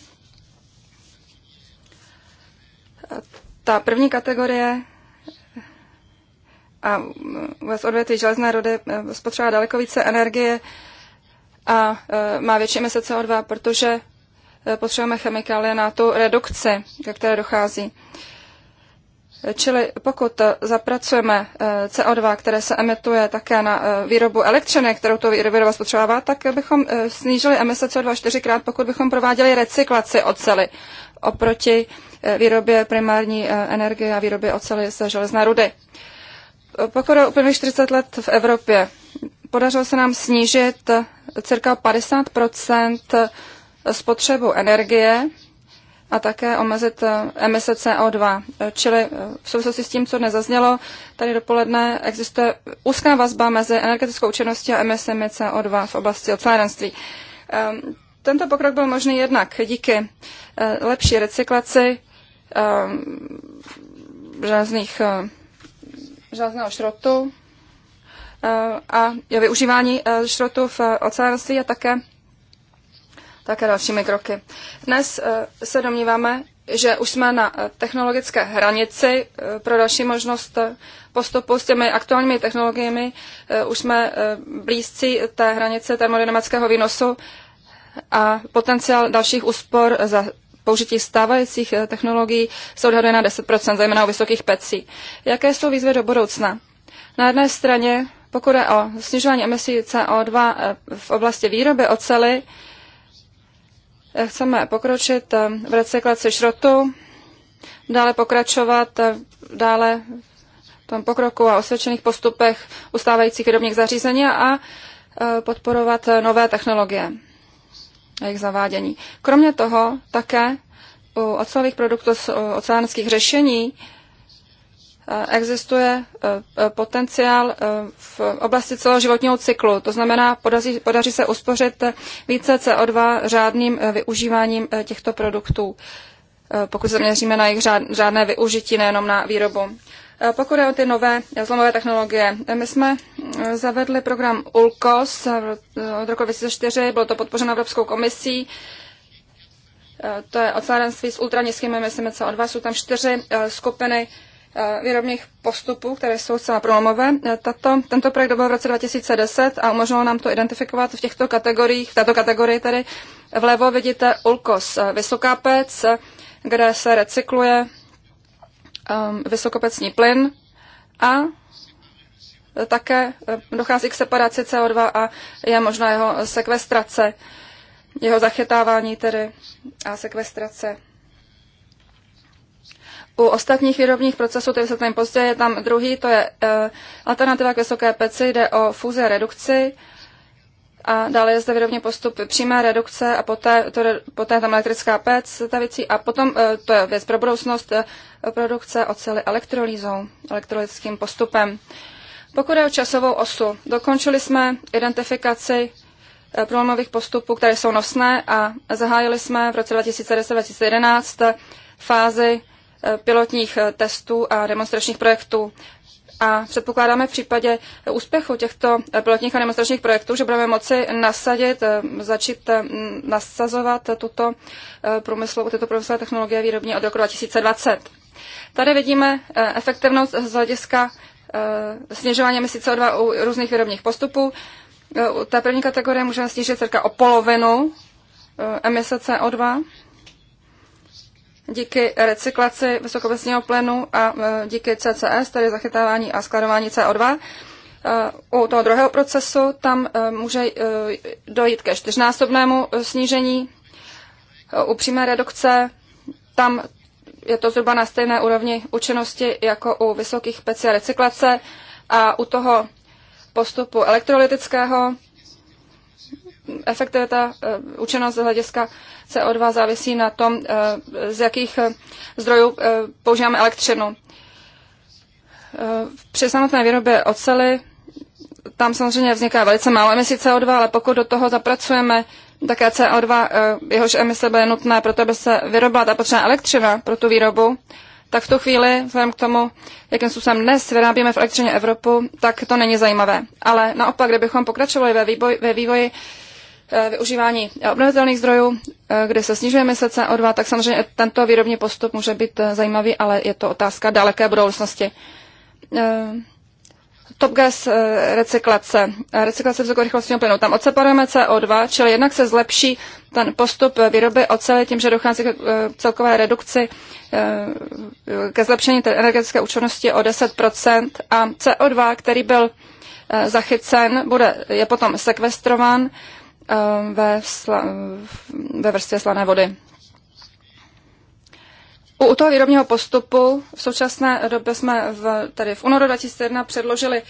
ta první kategorie a vůbec odvětví železné rody spotřebá daleko více energie a má větší měsíce o 2 protože Eh, potřebujeme chemikálie na tu redukci, ke které dochází. Čili pokud zapracujeme eh, CO2, které se emituje také na eh, výrobu elektřiny, kterou to výroba spotřebává, tak bychom snížili emise CO2 čtyřikrát, pokud bychom prováděli recyklaci ocely oproti výrobě primární energie a výrobě ocely se železné rudy. Pokud je úplně 40 let v Evropě, podařilo se nám snížit cirka 50 spotřebu energie a také omezit eh, emise CO2. Čili eh, v souvislosti s tím, co dnes zaznělo, tady dopoledne existuje úzká vazba mezi energetickou činností a emisemi CO2 v oblasti ocelárenství. Ehm, tento pokrok byl možný jednak díky eh, lepší recyklaci ehm, železných, železného šrotu a využívání šrotu v ocelárenství a také také dalšími kroky. Dnes eh, se domníváme, že už jsme na eh, technologické hranici eh, pro další možnost postupu s těmi aktuálními technologiemi. Už jsme blízcí té hranice termodynamického výnosu a potenciál dalších úspor za použití stávajících technologií se odhaduje na 10%, zejména u vysokých pecí. Jaké jsou výzvy do budoucna? Na jedné straně, pokud je o snižování emisí CO2 v oblasti výroby ocely, Chceme pokročit eh, v recyklaci šrotu, dále pokračovat eh, dále v tom pokroku a osvědčených postupech ustávajících výrobních zařízení a eh, podporovat nové technologie a jejich zavádění. Kromě toho také u ocelových produktů z oceánských řešení existuje eh, eh, potenciál eh, v oblasti celoživotního cyklu. To znamená, podaří, podaří se uspořit více CO2 řádným využíváním těchto produktů, pokud se na jejich řádné využití, nejenom na výrobu. Pokud je o ty nové zlomové technologie, my jsme zavedli program ULKOS od roku 2004, bylo to podpořeno Evropskou komisí. To je ocelárenství s ultranízkými emisemi CO2. Jsou tam čtyři skupiny Eh, výrobních postupů, které jsou celá prolomové. Eh, tato, tento projekt byl v roce 2010 a umožnilo nám to identifikovat v těchto kategoriích, v této kategorii tady vlevo vidíte ulkos eh, vysoká pec, kde se recykluje um, ehm, vysokopecní plyn a také dochází k separaci CO2 a je možná jeho sekvestrace, jeho zachytávání tedy a sekvestrace u ostatních výrobních procesů, se tam později, je tam druhý, to je e, alternativa k vysoké peci, jde o fúze redukci. A dále je zde výrobní postup přímé redukce a poté, to, poté tam elektrická pec ta věcí. A potom, e, to je věc pro budoucnost, e, produkce oceli elektrolýzou, elektrolytickým postupem. Pokud je o časovou osu, dokončili jsme identifikaci problémových postupů, které jsou nosné a zahájili jsme v roce 2010-2011 fázi Eh, pilotních eh, testů a demonstračních projektů. A předpokládáme v případě úspěchu těchto eh, pilotních a demonstračních projektů, že budeme moci nasadit, začít nasazovat tuto průmyslovou, tyto průmyslové technologie výrobní od roku 2020. Tady vidíme efektivnost z hlediska snižování emisí CO2 u různých výrobních postupů. U té první kategorie můžeme snížit cca o polovinu emise CO2 díky recyklaci vysokovesního plynu a e, díky CCS, tedy zachytávání a skladování CO2. E, u toho druhého procesu tam e, může dojít ke čtyřnásobnému snížení. U přímé redukce tam je to zhruba na stejné úrovni účinnosti jako u vysokých peci recyklace a u toho postupu elektrolytického efektivita, eh, účinnost z hlediska CO2 závisí na tom, eh, z jakých eh, zdrojů používáme elektřinu. Při samotné výrobě ocely tam samozřejmě vzniká velice málo emisí CO2, ale pokud do toho zapracujeme také CO2, jehož emise bude nutné, proto aby se vyrobila ta potřebná elektřina pro tu výrobu, tak v tu chvíli, vzhledem k tomu, jakým způsobem dnes vyrábíme v elektřině Evropu, tak to není zajímavé. Ale naopak, kdybychom pokračovali ve, výboj, ve vývoji Eh, využívání eh, obnovitelných zdrojů, eh, kde se snižuje emise CO2, tak samozřejmě tento výrobní postup může být zajímavý, ale je to otázka daleké budoucnosti. Top gas recyklace, recyklace vysokorychlostního plynu. Tam odseparujeme CO2, čili jednak se zlepší ten postup výroby oceli tím, že dochází k celkové redukci, ke zlepšení energetické účinnosti o 10% a CO2, který byl zachycen, bude, je potom sekvestrován Eh, ve, sla, ve vrstvě slané vody. U toho výrobního postupu v současné době jsme v, tady v únoru 2001 předložili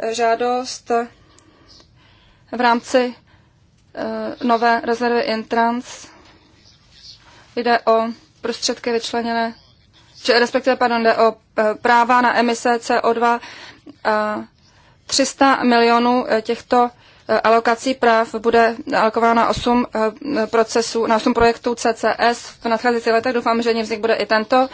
eh, žádost eh, v rámci nové rezervy Intrans. Jde o prostředky vyčleněné, či respektive, pardon, jde o práva na emise CO2 300 milionů těchto alokací práv bude alokována 8 eh, procesů, na 8 projektů CCS. V nadcházejících letech doufám, že nich bude i tento.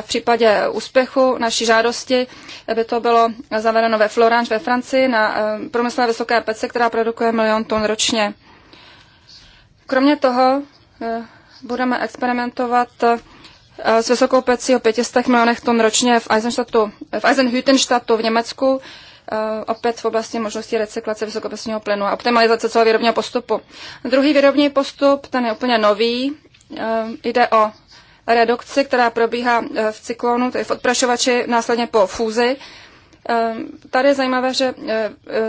V případě úspěchu naší žádosti by to bylo zavedeno ve Florence ve Francii na eh, průmyslové vysoké pece, která produkuje milion tun ročně. Kromě toho eh, budeme experimentovat s vysokou pecí o 500 milionech tun ročně v Eisenhüttenstadtu v v Německu Eh, opět v oblasti možnosti recyklace vysokopasního plynu a optimalizace celého výrobního postupu. Druhý výrobní postup, ten je úplně nový, eh, jde o redukci, která probíhá eh, v cyklonu, tedy v odprašovači, následně po fúzi. Tady je zajímavé, že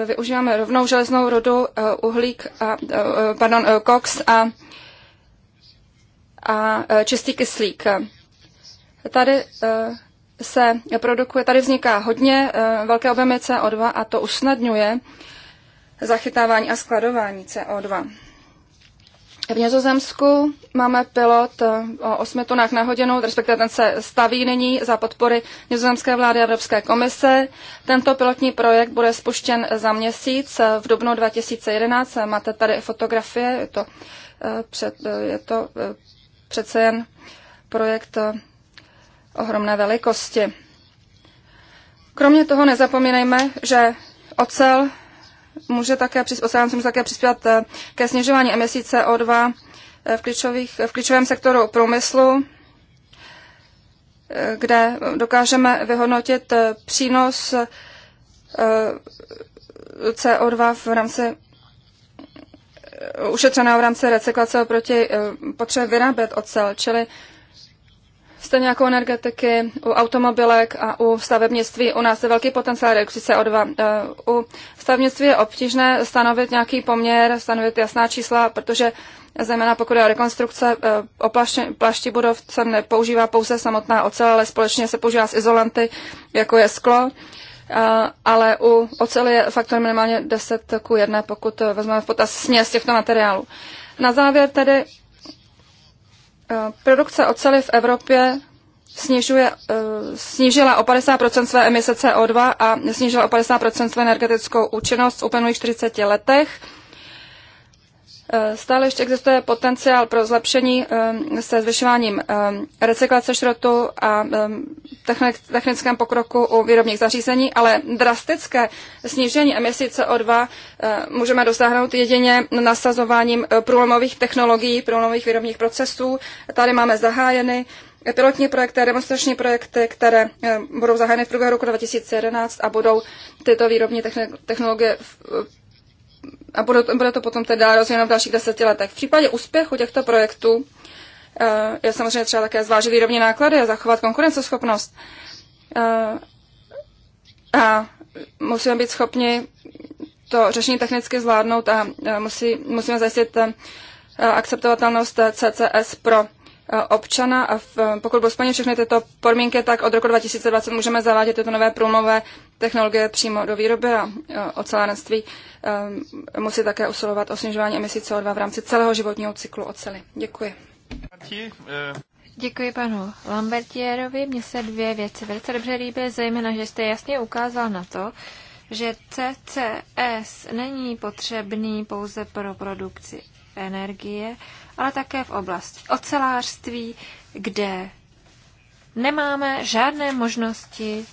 využíváme rovnou železnou rodu, uhlík, a, pardon, koks a, a čistý kyslík. Tady se produkuje, tady vzniká hodně eh, velké objemy CO2 a to usnadňuje zachytávání a skladování CO2. V Nězozemsku máme pilot eh, o 8 tunách na hodinu, respektive ten se staví nyní za podpory Nězozemské vlády a Evropské komise. Tento pilotní projekt bude spuštěn za měsíc eh, v dubnu 2011. Máte tady fotografie, je to, před, je to přece jen projekt ohromné velikosti. Kromě toho nezapomínejme, že ocel může také, oceánci může také přispět eh, ke snižování emisí CO2 eh, v, klíčových, v klíčovém sektoru průmyslu, eh, kde dokážeme vyhodnotit přínos CO2 v rámci ušetřeného v rámci recyklace oproti potřebě vyrábět ocel. Čili stejně jako energetiky, u automobilek a u stavebnictví. U nás je velký potenciál redukce O2. Eh, u stavebnictví je obtížné stanovit nějaký poměr, stanovit jasná čísla, protože zejména pokud je o rekonstrukce eh, o plašti, budov, se nepoužívá pouze samotná ocel, ale společně se používá s izolanty, jako je sklo. Eh, ale u oceli je faktor minimálně 10 ku 1, pokud vezmeme v potaz směs těchto materiálů. Na závěr tedy Eh, produkce oceli v Evropě snižuje, eh, snížila o 50% své emise CO2 a snížila o 50% své energetickou účinnost v uplynulých 40 letech. Eh, stále ještě existuje potenciál pro zlepšení eh, se zvyšováním eh, recyklace šrotu a technickém pokroku u výrobních zařízení, ale drastické snížení emisí CO2 můžeme dosáhnout jedině nasazováním průlomových technologií, průlomových výrobních procesů. Tady máme zahájeny pilotní projekty a demonstrační projekty, které budou zahájeny v průběhu roku 2011 a budou tyto výrobní technologie a bude to, bude to potom teda rozvíjeno v dalších deseti letech. V případě úspěchu těchto projektů eh, je samozřejmě třeba také zvážit výrobní náklady a zachovat konkurenceschopnost. Eh, a musíme být schopni to řešení technicky zvládnout a eh, musí, musíme zajistit akceptovatelnost CCS pro občana a v, pokud budou splněny všechny tyto podmínky, tak od roku 2020 můžeme zavádět tyto nové průmové technologie přímo do výroby a e, ocelárenství e, musí také usilovat o snižování emisí CO2 v rámci celého životního cyklu oceli. Děkuji. Děkuji panu Lambertierovi. Mně se dvě věci velice dobře líbí, zejména, že jste jasně ukázal na to, že CCS není potřebný pouze pro produkci energie, ale také v oblasti ocelářství, kde nemáme žádné možnosti,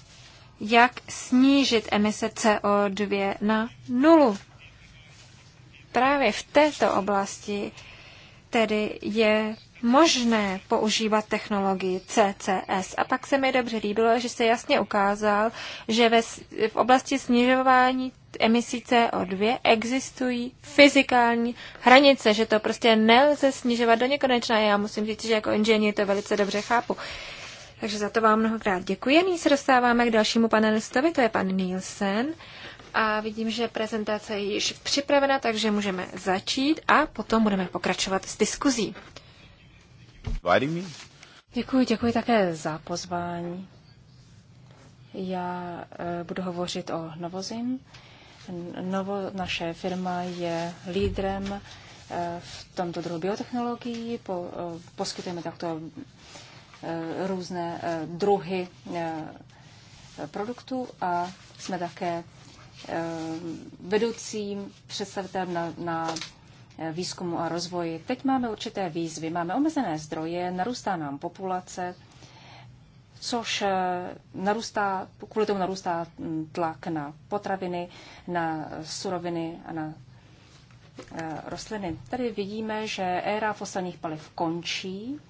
jak snížit emise CO2 na nulu. Právě v této oblasti tedy je možné používat technologii CCS. A pak se mi dobře líbilo, že se jasně ukázal, že ve, v oblasti snižování emisí CO2 existují fyzikální hranice, že to prostě nelze snižovat do nekonečna. Já musím říct, že jako inženýr to velice dobře chápu. Takže za to vám mnohokrát děkuji. Nyní se dostáváme k dalšímu panelistovi, to je pan Nielsen. A vidím, že prezentace je již připravena, takže můžeme začít a potom budeme pokračovat s diskuzí. Děkuji, děkuji také za pozvání. Já eh, budu hovořit o Novozim. Novo, naše firma je lídrem eh, v tomto druhu biotechnologií. Po, eh, poskytujeme takto eh, různé druhy produktů a jsme také vedoucím představitelem na, na výzkumu a rozvoji. Teď máme určité výzvy, máme omezené zdroje, narůstá nám populace, což eh, narůstá, kvůli tomu narůstá tlak na potraviny, na suroviny a na eh, rostliny. Tady vidíme, že éra fosilních paliv končí.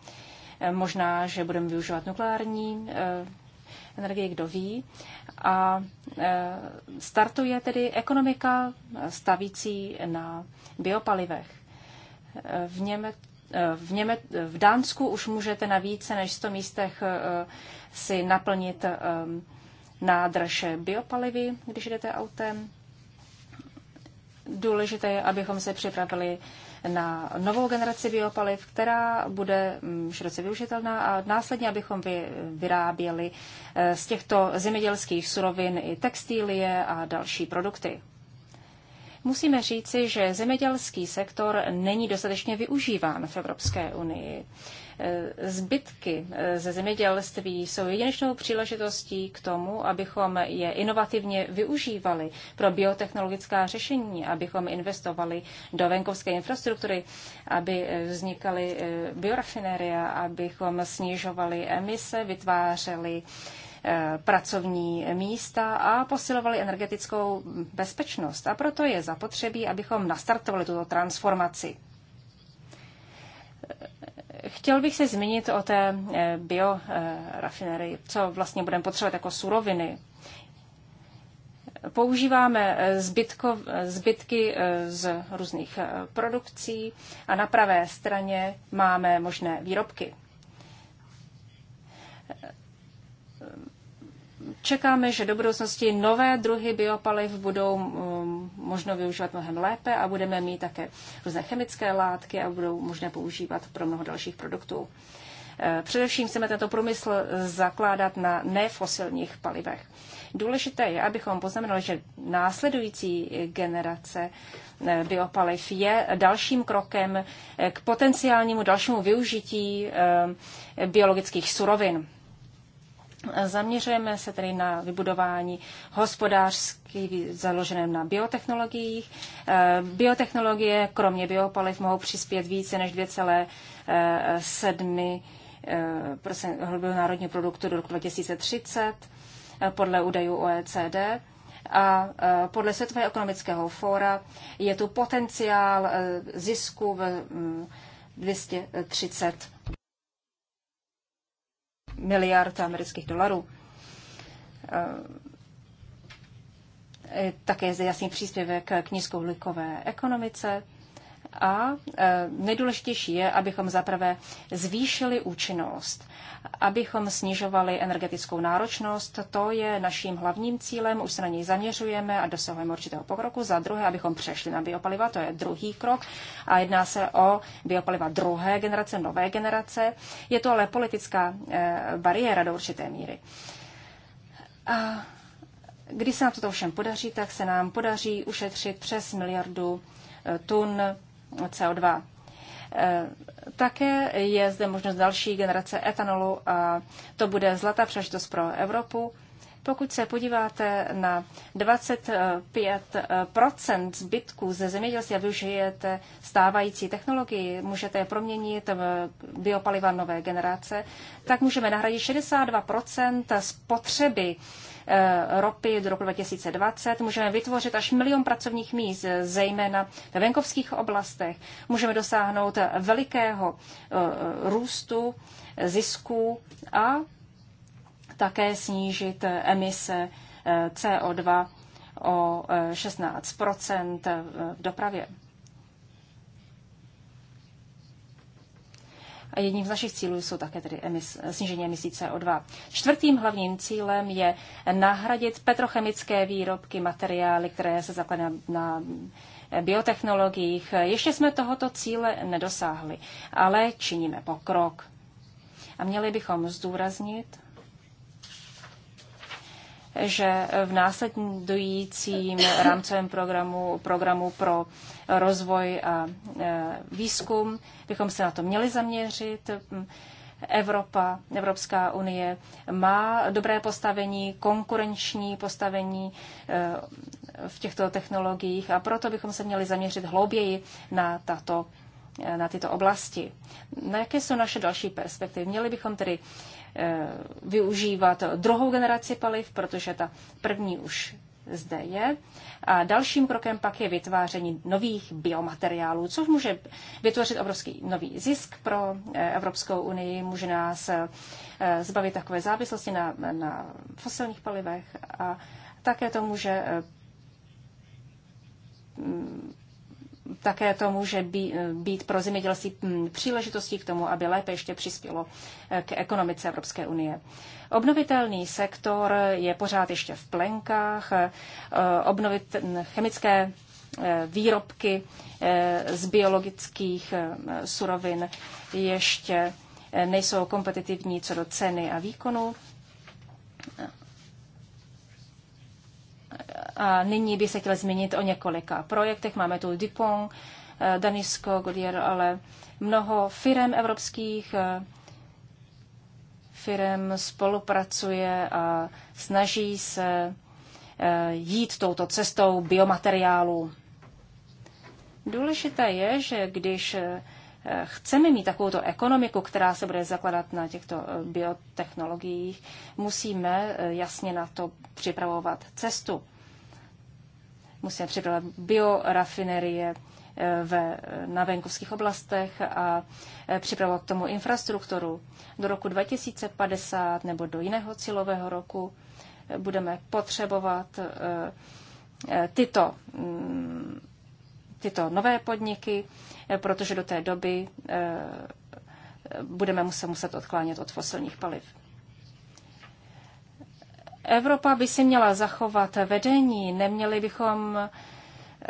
Eh, možná, že budeme využívat nukleární energie kdo ví. A startuje tedy ekonomika stavící na biopalivech. V Německu v, Něme- v Dánsku už můžete na více než 100 místech si naplnit ehm, nádrž biopalivy, když jdete autem. Důležité je, abychom se připravili na novou generaci biopaliv, která bude mm, široce využitelná a následně, abychom vyráběli eh, z těchto zemědělských surovin i textilie a další produkty. Musíme říci, že zemědělský sektor není dostatečně využíván v Evropské unii. Eh, zbytky eh, ze zemědělství jsou jedinečnou příležitostí k tomu, abychom je inovativně využívali pro biotechnologická řešení, abychom investovali do venkovské infrastruktury, aby eh, vznikaly biorafinéria, abychom snižovali emise, vytvářeli pracovní místa a posilovali energetickou bezpečnost. A proto je zapotřebí, abychom nastartovali tuto transformaci. Chtěl bych se zmínit o té eh, biorafinerii, co vlastně budeme potřebovat jako suroviny. Používáme eh, zbytko, eh, zbytky z různých produkcí a na pravé straně máme možné výrobky čekáme, že do budoucnosti nové druhy biopaliv budou um, možno využívat mnohem lépe a budeme mít také různé chemické látky a budou možné používat pro mnoho dalších produktů. Uh, především chceme tento průmysl zakládat na nefosilních palivech. Důležité je, abychom poznamenali, že následující generace eh, biopaliv je dalším krokem eh, k potenciálnímu dalšímu využití eh, biologických surovin. Zaměřujeme se tedy na vybudování hospodářský založeném na biotechnologiích. Eh, biotechnologie kromě biopaliv mohou přispět více než 2,7 eh, eh, hrubého národního produktu do roku 2030 podle údajů OECD. A podle Světového ekonomického fóra je tu potenciál zisku v 230 mm, miliard amerických dolarů. Eh, také je zde jasný příspěvek k nízkouhlíkové ekonomice. A e, nejdůležitější je, abychom zaprvé zvýšili účinnost, abychom snižovali energetickou náročnost. To je naším hlavním cílem, už se na něj zaměřujeme a dosahujeme určitého pokroku. Za druhé, abychom přešli na biopaliva, to je druhý krok a jedná se o biopaliva druhé generace, nové generace. Je to ale politická e, bariéra do určité míry. A když se nám toto všem podaří, tak se nám podaří ušetřit přes miliardu e, tun CO2. Eh, také je zde možnost další generace etanolu a to bude zlatá příležitost pro Evropu. Pokud se podíváte na 25 zbytků ze zemědělství a využijete stávající technologii, můžete je proměnit v biopaliva nové generace, tak můžeme nahradit 62 spotřeby Eh, ropy do roku 2020. Můžeme vytvořit až milion pracovních míst, zejména ve venkovských oblastech. Můžeme dosáhnout velikého eh, růstu zisků a také snížit emise eh, CO2 o 16 v dopravě. a jedním z našich cílů jsou také tedy emis, snížení emisí CO2. Čtvrtým hlavním cílem je nahradit petrochemické výrobky, materiály, které se zakládají na, na biotechnologiích. Ještě jsme tohoto cíle nedosáhli, ale činíme pokrok. A měli bychom zdůraznit, že v následujícím rámcovém programu, programu pro rozvoj a e, výzkum bychom se na to měli zaměřit. Evropa, Evropská unie má dobré postavení, konkurenční postavení e, v těchto technologiích a proto bychom se měli zaměřit hlouběji na tato e, na tyto oblasti. Na jaké jsou naše další perspektivy? Měli bychom tedy Eh, využívat druhou generaci paliv, protože ta první už zde je. A dalším krokem pak je vytváření nových biomateriálů, což může vytvořit obrovský nový zisk pro eh, Evropskou unii, může nás eh, zbavit takové závislosti na, na fosilních palivech a také to může také to může být pro zemědělství mm, příležitostí k tomu, aby lépe ještě přispělo eh, k ekonomice Evropské unie. Obnovitelný sektor je pořád ještě v plenkách. Eh, obnovit mm, chemické eh, výrobky z biologických surovin ještě nejsou kompetitivní co do ceny a výkonu. A nyní bych se chtěl zmínit o několika projektech. Máme tu Dupont, eh, Danisco, Godier, ale mnoho firm evropských eh, firm spolupracuje a snaží se eh, jít touto cestou biomateriálu. Důležité je, že když chceme mít takovouto ekonomiku, která se bude zakladat na těchto eh, biotechnologiích, musíme eh, jasně na to připravovat cestu. Musíme připravovat biorafinerie eh, ve, na venkovských oblastech a připravovat k tomu infrastrukturu. Do roku 2050 nebo do jiného cílového roku budeme potřebovat tyto mm, tyto nové podniky, eh, protože do té doby eh, budeme se muset odklánět od fosilních paliv. Evropa by si měla zachovat vedení, neměli bychom eh,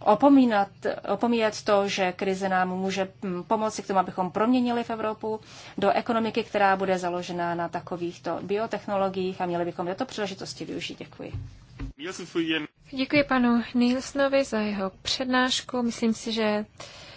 opomínat, opomíjet to, že krize nám může hm, pomoci k tomu, abychom proměnili v Evropu do ekonomiky, která bude založená na takovýchto biotechnologiích a měli bychom to příležitosti využít. Děkuji. Děkuji panu Nilsnovi za jeho přednášku. Myslím si, že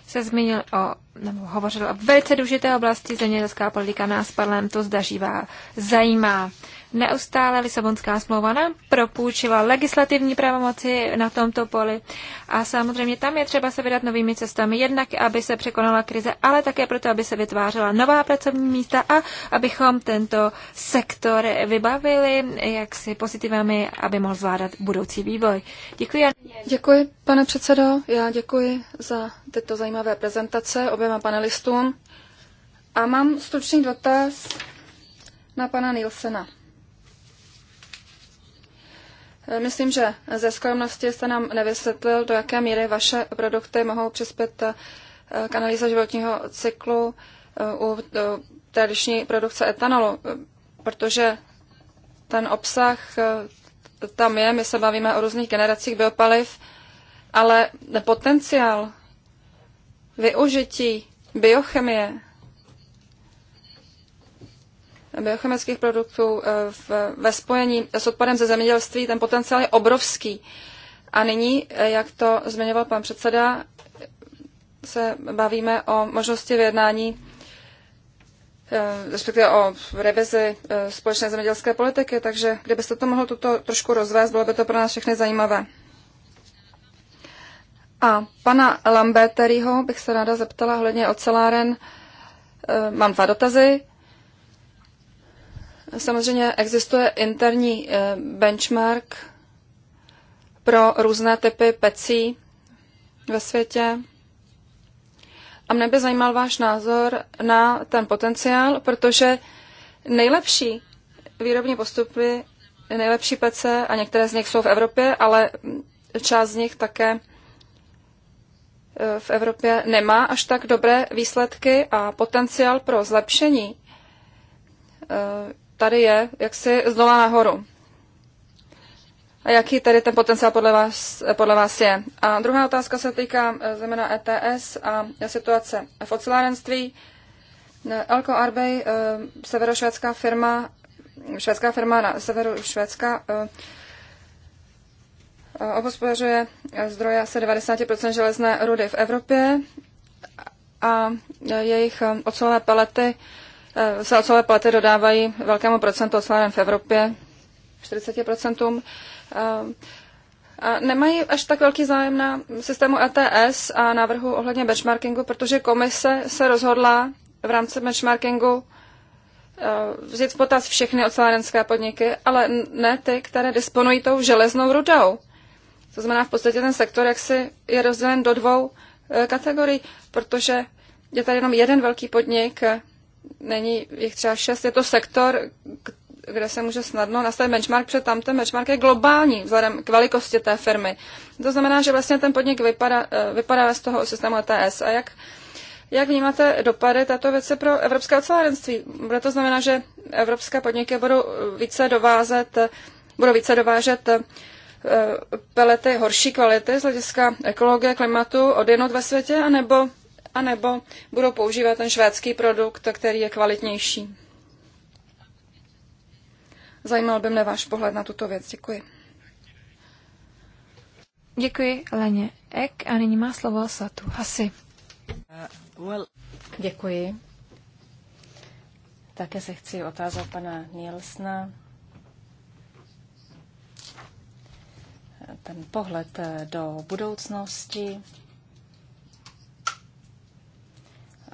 se zmínil o, nebo hovořil o velice důležité oblasti zemědělská politika nás parlamentu zdažívá, zajímá. Neustále Lisabonská smlouva nám propůjčila legislativní pravomoci na tomto poli a samozřejmě tam je třeba se vydat novými cestami, jednak aby se překonala krize, ale také proto, aby se vytvářela nová pracovní místa a abychom tento sektor vybavili jaksi pozitivami, aby mohl zvládat budoucí vývoj. Děkuji. Děkuji, pane předsedo. Já děkuji za tyto zajímavé prezentace oběma panelistům. A mám stručný dotaz na pana Nilsena. Myslím, že ze skromnosti jste nám nevysvětlil, do jaké míry vaše produkty mohou přispět eh, k analýze životního cyklu eh, u eh, tradiční produkce etanolu, protože ten obsah tam je, my se bavíme o různých generacích biopaliv, ale potenciál využití biochemie biochemických produktů eh, v, ve spojení s odpadem ze zemědělství, ten potenciál je obrovský. A nyní, eh, jak to zmiňoval pan předseda, se bavíme o možnosti vyjednání eh, respektive o revizi společné zemědělské politiky, takže kdybyste to mohl tuto trošku rozvést, bylo by to pro nás všechny zajímavé. A pana Lamberteriho bych se ráda zeptala hledně oceláren. Mám dva dotazy. Samozřejmě existuje interní eh, benchmark pro různé typy pecí ve světě. A mne by zajímal váš názor na ten potenciál, protože nejlepší výrobní postupy, nejlepší pece, a některé z nich jsou v Evropě, ale část z nich také eh, v Evropě nemá až tak dobré výsledky a potenciál pro zlepšení eh, tady je jak si z dola nahoru. A jaký tady ten potenciál podle vás, podle vás je? A druhá otázka se týká eh, zejména ETS a situace v ocelárenství. Eh, Elko Arbej, eh, severošvédská firma, švédská firma na severu Švédska, obhospodařuje zdroje asi 90% železné rudy v Evropě a jejich ocelové pelety Eh, se ocelové platy dodávají velkému procentu oceláren v Evropě, 40%. Eh, a nemají až tak velký zájem na systému ETS a návrhu ohledně benchmarkingu, protože komise se rozhodla v rámci benchmarkingu eh, vzít v potaz všechny ocelárenské podniky, ale ne ty, které disponují tou železnou rudou. To znamená, v podstatě ten sektor si je rozdělen do dvou kategorií, protože je tady jenom jeden velký podnik, není jich třeba šest, je to sektor, kde se může snadno nastavit benchmark, protože tam ten benchmark je globální vzhledem k velikosti té firmy. To znamená, že vlastně ten podnik vypadá, eh, vypadá z toho systému ETS. A jak, jak vnímáte dopady této věci pro evropské ocelárenství? Bude to znamená, že evropské podniky budou více dovázet, budou více dovážet eh, pelety horší kvality z hlediska ekologie, klimatu od jednot ve světě, anebo anebo budou používat ten švédský produkt, který je kvalitnější. Zajímal by mě váš pohled na tuto věc. Děkuji. Děkuji Leně Ek a nyní má slovo Satu Hasi. Uh, Děkuji. Také se chci otázat pana Nielsna. Ten pohled eh, do budoucnosti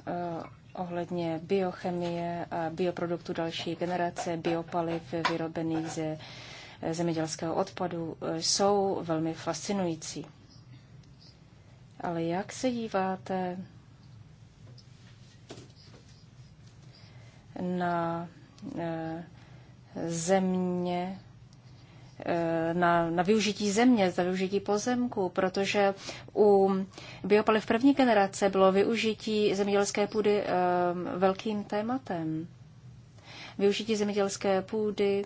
Eh, ohledně biochemie a bioproduktů další generace, biopaliv vyrobených ze eh, zemědělského odpadu eh, jsou velmi fascinující. Ale jak se díváte na země, Eh, na, na využití země, za využití pozemku, protože u biopaliv první generace bylo využití zemědělské půdy eh, velkým tématem. Využití zemědělské půdy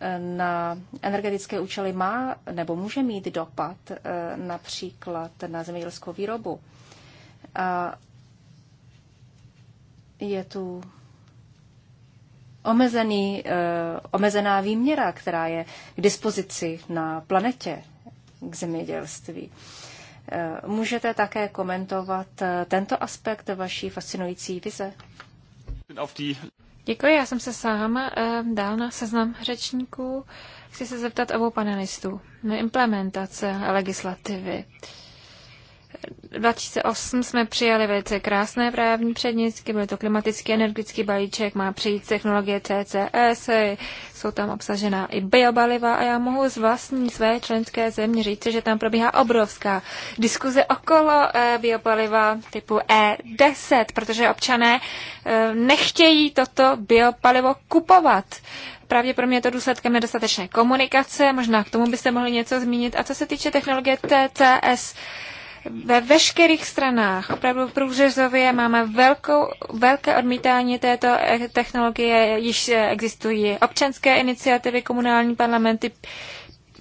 eh, na energetické účely má nebo může mít dopad například na zemědělskou výrobu. A je tu omezený, eh, omezená výměra, která je k dispozici na planetě k zemědělství. Eh, můžete také komentovat eh, tento aspekt vaší fascinující vize? Děkuji, já jsem se sám dál na seznam řečníků. Chci se zeptat obou panelistů. Implementace legislativy. Uh, 2008 jsme přijali velice krásné právní přednisky, byl to klimatický energetický balíček, má přijít technologie CCS, jsou tam obsažená i biobaliva a já mohu z vlastní své členské země říct, že tam probíhá obrovská diskuze okolo eh, biopaliva typu E10, protože občané eh, nechtějí toto biopalivo kupovat. Pravděpodobně je to důsledkem nedostatečné komunikace, možná k tomu byste mohli něco zmínit. A co se týče technologie TCS, ve veškerých stranách, opravdu průřezově, máme velkou, velké odmítání této e, technologie, již existují občanské iniciativy, komunální parlamenty,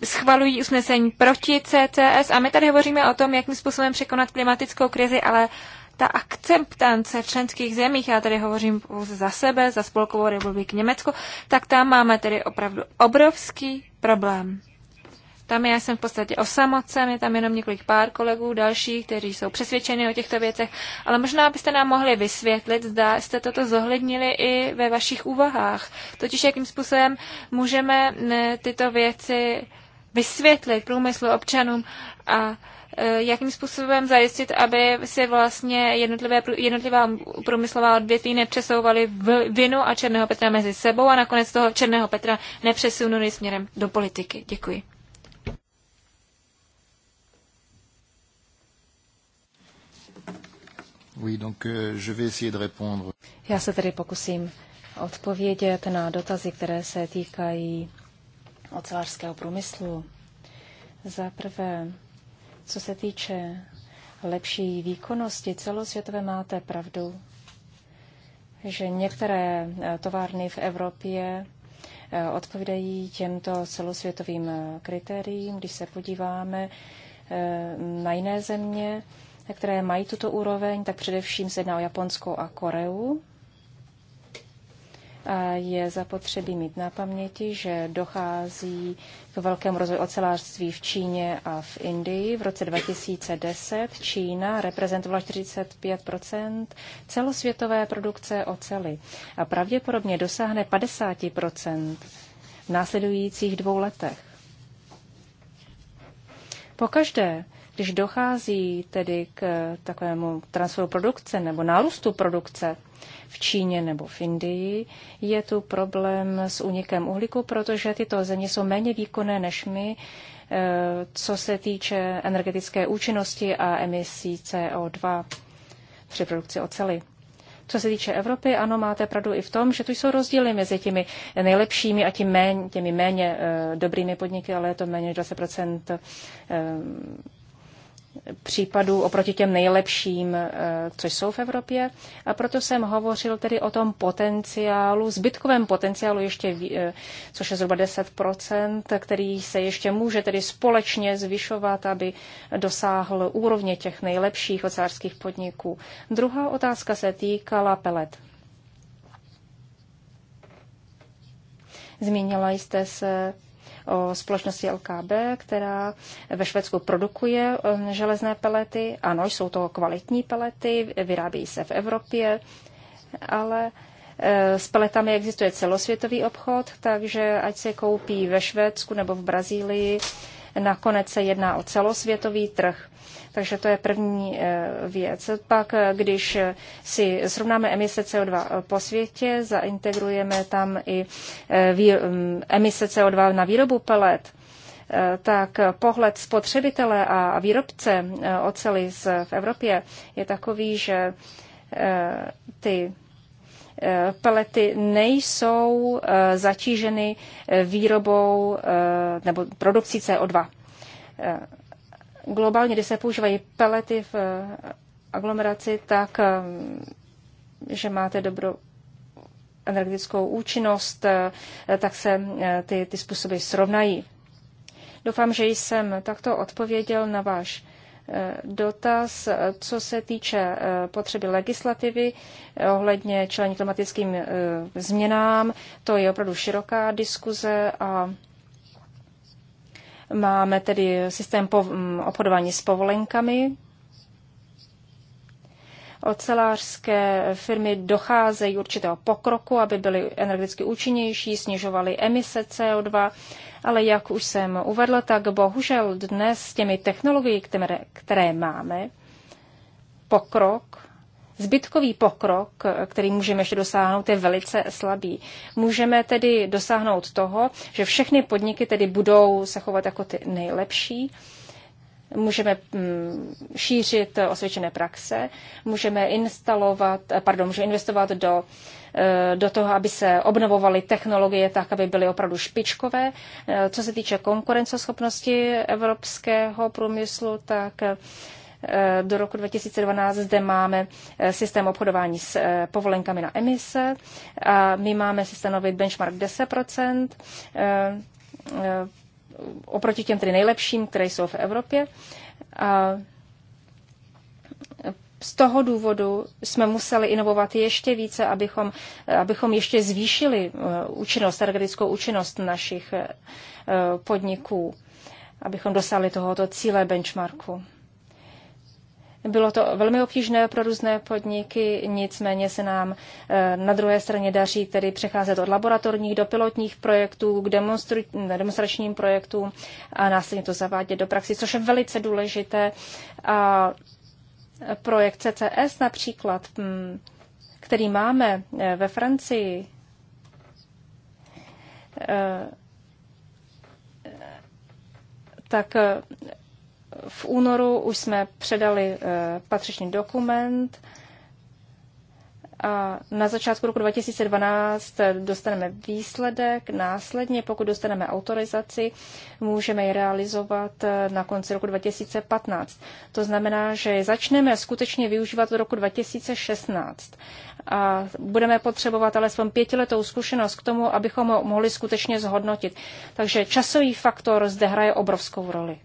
schvalují usnesení proti CCS a my tady hovoříme o tom, jakým způsobem překonat klimatickou krizi, ale ta akceptance v členských zemích, já tady hovořím pouze za sebe, za Spolkovou republiku Německo, tak tam máme tedy opravdu obrovský problém. Tam já jsem v podstatě osamocen, je tam jenom několik pár kolegů dalších, kteří jsou přesvědčeni o těchto věcech, ale možná byste nám mohli vysvětlit, zda jste toto zohlednili i ve vašich úvahách. Totiž jakým způsobem můžeme eh, tyto věci vysvětlit průmyslu občanům a eh, jakým způsobem zajistit, aby si vlastně jednotlivé, jednotlivá průmyslová odvětví nepřesouvaly vinu a Černého Petra mezi sebou a nakonec toho Černého Petra nepřesunuli směrem do politiky. Děkuji. Oui, donc, euh, je vais essayer de répondre. Já se tedy pokusím odpovědět na dotazy, které se týkají ocelářského průmyslu. Za prvé, co se týče lepší výkonnosti celosvětové, máte pravdu, že některé eh, továrny v Evropě eh, odpovídají těmto celosvětovým kritériím. Když se podíváme eh, na jiné země, které mají tuto úroveň, tak především se jedná o Japonsko a Koreu. A je zapotřebí mít na paměti, že dochází k velkému rozvoji ocelářství v Číně a v Indii. V roce 2010 Čína reprezentovala 45 celosvětové produkce ocely a pravděpodobně dosáhne 50 v následujících dvou letech. Pokaždé, když dochází tedy k takovému transferu produkce nebo nárůstu produkce v Číně nebo v Indii, je tu problém s únikem uhlíku, protože tyto země jsou méně výkonné než my, eh, co se týče energetické účinnosti a emisí CO2 při produkci ocely. Co se týče Evropy, ano, máte pravdu i v tom, že tu jsou rozdíly mezi těmi nejlepšími a méně, těmi méně eh, dobrými podniky, ale je to méně 20 případů oproti těm nejlepším, eh, co jsou v Evropě. A proto jsem hovořil tedy o tom potenciálu, zbytkovém potenciálu ještě, eh, což je zhruba 10%, který se ještě může tedy společně zvyšovat, aby dosáhl úrovně těch nejlepších ocářských podniků. Druhá otázka se týkala pelet. Zmínila jste se o společnosti LKB, která ve Švédsku produkuje um, železné pelety. Ano, jsou to kvalitní pelety, vyrábějí se v Evropě, ale eh, s peletami existuje celosvětový obchod, takže ať se koupí ve Švédsku nebo v Brazílii, Nakonec se jedná o celosvětový trh. Takže to je první eh, věc. Pak, eh, když eh, si srovnáme emise CO2 po světě, zaintegrujeme tam i mm, emise CO2 na výrobu pelet, tak pohled spotřebitele a výrobce oceli v Evropě je takový, že ty Eh, pelety nejsou eh, zatíženy eh, výrobou nebo produkcí CO2. Globálně, když se používají pelety v aglomeraci, tak že máte dobrou energetickou účinnost, tak se ty, ty způsoby srovnají. Doufám, že jsem takto odpověděl na váš dotaz, co se týče eh, potřeby legislativy eh, ohledně člení klimatickým eh, změnám. To je opravdu široká diskuze a máme tedy systém mm, obchodování s povolenkami. Ocelářské firmy docházejí určitého pokroku, aby byly energeticky účinnější, snižovaly emise CO2 ale jak už jsem uvedla, tak bohužel dnes s těmi technologií, které, které máme, pokrok, zbytkový pokrok, který můžeme ještě dosáhnout, je velice slabý. Můžeme tedy dosáhnout toho, že všechny podniky tedy budou se chovat jako ty nejlepší, můžeme mm, šířit osvědčené praxe, můžeme instalovat, eh, pardon, můžeme investovat do, eh, do toho, aby se obnovovaly technologie tak, aby byly opravdu špičkové. Eh, co se týče konkurenceschopnosti evropského průmyslu, tak do roku 2012 zde máme systém obchodování s povolenkami na emise. A my máme si stanovit benchmark 10 oproti těm tedy nejlepším, které jsou v Evropě. A z toho důvodu jsme museli inovovat ještě více, abychom, abychom ještě zvýšili eh, účinnost, energetickou účinnost našich eh, podniků, abychom dosáhli tohoto cíle benchmarku. Bylo to velmi obtížné pro různé podniky, nicméně se nám eh, na druhé straně daří tedy přecházet od laboratorních do pilotních projektů k demonstračním projektům a následně to zavádět do praxi, což je velice důležité. A projekt CCS například, hm, který máme eh, ve Francii, eh, tak v únoru už jsme předali eh, patřičný dokument a na začátku roku 2012 dostaneme výsledek. Následně, pokud dostaneme autorizaci, můžeme ji realizovat eh, na konci roku 2015. To znamená, že začneme skutečně využívat od roku 2016 a budeme potřebovat alespoň pětiletou zkušenost k tomu, abychom ho mohli skutečně zhodnotit. Takže časový faktor zde hraje obrovskou roli.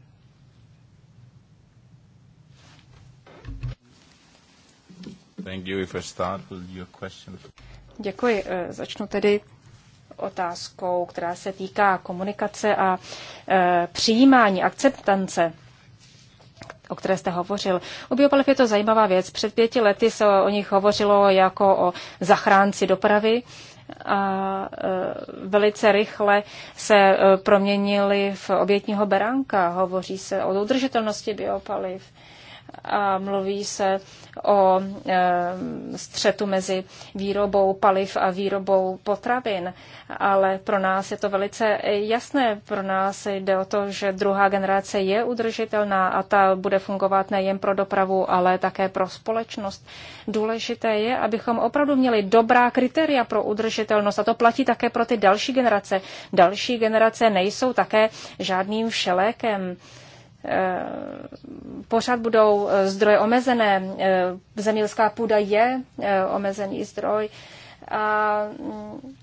Děkuji. Eh, začnu tedy otázkou, která se týká komunikace a eh, přijímání, akceptance o které jste hovořil. U biopaliv je to zajímavá věc. Před pěti lety se o nich hovořilo jako o zachránci dopravy a eh, velice rychle se proměnili v obětního beránka. Hovoří se o udržitelnosti biopaliv a mluví se o e, střetu mezi výrobou paliv a výrobou potravin. Ale pro nás je to velice jasné. Pro nás jde o to, že druhá generace je udržitelná a ta bude fungovat nejen pro dopravu, ale také pro společnost. Důležité je, abychom opravdu měli dobrá kritéria pro udržitelnost a to platí také pro ty další generace. Další generace nejsou také žádným všelékem. Eh, pořád budou eh, zdroje omezené. Eh, zemědělská půda je omezený zdroj. A mm,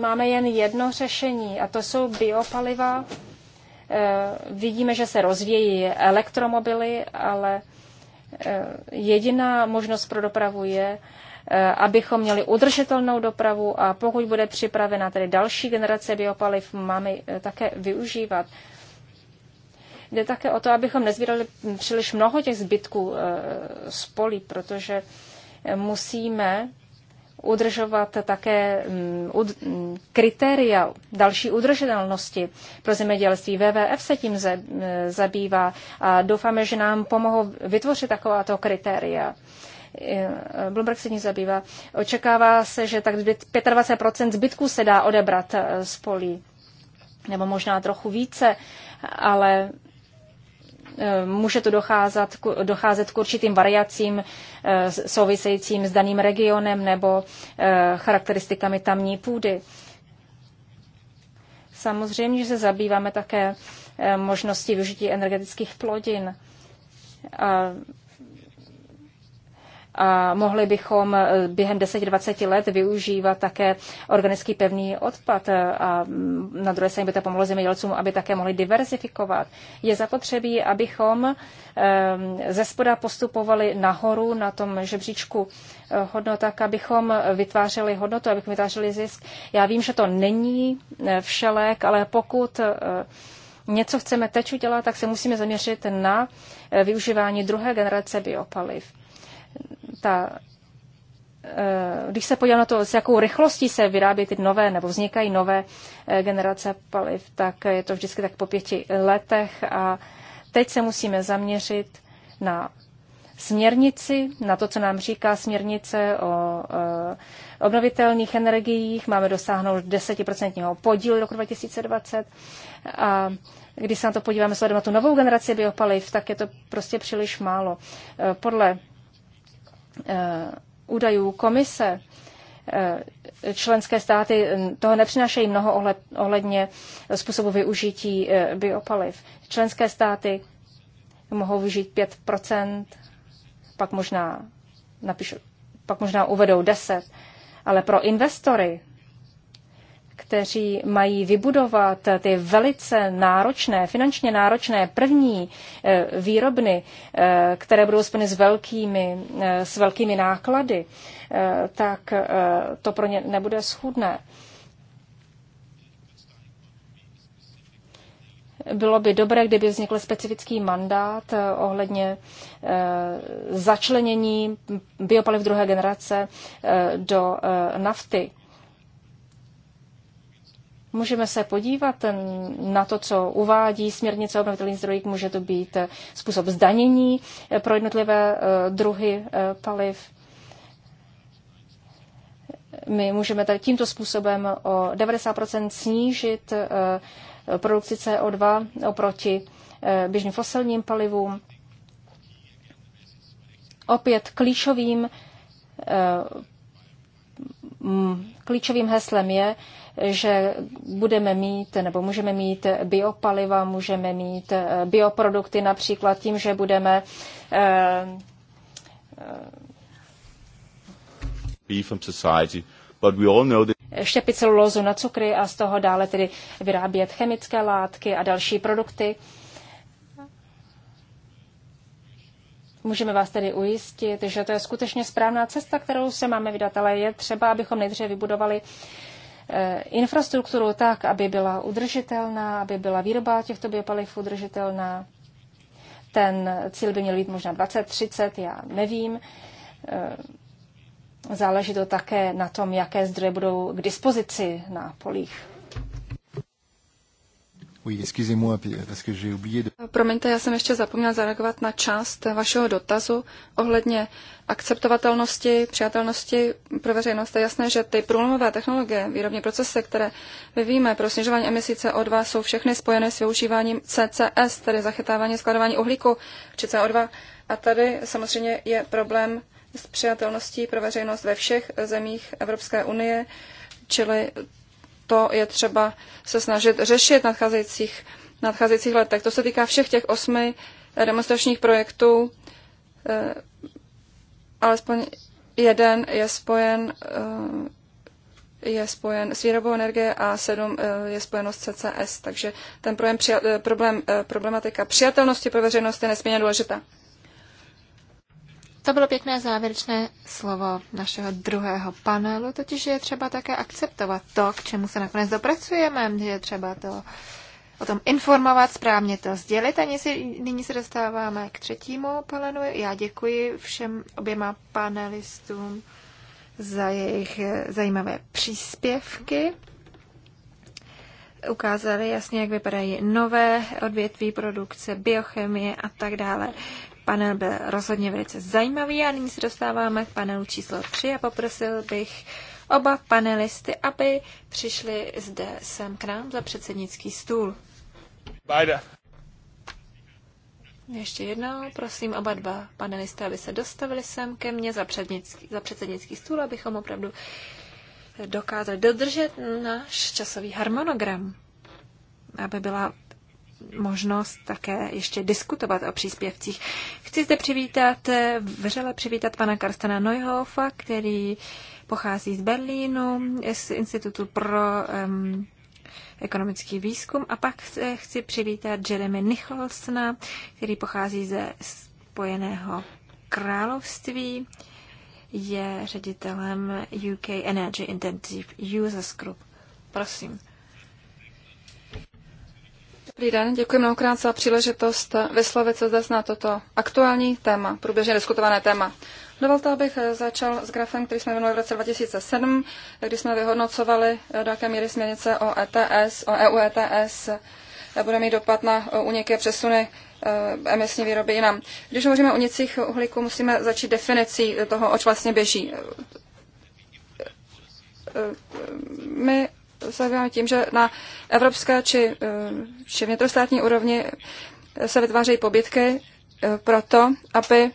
máme jen jedno řešení a to jsou biopaliva. Vidíme, že se rozvíjí elektromobily, ale jediná možnost pro dopravu je, abychom měli udržitelnou dopravu a pokud bude připravena tedy další generace biopaliv, máme také využívat. Jde také o to, abychom nezbírali příliš mnoho těch zbytků eh, z polí, protože eh, musíme udržovat také mm, mm, kritéria další udržitelnosti pro zemědělství. WWF se tím eh, zabývá a doufáme, že nám pomohou vytvořit takováto kritéria. Bloomberg se tím zabývá. Očekává se, že tak 25 zbytků se dá odebrat z polí, nebo možná trochu více, ale Eh, může to docházet, docházet k určitým variacím eh, souvisejícím s daným regionem nebo eh, charakteristikami tamní půdy. Samozřejmě, že se zabýváme také možností využití energetických plodin. A a mohli bychom eh, během 10-20 let využívat také organický pevný odpad eh, a mm, na druhé straně by to pomohlo zemědělcům, aby také mohli diverzifikovat. Je zapotřebí, abychom eh, ze spoda postupovali nahoru na tom žebříčku hodnot, tak abychom vytvářeli hodnotu, abychom vytvářeli zisk. Já vím, že to není všelek, ale pokud něco chceme teď udělat, tak se musíme zaměřit na využívání druhé generace biopaliv ta, eh, když se podívám na to, s jakou rychlostí se vyrábí ty nové nebo vznikají nové eh, generace paliv, tak je to vždycky tak po pěti letech a teď se musíme zaměřit na směrnici, na to, co nám říká směrnice o eh, obnovitelných energiích. Máme dosáhnout 10% podílu roku 2020. A když se na to podíváme sledujeme na tu novou generaci biopaliv, tak je to prostě příliš málo. Podle Eh, údajů komise eh, členské státy toho nepřinášejí mnoho ohledně způsobu využití eh, biopaliv. Členské státy mohou využít 5 pak možná, napíšu, pak možná uvedou 10 ale pro investory kteří mají vybudovat ty velice náročné, finančně náročné první eh, výrobny, eh, které budou spojeny s velkými, eh, s velkými náklady, tak to pro ně nebude schůdné. Bylo by dobré, kdyby vznikl specifický mandát ohledně začlenění biopaliv druhé generace do nafty Můžeme se podívat na to, co uvádí směrnice o obnovitelných zdrojích. Může to být způsob zdanění pro jednotlivé eh, druhy eh, paliv. My můžeme tady tímto způsobem o 90 snížit eh, produkci CO2 oproti běžným fosilním palivům. Opět klíčovým klíčovým heslem je, že budeme mít nebo můžeme mít biopaliva, můžeme mít eh, bioprodukty například tím, že budeme eh, eh, štěpit celulózu na cukry a z toho dále tedy vyrábět chemické látky a další produkty. Můžeme vás tedy ujistit, že to je skutečně správná cesta, kterou se máme vydat, ale je třeba, abychom nejdříve vybudovali Eh, infrastrukturu tak, aby byla udržitelná, aby byla výroba těchto biopaliv udržitelná. Ten cíl by měl být možná 20, 30, já nevím. Eh, záleží to také na tom, jaké zdroje budou k dispozici na polích. Oui, excusez-moi, euh, parce que j'ai oublié de... Eh, promiňte, já jsem ještě zapomněla zareagovat na část vašeho dotazu ohledně akceptovatelnosti, přijatelnosti pro veřejnost. Je jasné, že ty průlomové technologie, výrobní procesy, které vyvíjíme pro snižování emisí CO2, jsou všechny spojené s využíváním CCS, tedy zachytávání skladování uhlíku či CO2. A tady samozřejmě je problém s přijatelností pro veřejnost ve všech zemích Evropské unie, čili to je třeba se snažit řešit nadcházejících, nadcházejících letech. To se týká všech těch osmi eh, demonstračních projektů. Eh, alespoň jeden je spojen eh, je spojen s výrobou energie a sedm je spojeno s CCS. Takže ten problém, problém, problematika přijatelnosti pro veřejnost je nesmírně důležitá. To bylo pěkné závěrečné slovo našeho druhého panelu, totiž je třeba také akceptovat to, k čemu se nakonec dopracujeme, je třeba to o tom informovat, správně to sdělit. A nyní se dostáváme k třetímu panelu. Já děkuji všem oběma panelistům za jejich eh, zajímavé příspěvky. Ukázali jasně, jak vypadají nové odvětví produkce, biochemie a tak dále. Panel byl rozhodně velice zajímavý a nyní se dostáváme k panelu číslo 3 a poprosil bych oba panelisty, aby přišli zde sem k nám za předsednický stůl. Bajda. Ještě jednou, prosím oba dva panelisty, aby se dostavili sem ke mně za, předsednický, za předsednický stůl, abychom opravdu dokázali dodržet náš časový harmonogram, aby byla možnost také ještě diskutovat o příspěvcích. Chci zde přivítat, vřele přivítat pana Karstena Neuhofa, který pochází z Berlínu, z Institutu pro um, ekonomický výzkum. A pak chci přivítat Jeremy Nicholsona, který pochází ze Spojeného království, je ředitelem UK Energy Intensive Users Group. Prosím. Dobrý den, děkuji mnohokrát za příležitost vyslovit se zde na toto aktuální téma, průběžně diskutované téma. Dovolte, abych začal s grafem, který jsme věnovali v roce 2007, kdy jsme vyhodnocovali, do jaké míry směrnice o ETS, o EU ETS bude mít dopad na uniky a přesuny eh, emisní výroby jinam. Když hovoříme o unicích uhlíku, musíme začít definicí toho, oč vlastně běží. Eh, eh, my zabýváme tím, že na evropské či, eh, či vnitrostátní úrovni se vytvářejí pobytky eh, proto, aby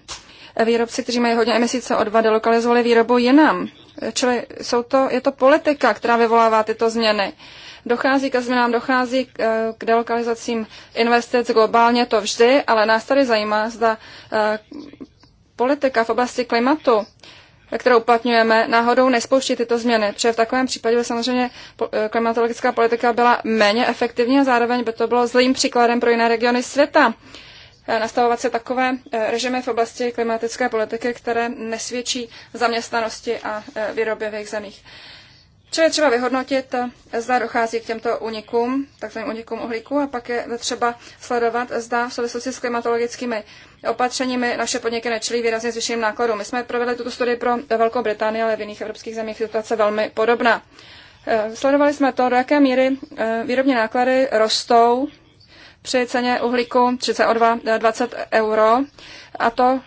výrobci, kteří mají hodně emisí CO2, delokalizovali výrobu jinam. Čili jsou to, je to politika, která vyvolává tyto změny. Dochází ke změnám, dochází k, eh, k delokalizacím investic globálně, to vždy, ale nás tady zajímá, zda politika v oblasti klimatu kterou uplatňujeme, náhodou nespouští tyto změny, protože v takovém případě by samozřejmě eh, klimatologická politika byla méně efektivní a zároveň by to bylo zlým příkladem pro jiné regiony světa. Eh, nastavovat se takové eh, režimy v oblasti klimatické politiky, které nesvědčí zaměstnanosti a výrobě v jejich zemích. Čili třeba vyhodnotit, zda dochází k těmto unikům, takzvaným unikům uhlíku, a pak je třeba sledovat, zda v souvislosti s klimatologickými opatřeními naše podniky nečelí výrazně zvýšeným nákladům. My jsme provedli tuto studii pro Velkou Británii, ale v jiných evropských zemích situace velmi podobná. Eh, sledovali jsme to, do jaké míry eh, výrobní náklady rostou při ceně uhlíku 32 20 eh, euro, a to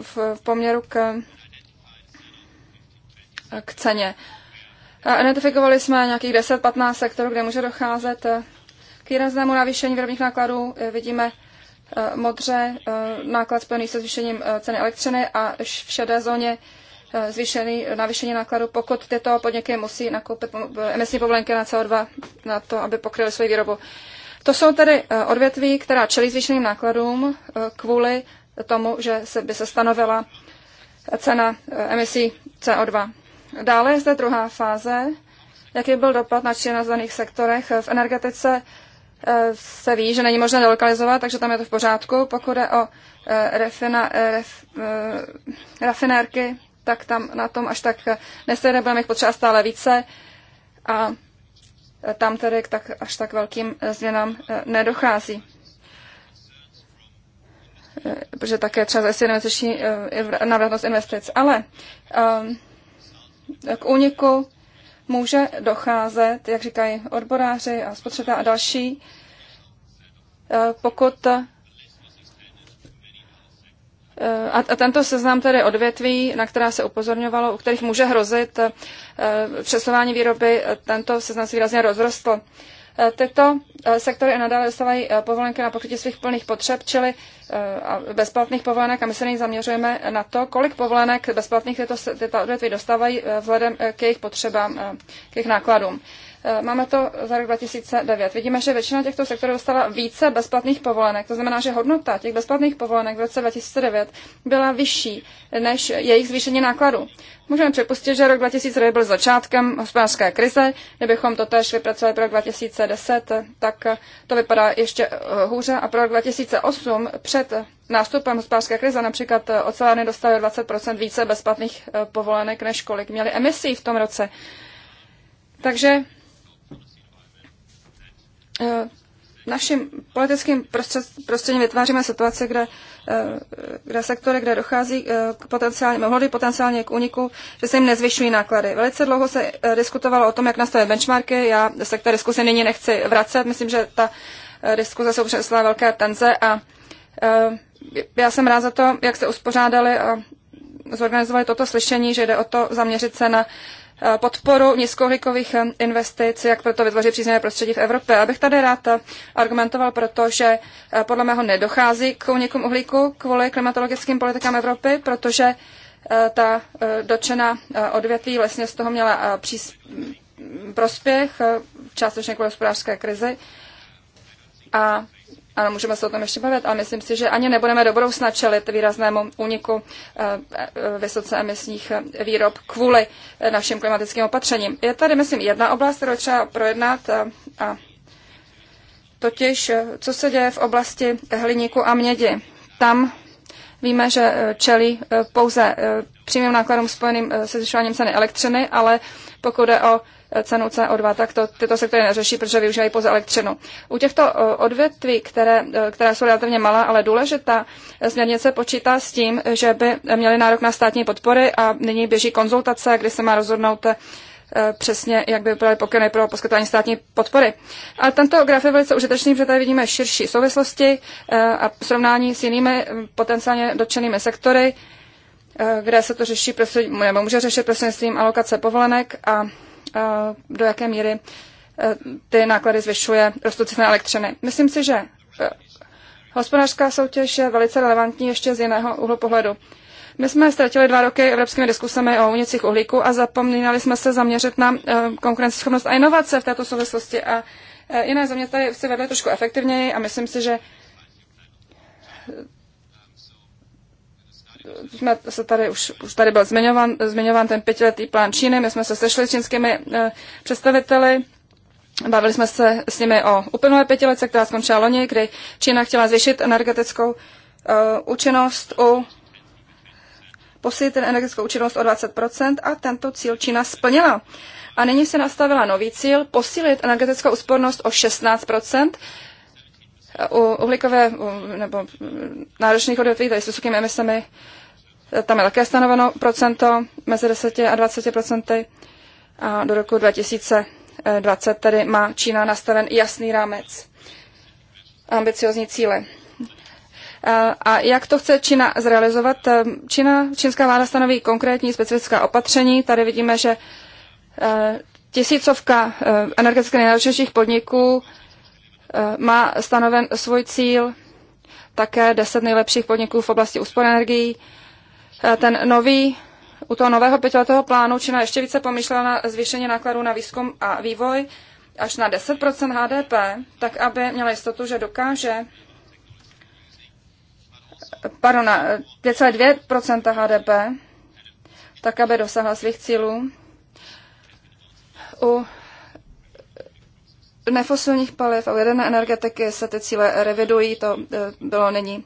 v poměru k, k ceně. Identifikovali jsme nějakých 10-15 sektorů, kde může docházet eh, k výraznému navýšení výrobních nákladů. Eh, vidíme eh, modře náklad spojený se zvýšením ceny elektřiny a v šedé zóně zvýšený navýšení nákladů. pokud tyto podniky musí nakoupit emisní povolenky na CO2 na to, aby pokryly svoji výrobu. To jsou tedy odvětví, která čelí zvýšeným nákladům kvůli tomu, že se by se stanovila cena emisí CO2. Dále je zde druhá fáze, jaký byl dopad na na daných sektorech. V energetice eh, se ví, že není možné delokalizovat, takže tam je to v pořádku. Pokud je o eh, refina, eh, ref, rafinérky, tak tam na tom až tak nesejde, budeme jich potřeba stále více a tam tedy tak, až tak velkým změnám nedochází. Protože také třeba zase investiční navratnost investic. Ale um, k úniku může docházet, jak říkají odboráři a spotřeba a další, eh, pokud eh, a, a tento seznam tedy odvětví, na která se upozorňovalo, u kterých může hrozit eh, přesouvání výroby, tento seznam se výrazně rozrostl. Eh, tyto eh, sektory nadále dostávají eh, povolenky na pokrytí svých plných potřeb, čili bezplatných povolenek a my se nyní zaměřujeme na to, kolik povolenek bezplatných tyto odvětví dostávají vzhledem k jejich potřebám, k jejich nákladům. Eh, máme to za rok 2009. Vidíme, že většina těchto sektorů dostala více bezplatných povolenek. To znamená, že hodnota těch bezplatných povolenek v roce 2009 byla vyšší než jejich zvýšení nákladů. Můžeme připustit, že rok 2009 byl začátkem hospodářské krize. Kdybychom to tež vypracovali pro rok 2010, tak to vypadá ještě eh, hůře. A pro rok 2008 před nástupem hospodářské krize například eh, ocelárny dostaly 20 více bezplatných povolenek, než kolik měly emisí v tom roce. Takže Eh, naším politickým prostředím vytváříme situace, kde, eh, kde sektory, kde dochází eh, k potenciálně, mohly potenciálně k úniku, že se jim nezvyšují náklady. Velice dlouho se diskutovalo o tom, jak nastavit benchmarky. Já se k té diskusi nyní nechci vracet. Myslím, že ta diskuze jsou přinesla velké tenze a já jsem rád za to, jak se uspořádali a zorganizovali toto slyšení, že jde o to zaměřit se na podporu nízkouhlíkových eh, investic, jak proto vytvořit příznivé prostředí v Evropě. Abych tady rád eh, argumentoval protože že eh, podle mého nedochází k únikům uhlíku kvůli klimatologickým politikám Evropy, protože ta dočena odvětví vlastně z toho měla přís, mm, prospěch, částečně kvůli hospodářské krizi. A ano, můžeme se o tom ještě bavit, ale myslím si, že ani nebudeme dobrou snačelit výraznému úniku eh, eh, vysoce emisních eh, výrob kvůli našim klimatickým opatřením. Je tady, myslím, jedna oblast, kterou třeba projednat a totiž, co se děje v oblasti hliníku a mědi. Tam víme, že čelí pouze přímým nákladům spojeným se zvyšováním ceny elektřiny, ale pokud je o cenu CO2, tak to, tyto sektory neřeší, protože využívají pouze elektřinu. U těchto eh, odvětví, které, eh, která jsou relativně malá, ale důležitá, eh, směrnice počítá s tím, že by měly nárok na státní podpory a nyní běží konzultace, kdy se má rozhodnout přesně, jak by vypadaly pokyny pro poskytování státní podpory. A tento graf je velice užitečný, protože tady vidíme širší souvislosti a srovnání s jinými hm, potenciálně dotčenými sektory, kde se to řeší, nebo může řešit prostřednictvím alokace povolenek a do jaké míry e, ty náklady zvyšuje rostoucí cena elektřiny. Myslím si, že e, hospodářská soutěž je velice relevantní ještě z jiného úhlu pohledu. My jsme ztratili dva roky evropskými diskusemi o unicích uhlíku a zapomínali jsme se zaměřit na e, konkurenceschopnost a inovace v této souvislosti. A jiné země tady se vedly trošku efektivněji a myslím si, že jsme se tady už, už tady byl zmiňován, zmiňován ten pětiletý plán Číny. My jsme se sešli s čínskými eh, představiteli. Bavili jsme se s nimi o uplynulé pětiletce, která skončila loni, kdy Čína chtěla zvýšit energetickou uh, účinnost u posílit energetickou účinnost o 20% a tento cíl Čína splnila. A nyní se nastavila nový cíl posílit energetickou úspornost o 16%, u uhlíkové nebo náročných odvětví, tady s vysokými emisemi, eh, tam je také stanoveno procento mezi 10 a 20 procenty. A do roku 2020 tedy má Čína nastaven jasný rámec ambiciozní cíle. Eh, a jak to chce Čína zrealizovat? Eh, Čína, čínská vláda stanoví konkrétní specifická opatření. Tady vidíme, že tisícovka energeticky nejnáročnějších podniků Eh, má stanoven svůj cíl, také 10 nejlepších podniků v oblasti úspor energií. Eh, ten nový, u toho nového pětiletého plánu Čína ještě více pomýšlela na zvýšení nákladů na výzkum a vývoj až na 10 HDP, tak aby měla jistotu, že dokáže pardon, na 2,2 HDP, tak aby dosáhla svých cílů. U nefosilních paliv a jaderné energetiky se ty cíle revidují, to eh, bylo není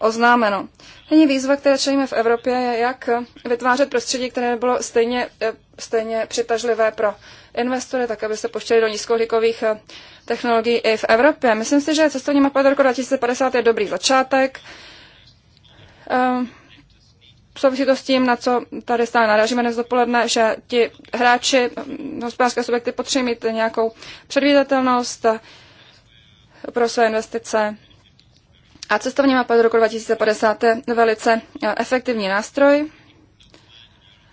oznámeno. Není výzva, které čelíme v Evropě, je jak vytvářet prostředí, které bylo stejně, eh, stejně přitažlivé pro investory, tak aby se poštěli do nízkohlíkových eh, technologií i v Evropě. Myslím si, že cestovní mapa do roku 2050 je dobrý začátek. Ehm, v souvislosti s tím, na co tady stále narážíme dnes dopoledne, že ti hráči, hm, hospodářské subjekty potřebují mít nějakou předvídatelnost pro své investice. A cestovní mapa do roku 2050 je velice eh, efektivní nástroj.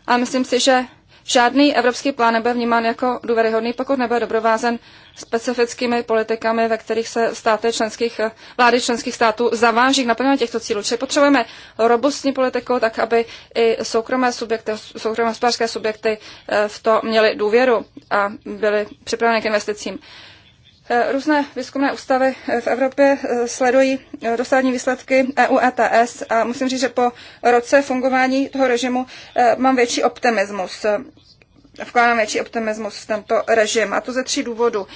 A myslím si, že Žádný evropský plán nebyl vnímán jako důvěryhodný, pokud nebyl doprovázen specifickými politikami, ve kterých se státy členských, eh, vlády členských států zaváží k naplnění těchto cílů. Čili potřebujeme robustní politiku, tak aby i soukromé subjekty, soukromé hospodářské subjekty eh, v to měly důvěru a byly připraveny k investicím. Eh, různé výzkumné ústavy v Evropě sledují dosádní výsledky EU ETS a musím říct, že po roce fungování toho režimu mám větší optimismus vkládám větší optimismus v tento režim. A to ze tří důvodů.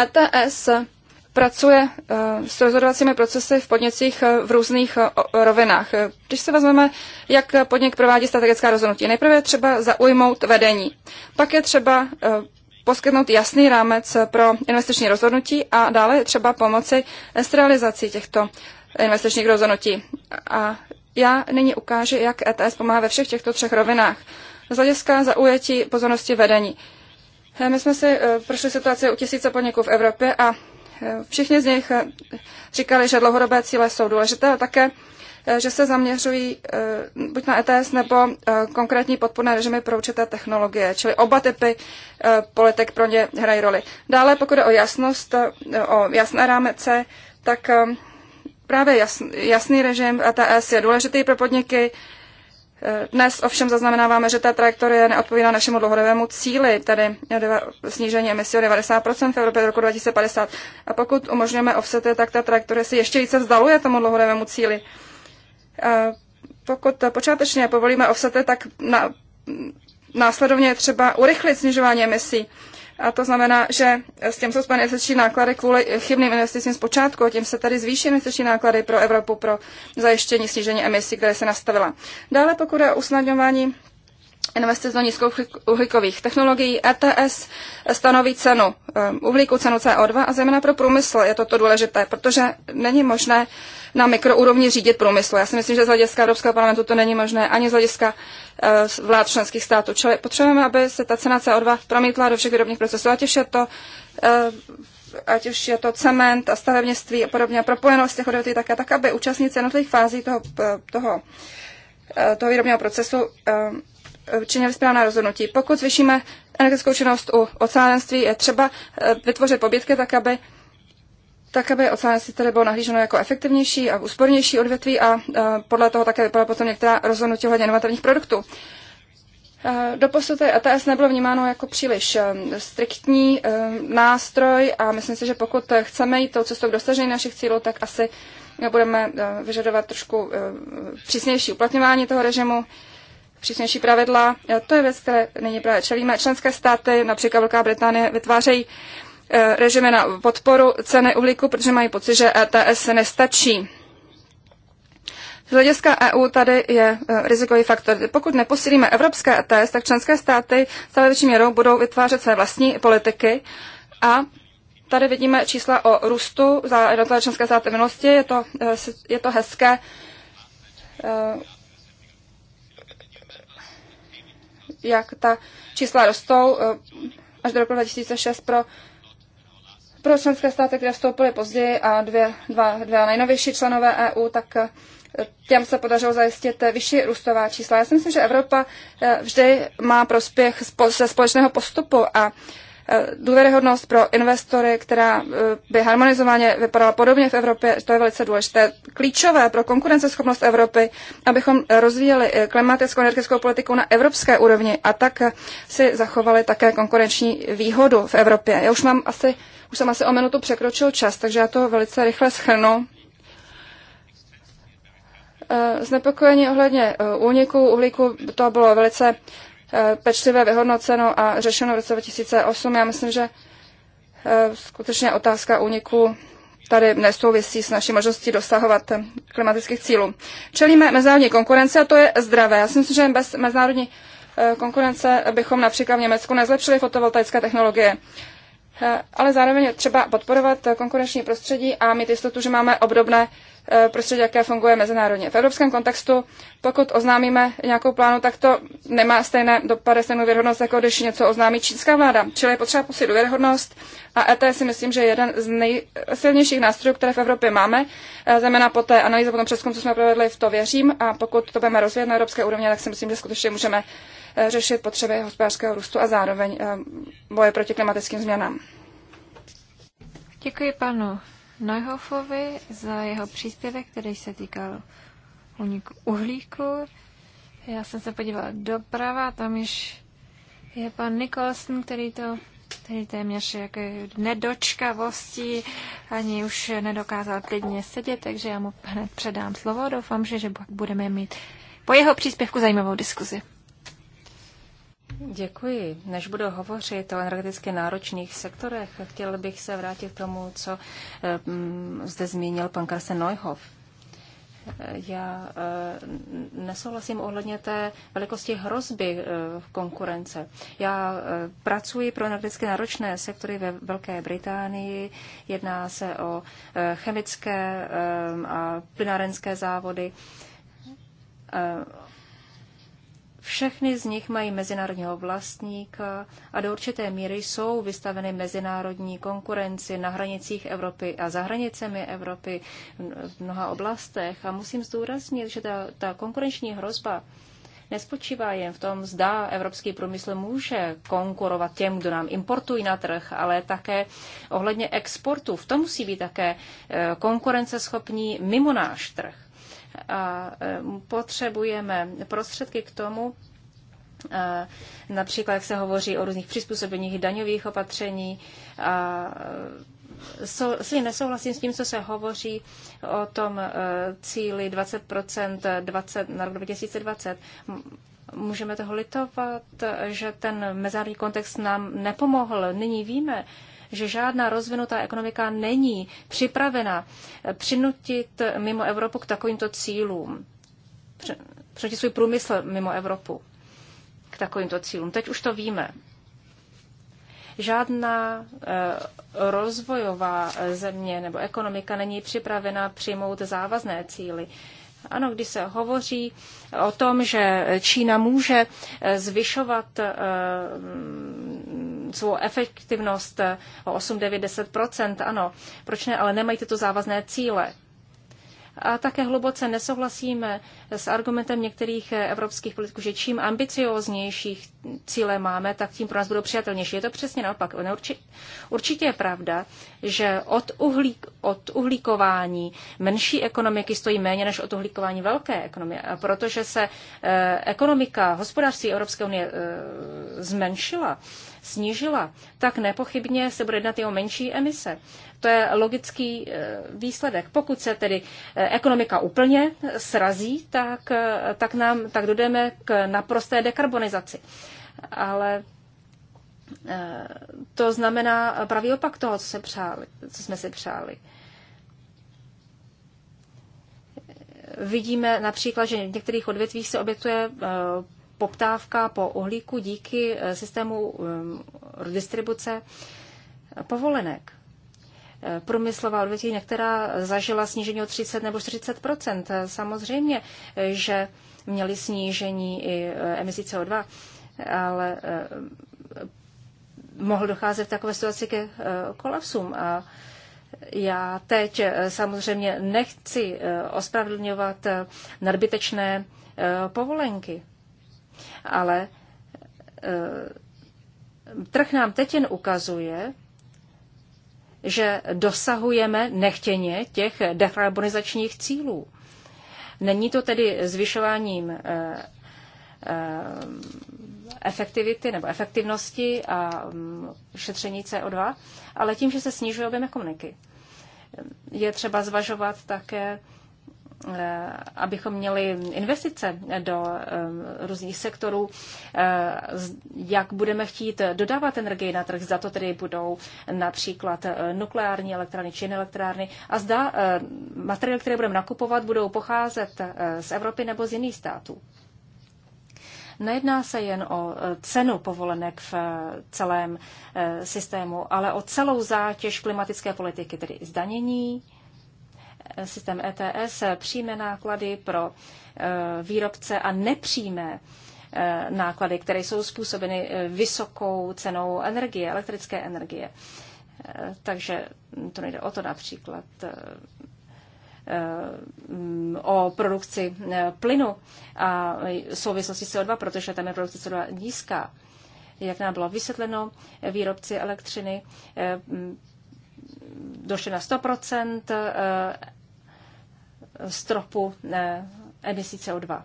ETS eh, e pracuje eh, s rozhodovacími procesy v podnicích eh, v různých rovinách. Když se vezmeme, jak podnik provádí strategická rozhodnutí, nejprve je třeba zaujmout vedení, pak je třeba poskytnout jasný rámec pro investiční rozhodnutí a dále je třeba pomoci s realizací těchto investičních rozhodnutí. A já nyní ukážu, jak ETS pomáhá ve všech těchto třech rovinách z hlediska zaujetí pozornosti vedení. Eh, my jsme si eh, prošli situaci u tisíce podniků v Evropě a eh, všichni z nich říkali, že dlouhodobé cíle jsou důležité a také, že se zaměřují buď na ETS nebo konkrétní podporné režimy pro určité technologie, čili oba typy politik pro ně hrají roli. Dále, pokud je o jasnost, o jasné rámece, tak právě jasný režim ETS je důležitý pro podniky, dnes ovšem zaznamenáváme, že ta trajektorie neodpovídá našemu dlouhodobému cíli, tedy snížení emisí o 90% v Evropě do roku 2050. A pokud umožňujeme offsety, tak ta trajektorie se ještě více vzdaluje tomu dlouhodobému cíli. Pokud počátečně povolíme offsety, tak na, následovně je třeba urychlit snižování emisí. A to znamená, že s tím jsou spojené investiční náklady kvůli chybným investicím zpočátku a tím se tady zvýší investiční náklady pro Evropu pro zajištění snížení emisí, které se nastavila. Dále pokud je o usnadňování investic do nízkouhlíkových technologií. ETS stanoví cenu eh, uhlíku, cenu CO2 a zejména pro průmysl je toto důležité, protože není možné na mikroúrovni řídit průmysl. Já si myslím, že z hlediska Evropského parlamentu to není možné, ani z hlediska eh, vlád členských států. Čili potřebujeme, aby se ta cena CO2 promítla do všech výrobních procesů, ať už je to eh, ať už je to cement a stavebnictví a podobně, a propojenost těch odvětví také, tak aby účastníci jednotlivých fází toho, toho, toho výrobního procesu činili správná rozhodnutí. Pokud zvýšíme energetickou činnost u ocelenství, je třeba eh, vytvořit pobytky tak, aby tak, aby ocelenství tedy bylo nahlíženo jako efektivnější a úspornější odvětví a eh, podle toho také vypadá potom některá rozhodnutí ohledně inovativních produktů. Eh, doposud ETS e nebylo vnímáno jako příliš striktní nástroj a myslím si, že pokud chceme jít tou cestou k dosažení našich cílů, tak asi budeme vyžadovat trošku přísnější uplatňování toho režimu přísnější pravidla. E, to je věc, které nyní právě čelíme. Členské státy, například Velká Británie, vytvářejí e, režimy na podporu ceny uhlíku, protože mají pocit, že ETS nestačí. Z hlediska EU tady je e, rizikový faktor. Pokud neposílíme evropské ETS, tak členské státy stále větší měrou budou vytvářet své vlastní politiky a tady vidíme čísla o růstu za jednotlivé členské státy minulosti. Je to, je to hezké jak ta čísla rostou eh, až do roku 2006 pro, pro členské státy, které vstoupily později a dvě, dva, dva nejnovější členové EU, tak eh, těm se podařilo zajistit vyšší růstová čísla. Já si myslím, že Evropa eh, vždy má prospěch ze společného postupu a Eh, důvěryhodnost pro investory, která eh, by harmonizovaně vypadala podobně v Evropě, to je velice důležité. Klíčové pro konkurenceschopnost Evropy, abychom rozvíjeli eh, klimatickou energetickou politiku na evropské úrovni a tak si zachovali také konkurenční výhodu v Evropě. Já už mám asi, už jsem asi o minutu překročil čas, takže já to velice rychle schrnu. Znepokojení ohledně úniku uhlíku, to bylo velice Eh, pečlivě vyhodnoceno a řešeno v roce 2008. Já myslím, že eh, skutečně otázka úniku tady nesouvisí s naší možností dosahovat klimatických cílů. Čelíme mezinárodní konkurence a to je zdravé. Já si myslím, že bez mezinárodní eh, konkurence bychom například v Německu nezlepšili fotovoltaické technologie. Ale zároveň je třeba podporovat konkurenční prostředí a mít jistotu, že máme obdobné Eh, prostředí, jaké funguje mezinárodně. V evropském kontextu, pokud oznámíme nějakou plánu, tak to nemá stejné dopady, stejnou věrhodnost, jako když něco oznámí čínská vláda. Čili je potřeba posílit věrhodnost a ET si myslím, že je jeden z nejsilnějších nástrojů, které v Evropě máme. Eh, zeměna po té analýze, po tom přeskum, co jsme provedli, v to věřím a pokud to budeme rozvíjet na evropské úrovni, tak si myslím, že skutečně můžeme eh, řešit potřeby hospodářského růstu a zároveň boje proti klimatickým změnám. Děkuji panu Neuhofovi za jeho příspěvek, který se týkal uniku uhlíku. Já jsem se podívala doprava, tam již je pan Nicholson, který to který téměř jak nedočkavosti ani už nedokázal klidně sedět, takže já mu hned předám slovo. Doufám, že, že budeme mít po jeho příspěvku zajímavou diskuzi. Děkuji. Než budu hovořit o energeticky náročných sektorech, chtěl bych se vrátit k tomu, co eh, mm, zde zmínil pan Karsten Neuhoff. Eh, já eh, nesouhlasím ohledně té velikosti hrozby konkurence. Já pracuji pro energeticky náročné sektory ve Velké Británii. Jedná se o chemické a plynárenské závody všechny z nich mají mezinárodního vlastníka a do určité míry jsou vystaveny mezinárodní konkurenci na hranicích Evropy a za hranicemi Evropy v mnoha oblastech. A musím zdůraznit, že ta, ta konkurenční hrozba nespočívá jen v tom, zda evropský průmysl může konkurovat těm, kdo nám importují na trh, ale také ohledně exportu. V tom musí být také eh, konkurenceschopní mimo náš trh a potřebujeme prostředky k tomu, například jak se hovoří o různých přizpůsobeních daňových opatření. A so, si nesouhlasím s tím, co se hovoří o tom e, cíli 20%, 20 na rok 2020. Můžeme toho litovat, že ten mezinárodní kontext nám nepomohl. Nyní víme, že žádná rozvinutá ekonomika není připravena přinutit mimo Evropu k takovýmto cílům. Přinutit svůj průmysl mimo Evropu k takovýmto cílům. Teď už to víme. Žádná eh, rozvojová země nebo ekonomika není připravena přijmout závazné cíly. Ano, když se hovoří o tom, že Čína může eh, zvyšovat eh, svou efektivnost o 8, 9, 10 ano. Proč ne, ale nemají tyto závazné cíle. A také hluboce nesouhlasíme s argumentem některých evropských politiků, že čím ambicioznějších cíle máme, tak tím pro nás budou přijatelnější. Je to přesně naopak. Určitě je pravda, že od, uhlík, od uhlíkování menší ekonomiky stojí méně než od uhlíkování velké ekonomie. A protože se eh, ekonomika hospodářství Evropské unie eh, zmenšila, snížila, tak nepochybně se bude jednat i o menší emise. To je logický eh, výsledek. Pokud se tedy eh, ekonomika úplně eh, srazí, tak, tak, nám, tak dojdeme k naprosté dekarbonizaci. Ale to znamená pravý opak toho, co, se přáli, co jsme si přáli. Vidíme například, že v některých odvětvích se obětuje poptávka po uhlíku díky eh, systému eh, distribuce eh, povolenek. Průmyslová odvětví některá zažila snížení o 30 nebo 40 Samozřejmě, že měli snížení i emisí CO2, ale mohl docházet v takové situaci ke kolapsům. A já teď samozřejmě nechci ospravedlňovat nadbytečné povolenky. Ale e, trh nám teď jen ukazuje, že dosahujeme nechtěně těch dekarbonizačních cílů. Není to tedy zvyšováním e, e, efektivity nebo efektivnosti a mm, šetření CO2, ale tím, že se snižuje objem ekonomiky. Je třeba zvažovat také Eh, abychom měli investice do eh, různých sektorů, eh, jak budeme chtít dodávat energii na trh, za to tedy budou například nukleární elektrárny či elektrárny a zda materiály, které budeme nakupovat, budou pocházet z Evropy nebo z jiných států. Nejedná se jen o cenu povolenek v celém systému, ale o celou zátěž klimatické politiky, tedy zdanění, systém ETS, přímé náklady pro e, výrobce a nepřímé e, náklady, které jsou způsobeny e, vysokou cenou energie, elektrické energie. Takže to nejde o to například mm, o produkci plynu a souvislosti CO2, protože tam je produkce CO2 nízká. Jak nám bylo vysvětleno, výrobci elektřiny mm, došli na 100% stropu eh, emisí CO2.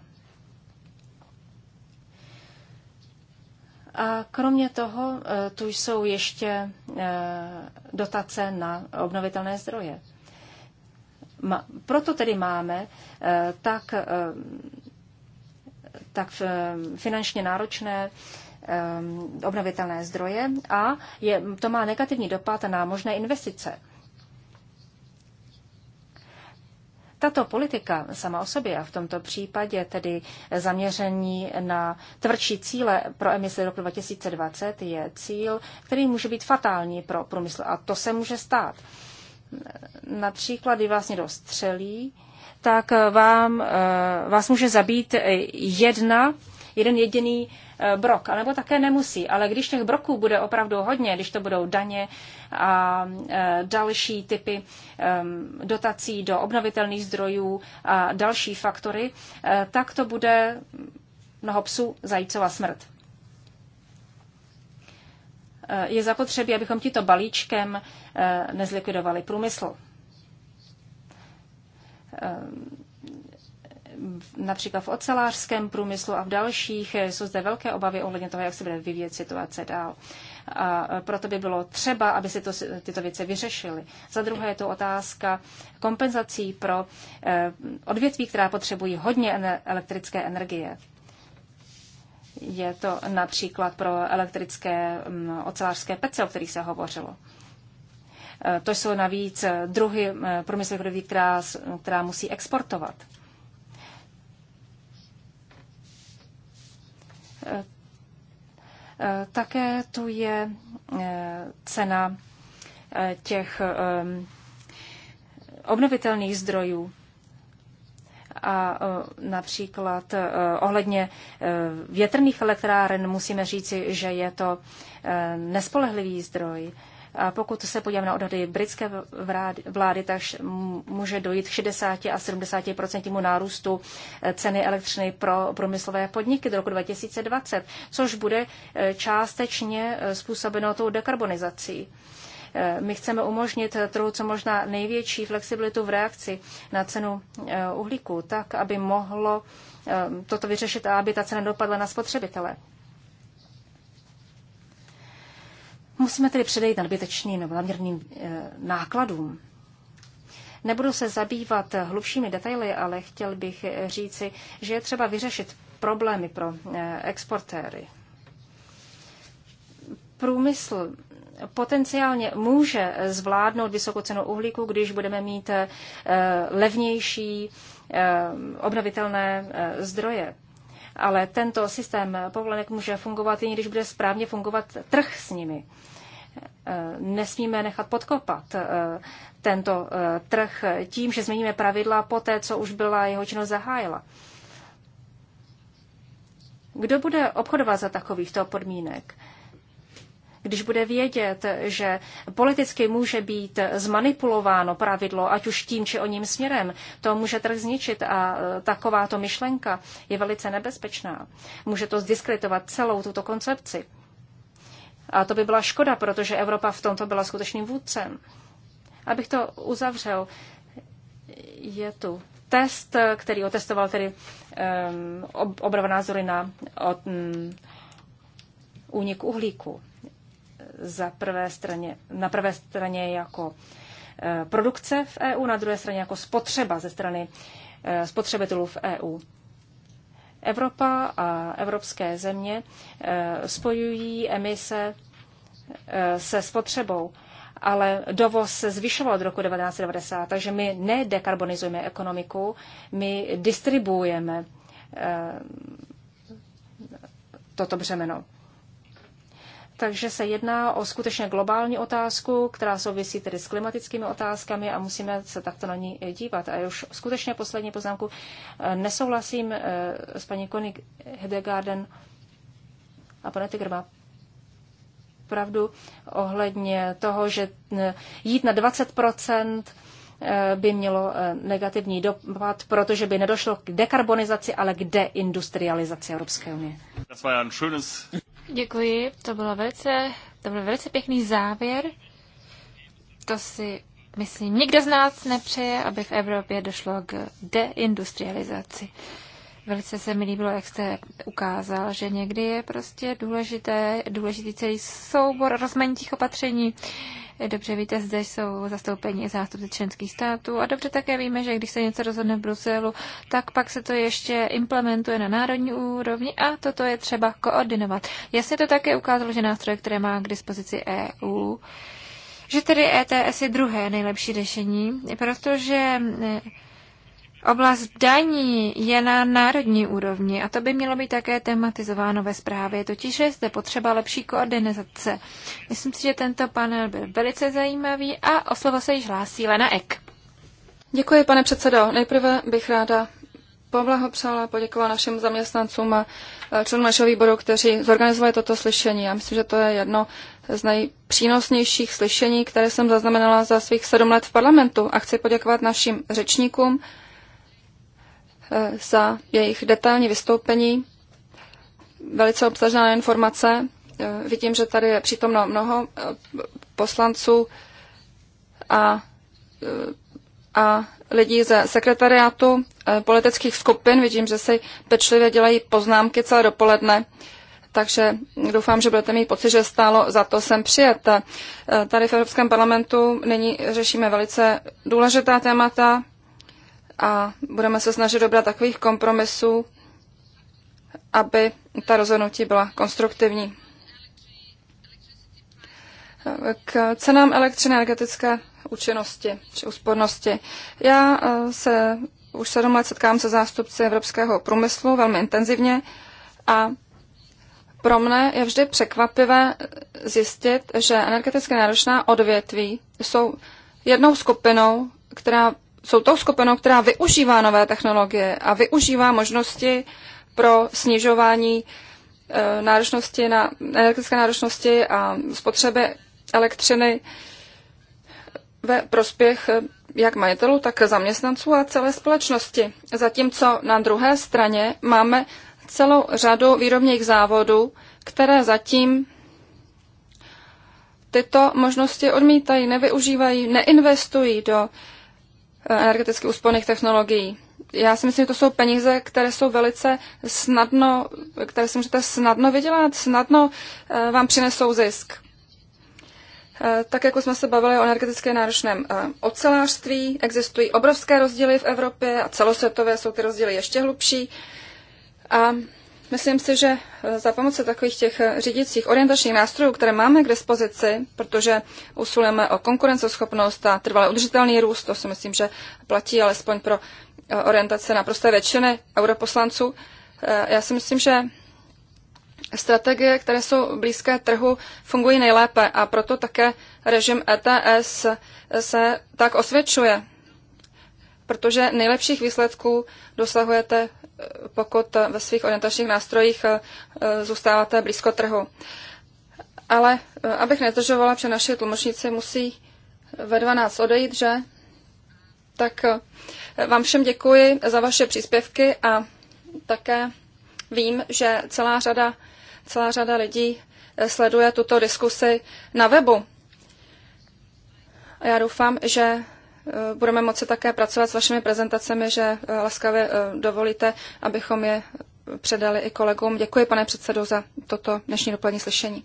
A kromě toho eh, tu jsou ještě eh, dotace na obnovitelné zdroje. Proto tedy máme tak, tak finančně náročné obnovitelné zdroje a je, to má negativní dopad na možné investice. Tato politika sama o sobě a v tomto případě tedy zaměření na tvrdší cíle pro emise roku 2020 je cíl, který může být fatální pro průmysl a to se může stát. Například, kdy vás někdo střelí, tak vám, eh, vás může zabít jedna jeden jediný eh, brok, anebo také nemusí. Ale když těch broků bude opravdu hodně, když to budou daně a eh, další typy eh, dotací do obnovitelných zdrojů a další faktory, tak to bude mnoho psů, zajícova smrt je zapotřebí, abychom tímto balíčkem nezlikvidovali průmysl například v ocelářském průmyslu a v dalších eh, jsou zde velké obavy ohledně toho, jak se bude vyvíjet situace dál. A eh, proto by bylo třeba, aby se tyto věci vyřešily. Za druhé je to otázka kompenzací pro eh, odvětví, která potřebují hodně elektrické energie. Je to například pro elektrické mm, ocelářské pece, o kterých se hovořilo. To jsou navíc druhy průmyslových odvětví, která, která musí exportovat. Také tu je eh, cena eh, těch ehm, obnovitelných zdrojů a eh, například ohledně větrných elektráren musíme říci, že je to nespolehlivý zdroj. A pokud se podíváme na odhady britské vlády, tak může dojít k 60 a 70 nárůstu ceny elektřiny pro průmyslové podniky do roku 2020, což bude e, částečně e, způsobeno tou dekarbonizací. E, my chceme umožnit trhu co možná největší flexibilitu v reakci na cenu uhlíku, tak, aby mohlo toto vyřešit a aby ta cena dopadla na spotřebitele. Musíme tedy předejít nadbytečným nebo nadměrným eh, nákladům. Nebudu se zabývat hlubšími detaily, ale chtěl bych eh, říci, že je třeba vyřešit problémy pro eh, exportéry. Průmysl potenciálně může zvládnout vysokou cenu uhlíku, když budeme mít levnější obnovitelné zdroje ale tento systém povolenek může fungovat jen, když bude správně fungovat trh s nimi. Eh, nesmíme nechat podkopat eh, tento eh, trh tím, že změníme pravidla po té, co už byla jeho činnost zahájila. Kdo bude obchodovat za takovýchto podmínek? když bude vědět, že politicky může být zmanipulováno pravidlo, ať už tím či o ním směrem, to může trh zničit a e, takováto myšlenka je velice nebezpečná. Může to zdiskreditovat celou tuto koncepci. A to by byla škoda, protože Evropa v tomto byla skutečným vůdcem. Abych to uzavřel, je tu test, který otestoval tedy um, obrava názory na um, únik uhlíku za prvé straně, na prvé straně jako eh, produkce v EU, na druhé straně jako spotřeba ze strany eh, spotřebitelů v EU. Evropa a evropské země eh, spojují emise se spotřebou, ale dovoz se zvyšoval od roku 1990, takže my nedekarbonizujeme ekonomiku, my distribuujeme toto břemeno. Takže se jedná o skutečně globální otázku, která souvisí tedy s klimatickými otázkami a musíme se takto na ní dívat. A už skutečně poslední poznámku. Nesouhlasím eh, s paní Konik Hedegarden a pane Tigrma pravdu ohledně toho, že eh, jít na 20 eh, by mělo negativní dopad, protože by nedošlo k dekarbonizaci, ale k deindustrializaci Evropské unie. Děkuji, to bylo velice, to byl velice pěkný závěr. To si, myslím, nikdo z nás nepřeje, aby v Evropě došlo k deindustrializaci. Velice se mi líbilo, jak jste ukázal, že někdy je prostě důležité, důležitý celý soubor rozmanitých opatření, Dobře víte, zde jsou zastoupení zástupci členských států a dobře také víme, že když se něco rozhodne v Bruselu, tak pak se to ještě implementuje na národní úrovni a toto je třeba koordinovat. Jasně to také ukázalo, že nástroje, které má k dispozici EU, že tedy ETS je druhé nejlepší řešení, protože Oblast daní je na národní úrovni a to by mělo být také tematizováno ve zprávě, totiž je zde potřeba lepší koordinace. Myslím si, že tento panel byl velice zajímavý a o slovo se již hlásí Lena Ek. Děkuji, pane předsedo. Nejprve bych ráda poblahopřála, poděkovala našim zaměstnancům a eh, členům našeho výboru, kteří zorganizovali toto slyšení. Já myslím, že to je jedno z nejpřínosnějších slyšení, které jsem zaznamenala za svých sedm let v parlamentu. A chci poděkovat našim řečníkům, Eh, za jejich detailní vystoupení. Velice obsažná informace. Eh, vidím, že tady je přítomno mnoho eh, poslanců a, a lidí ze sekretariátu politických skupin. Vidím, že si pečlivě dělají poznámky celé dopoledne takže doufám, že budete mít pocit, že stálo za to sem přijet. Tady v Evropském parlamentu nyní řešíme velice důležitá témata, a budeme se snažit dobrat takových kompromisů, aby ta rozhodnutí byla konstruktivní. K cenám elektřiny energetické účinnosti či úspornosti. Já eh, se už sedm let setkám se zástupci evropského průmyslu velmi intenzivně a pro mne je vždy překvapivé zjistit, že energeticky náročná odvětví jsou jednou skupinou, která jsou tou skupinou, která využívá nové technologie a využívá možnosti pro snižování e, náročnosti na energetické náročnosti a spotřeby elektřiny ve prospěch e, jak majitelů, tak zaměstnanců a celé společnosti. Zatímco na druhé straně máme celou řadu výrobních závodů, které zatím tyto možnosti odmítají, nevyužívají, neinvestují do uh, energeticky úsporných technologií. Já si myslím, že to jsou peníze, které jsou velice snadno, které si můžete snadno vydělat, snadno eh, vám přinesou zisk. Eh, tak jako jsme se bavili o energeticky náročném eh, ocelářství, existují obrovské rozdíly v Evropě a celosvětové jsou ty rozdíly ještě hlubší. A Myslím si, že eh, za pomoci takových těch eh, řídicích orientačních nástrojů, které máme k dispozici, protože usilujeme o konkurenceschopnost a trvalé udržitelný růst, to si myslím, že platí alespoň pro eh, orientace na prosté většiny europoslanců. Já si myslím, že strategie, které jsou blízké trhu, fungují nejlépe a proto také režim ETS se tak osvědčuje protože nejlepších výsledků dosahujete, eh, pokud eh, ve svých orientačních nástrojích eh, zůstáváte blízko trhu. Ale abych nedržovala, že naše tlumočníci musí ve 12 odejít, že? Tak vám všem děkuji za vaše příspěvky a také vím, že celá řada, celá řada lidí sleduje tuto diskusi na webu. A já doufám, že Eh, budeme moci také pracovat s vašimi prezentacemi, že eh, laskavě eh, dovolíte, abychom je předali i kolegům. Děkuji, pane předsedo, za toto dnešní dopolední slyšení.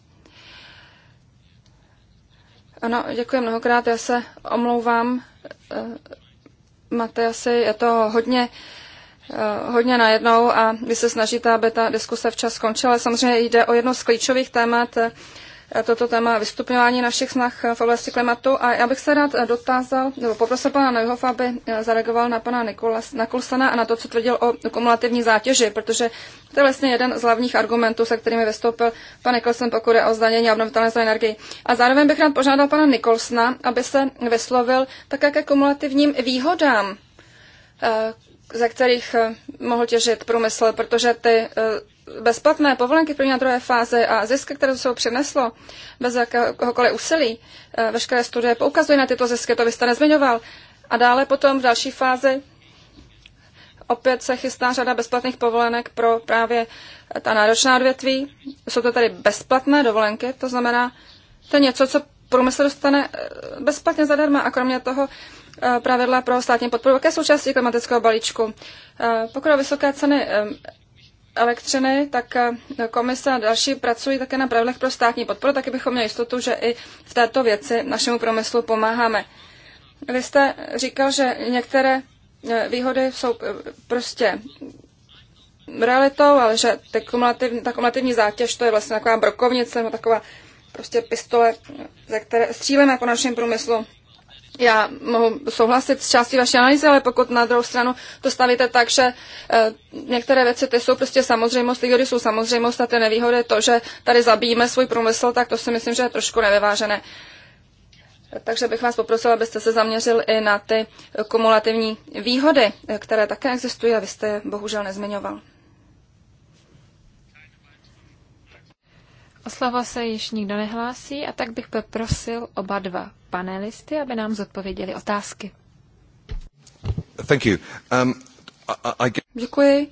Ano, děkuji mnohokrát. Já se omlouvám, asi, je to hodně, hodně najednou a vy se snažíte, aby ta diskuse včas skončila. Samozřejmě jde o jedno z klíčových témat, toto téma vystupňování našich snah v oblasti klimatu. A já bych se rád dotázal, nebo poprosil pana Neuhoff, aby zareagoval na pana Nikolas, Nakulsana a na to, co tvrdil o kumulativní zátěži, protože to je vlastně jeden z hlavních argumentů, se kterými vystoupil pan Nikolson, pokud je o zdanění obnovitelné zdroje energie. A zároveň bych rád požádal pana Nikolsna, aby se vyslovil také ke kumulativním výhodám, eh, ze kterých eh, mohl těžit průmysl, protože ty eh, bezplatné povolenky v první a druhé fáze a zisky, které se přineslo bez jakéhokoliv úsilí, eh, veškeré studie poukazují na tyto zisky, to byste nezmiňoval. A dále potom v další fázi opět se chystá řada bezplatných povolenek pro právě ta náročná odvětví. Jsou to tady bezplatné dovolenky, to znamená, to je něco, co průmysl dostane eh, bezplatně zadarma a kromě toho eh, pravidla pro státní podporu, jaké součástí klimatického balíčku. Pokud o vysoké ceny elektřiny, tak eh, komise a další pracují také na pravidlech pro státní podporu, taky bychom měli jistotu, že i v této věci našemu promyslu pomáháme. Vy jste říkal, že některé eh, výhody jsou eh, prostě realitou, ale že ta kumulativní, ta kumulativní zátěž to je vlastně taková brokovnice nebo taková prostě pistole, ze které střílíme po našem průmyslu já mohu souhlasit s částí vaší analýzy, ale pokud na druhou stranu to stavíte tak, že e, některé věci ty jsou prostě samozřejmost, výhody jsou samozřejmost a ty nevýhody to, že tady zabijíme svůj průmysl, tak to si myslím, že je trošku nevyvážené. Takže bych vás poprosila, abyste se zaměřil i na ty kumulativní výhody, eh, které také existují a vy jste je bohužel nezmiňoval. O slovo se již nikdo nehlásí a tak bych poprosil oba dva panelisty, aby nám zodpověděli otázky. Thank you. Um, I, I... Děkuji.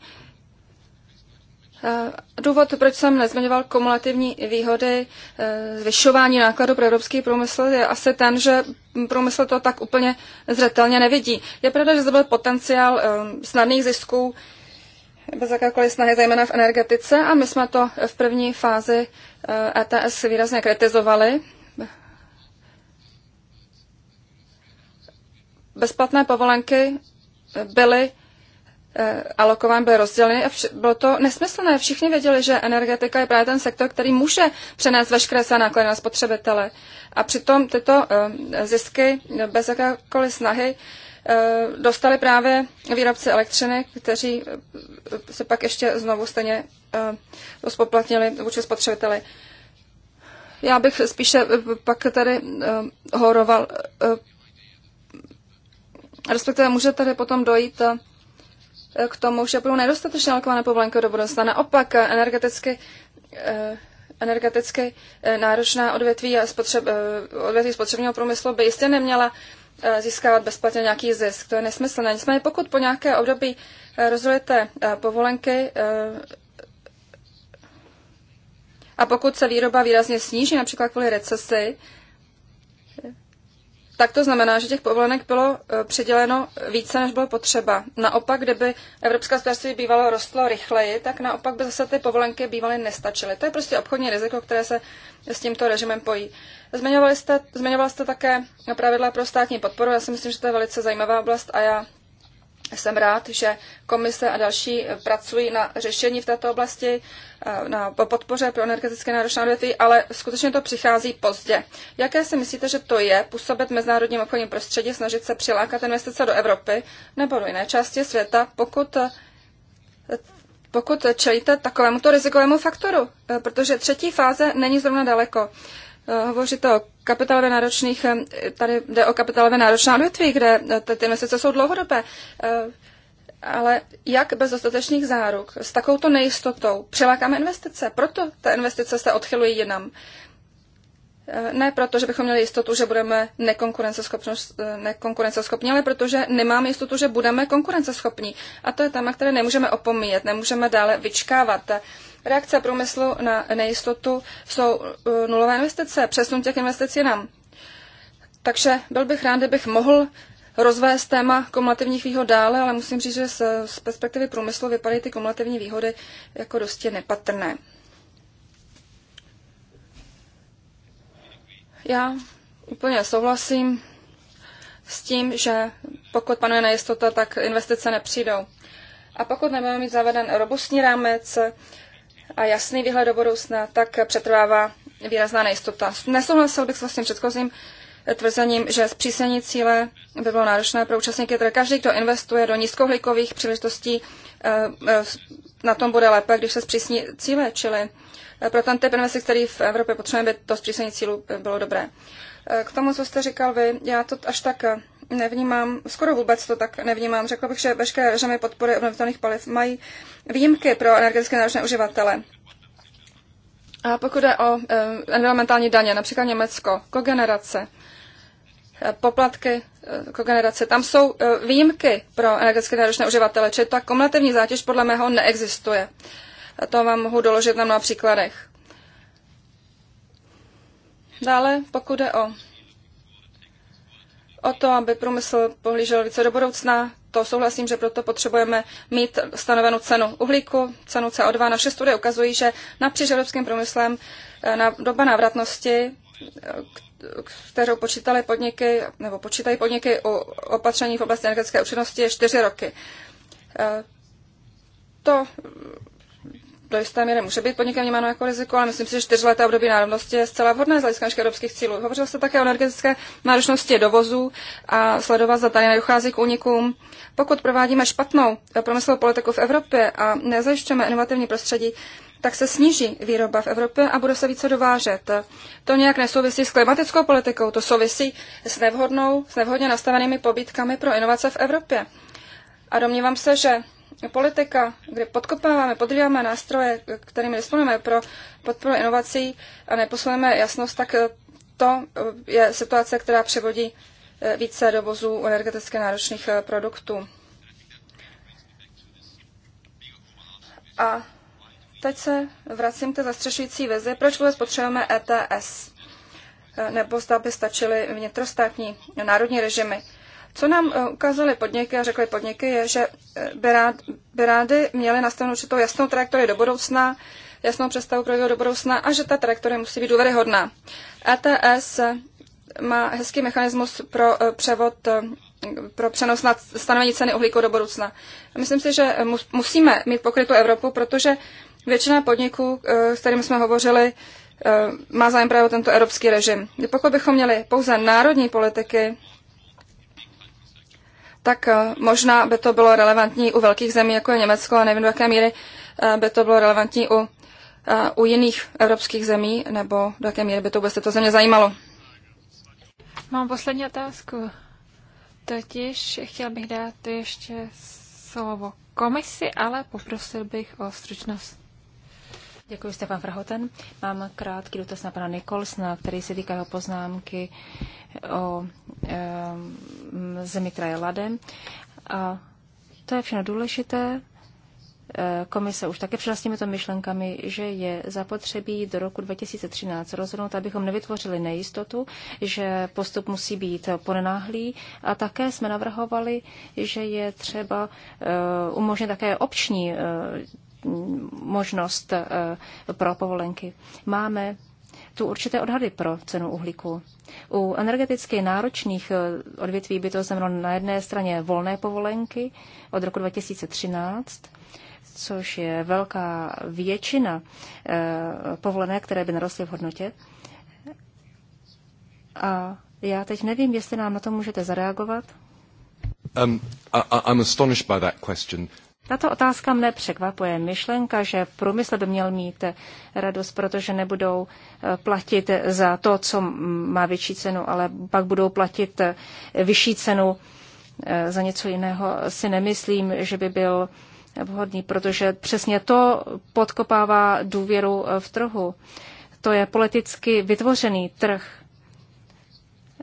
Eh, důvod, proč jsem nezmiňoval kumulativní výhody eh, zvyšování nákladu pro evropský průmysl, je asi ten, že průmysl to tak úplně zřetelně nevidí. Je pravda, že zde byl potenciál eh, snadných zisků bez jakékoliv snahy, zejména v energetice. A my jsme to v první fázi ETS eh, e výrazně kritizovali. Bezplatné povolenky byly Eh, alokován, byl rozdělený a bylo to nesmyslné. Všichni věděli, že energetika je právě ten sektor, který může přenést veškeré své náklady na spotřebitele. A přitom tyto eh, zisky bez jakékoliv snahy eh, dostali právě výrobci elektřiny, kteří se pak ještě znovu stejně spoplatnili vůči spotřebiteli. Já bych spíše pak tady horoval, respektive může tady potom dojít k tomu, že budou nedostatečně alokované povolenky do budoucna. Naopak energeticky eh, energeticky eh, náročná odvětví a eh, spotřeb, odvětví spotřebního průmyslu by jistě neměla získávat bezplatně nějaký zisk. To je nesmyslné. Nicméně pokud po nějaké období eh, povolenky a pokud se výroba výrazně sníží, například kvůli recesi, tak to znamená, že těch povolenek bylo e, přiděleno více, než bylo potřeba. Naopak, kdyby evropské hospodářství bývalo rostlo rychleji, tak naopak by zase ty povolenky bývaly nestačily. To je prostě obchodní riziko, které se s tímto režimem pojí. Zmiňovali jste, zmiňovala jste také pravidla pro státní podporu. Já si myslím, že to je velice zajímavá oblast a já jsem rád, že komise a další pracují na řešení v této oblasti, eh, na podpoře pro energetické náročné odvětví, ale skutečně to přichází pozdě. Jaké si myslíte, že to je působit v mezinárodním obchodním prostředí, snažit se přilákat investice do Evropy nebo do jiné části světa, pokud eh, pokud čelíte to rizikovému faktoru, eh, protože třetí fáze není zrovna daleko. Eh, hovoříte o kapitálově náročných, eh, tady jde o kapitálově náročná odvětví, kde eh, ty investice jsou dlouhodobé. Ale jak bez dostatečných záruk, s takovouto nejistotou, přilákáme investice? Proto ty investice se odchylují jinam. Ne proto, že bychom měli jistotu, že budeme nekonkurenceschopní, ale protože nemáme jistotu, že budeme konkurenceschopní. A to je téma, které nemůžeme opomíjet, nemůžeme dále vyčkávat. Reakce průmyslu na nejistotu jsou eh, nulové investice, přesun těch investic jinam. Takže byl bych rád, kdybych mohl rozvést téma kumulativních výhod dále, ale musím říct, že z, perspektivy průmyslu vypadají ty kumulativní výhody jako dosti nepatrné. Já úplně souhlasím s tím, že pokud panuje nejistota, tak investice nepřijdou. A pokud nebudeme mít zaveden robustní rámec, a jasný výhled do budoucna, tak přetrvává výrazná nejistota. Nesouhlasil bych s vlastním předchozím eh, tvrzením, že zpřísnění cíle by bylo náročné pro účastníky, tedy každý, kdo investuje do nízkohlíkových příležitostí, eh, eh, na tom bude lépe, když se zpřísní cíle, čili pro ten typ investic, který v Evropě potřebujeme, by to zpřísnění cílů bylo dobré. K tomu, co jste říkal vy, já to až tak nevnímám, skoro vůbec to tak nevnímám. Řekla bych, že veškeré režimy podpory obnovitelných paliv mají výjimky pro energeticky náročné uživatele. A pokud jde o e, environmentální daně, například Německo, kogenerace, e, poplatky e, kogenerace, tam jsou e, výjimky pro energeticky náročné uživatele, čili ta kumulativní zátěž podle mého neexistuje. A to vám mohu doložit na mnoha příkladech. Dále, pokud jde o o to, aby průmysl pohlížel více do budoucna. To souhlasím, že proto potřebujeme mít stanovenou cenu uhlíku, cenu CO2. Naše studie ukazují, že napříč evropským průmyslem eh, na doba návratnosti, eh, kterou počítaly podniky, nebo počítají podniky u opatření v oblasti energetické účinnosti, je čtyři roky. Eh, to do jisté míry může být podnikem vnímáno jako riziko, ale myslím si, že čtyřleté období národnosti je zcela vhodné z hlediska evropských cílů. Hovořil jste také o energetické náročnosti dovozu a sledovat, zda tady nedochází k únikům. Pokud provádíme špatnou promyslovou politiku v Evropě a nezajišťujeme inovativní prostředí, tak se sníží výroba v Evropě a bude se více dovážet. To nějak nesouvisí s klimatickou politikou, to souvisí s, nevhodnou, s nevhodně nastavenými pobítkami pro inovace v Evropě. A domnívám se, že politika, kde podkopáváme, podrýváme nástroje, kterými disponujeme pro podporu inovací a neposuneme jasnost, tak to je situace, která převodí eh, více dovozů energeticky náročných eh, produktů. A teď se vracím k zastřešující vizi. Proč vůbec potřebujeme ETS? Eh, nebo zda by stačily vnitrostátní národní režimy? Co nám eh, ukázaly podniky a řekly podniky, je, že eh, by, rád, by rády měly nastavenou určitou jasnou trajektorii do budoucna, jasnou představu pro do budoucna a že ta trajektorie musí být důvěryhodná. ETS má hezký mechanismus pro eh, převod pro přenos na stanovení ceny uhlíku do budoucna. Myslím si, že musíme mít pokrytou Evropu, protože většina podniků, s kterými jsme hovořili, má zájem právě tento evropský režim. Pokud bychom měli pouze národní politiky, tak eh, možná by to bylo relevantní u velkých zemí, jako je Německo, a nevím, do jaké míry eh, by to bylo relevantní u, eh, u jiných evropských zemí, nebo do jaké míry by to vůbec to země zajímalo. Mám poslední otázku. Totiž chtěl bych dát ještě slovo komisi, ale poprosil bych o stručnost. Děkuji, Stefan Frahoten. Mám krátký dotaz na pana Nikolsna, který se týká jeho poznámky o e, zemi, která je ladem. A to je všechno důležité. E, komise už také přišla s těmito myšlenkami, že je zapotřebí do roku 2013 rozhodnout, abychom nevytvořili nejistotu, že postup musí být ponenáhlý a také jsme navrhovali, že je třeba e, umožnit také obční e, možnost eh, pro povolenky. Máme tu určité odhady pro cenu uhlíku. U energeticky náročných eh, odvětví by to znamenalo na jedné straně volné povolenky od roku 2013, což je velká většina eh, povolené, které by narostly v hodnotě. A já teď nevím, jestli nám na to můžete zareagovat. Um, I, I'm astonished by that question. Tato otázka mne překvapuje. Myšlenka, že průmysl by měl mít radost, protože nebudou eh, platit za to, co má větší cenu, ale pak budou platit eh, vyšší cenu eh, za něco jiného, si nemyslím, že by byl vhodný, protože přesně to podkopává důvěru v trhu. To je politicky vytvořený trh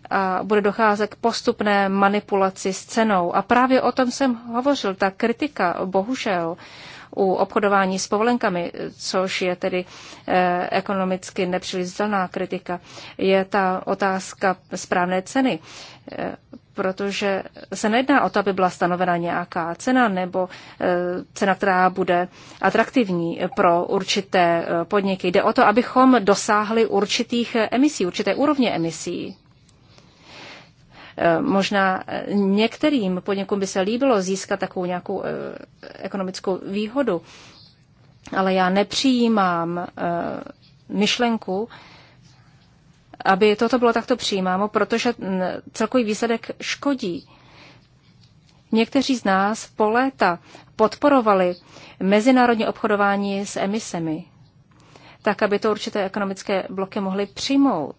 a bude docházet k postupné manipulaci s cenou. A právě o tom jsem hovořil, ta kritika, bohužel, u obchodování s povolenkami, což je tedy eh, ekonomicky nepříliš zdaná kritika, je ta otázka správné ceny, eh, protože se nejedná o to, aby byla stanovena nějaká cena nebo eh, cena, která bude atraktivní pro určité podniky. Jde o to, abychom dosáhli určitých emisí, určité úrovně emisí. Eh, možná eh, některým podnikům by se líbilo získat takovou nějakou eh, ekonomickou výhodu, ale já nepřijímám myšlenku, aby toto bylo takto přijímáno, protože mm, celkový výsledek škodí. Někteří z nás po léta podporovali mezinárodní obchodování s emisemi, tak aby to určité ekonomické bloky mohly přijmout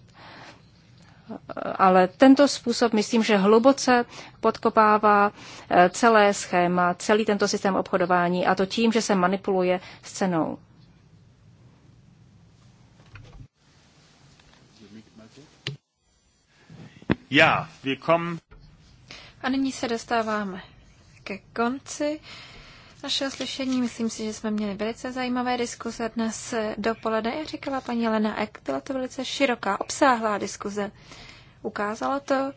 ale tento způsob, myslím, že hluboce podkopává eh, celé schéma, celý tento systém obchodování a to tím, že se manipuluje s cenou. Ja, wir kommen. A nyní se dostáváme ke konci našeho slyšení. Myslím si, že jsme měli velice zajímavé diskuze dnes dopoledne. Jak říkala paní Lena Ek, byla to velice široká, obsáhlá diskuze. Ukázalo to,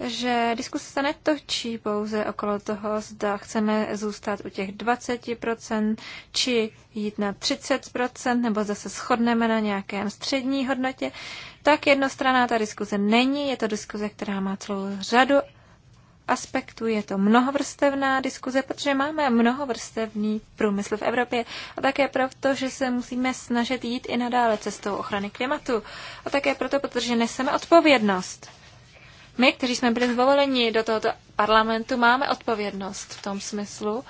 že diskuse se netočí pouze okolo toho, zda chceme zůstat u těch 20%, či jít na 30%, nebo zase shodneme na nějakém střední hodnotě. Tak jednostraná ta diskuze není, je to diskuze, která má celou řadu aspektů. Je to mnohovrstevná diskuze, protože máme mnohovrstevný průmysl v Evropě a také proto, že se musíme snažit jít i nadále cestou ochrany klimatu. A také proto, protože neseme odpovědnost. My, kteří jsme byli zvoleni do tohoto parlamentu, máme odpovědnost v tom smyslu,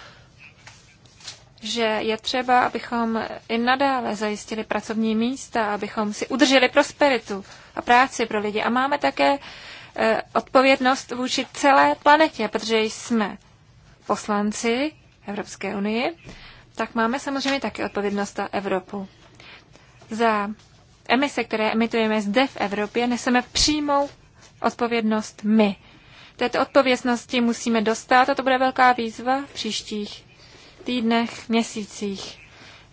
že je třeba, abychom i nadále zajistili pracovní místa, abychom si udrželi prosperitu a práci pro lidi. A máme také Eh, odpovědnost vůči celé planetě, protože jsme poslanci Evropské unie, tak máme samozřejmě také odpovědnost za Evropu. Za emise, které emitujeme zde v Evropě, neseme přímou odpovědnost my. Této odpovědnosti musíme dostat a to bude velká výzva v příštích týdnech, měsících.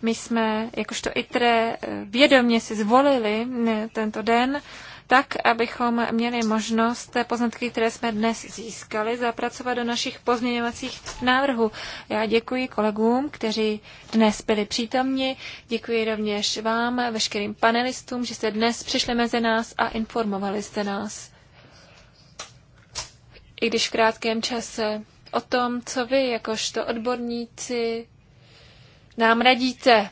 My jsme, jakožto ITRE, eh, vědomě si zvolili eh, tento den tak, abychom měli možnost poznatky, které jsme dnes získali, zapracovat do našich pozměňovacích návrhů. Já děkuji kolegům, kteří dnes byli přítomni, děkuji rovněž vám, veškerým panelistům, že jste dnes přišli mezi nás a informovali jste nás. I když v krátkém čase o tom, co vy, jakožto odborníci, nám radíte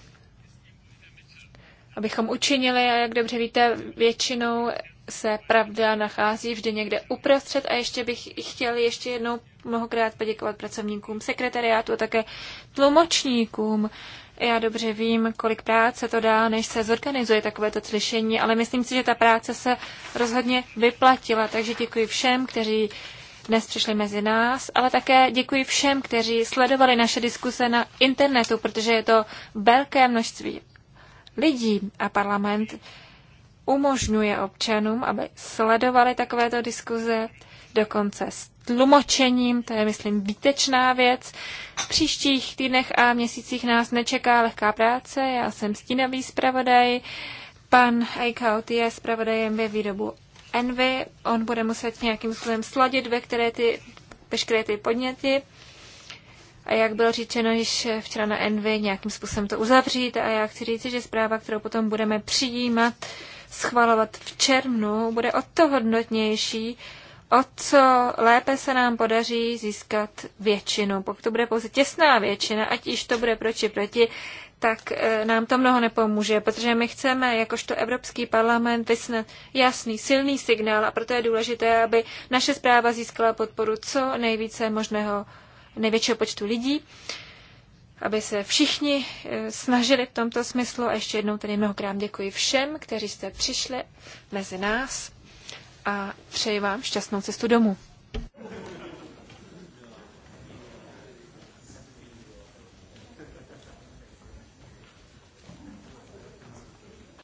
abychom učinili a jak dobře víte, většinou se pravda nachází vždy někde uprostřed a ještě bych chtěl ještě jednou mnohokrát poděkovat pracovníkům sekretariátu a také tlumočníkům. Já dobře vím, kolik práce to dá, než se zorganizuje takovéto slyšení, ale myslím si, že ta práce se rozhodně vyplatila, takže děkuji všem, kteří dnes přišli mezi nás, ale také děkuji všem, kteří sledovali naše diskuse na internetu, protože je to velké množství lidí a parlament umožňuje občanům, aby sledovali takovéto diskuze, dokonce s tlumočením, to je, myslím, výtečná věc. V příštích týdnech a měsících nás nečeká lehká práce, já jsem stínový zpravodaj, pan Eichhout je zpravodajem ve výrobu Envy, on bude muset nějakým způsobem sladit ve které ty, veškeré ty podněty a jak bylo řečeno již včera na Envy, nějakým způsobem to uzavřít a já chci říct, že zpráva, kterou potom budeme přijímat, schvalovat v červnu, bude o to hodnotnější, o co lépe se nám podaří získat většinu. Pokud to bude pouze těsná většina, ať již to bude pro proti, tak eh, nám to mnoho nepomůže, protože my chceme, jakožto Evropský parlament, vysnat jasný, silný signál a proto je důležité, aby naše zpráva získala podporu co nejvíce možného největšího počtu lidí. Uh, aby se všichni eh, snažili v tomto smyslu. A ještě jednou tedy mnohokrát děkuji všem, kteří jste přišli mezi nás a přeji vám šťastnou cestu domů.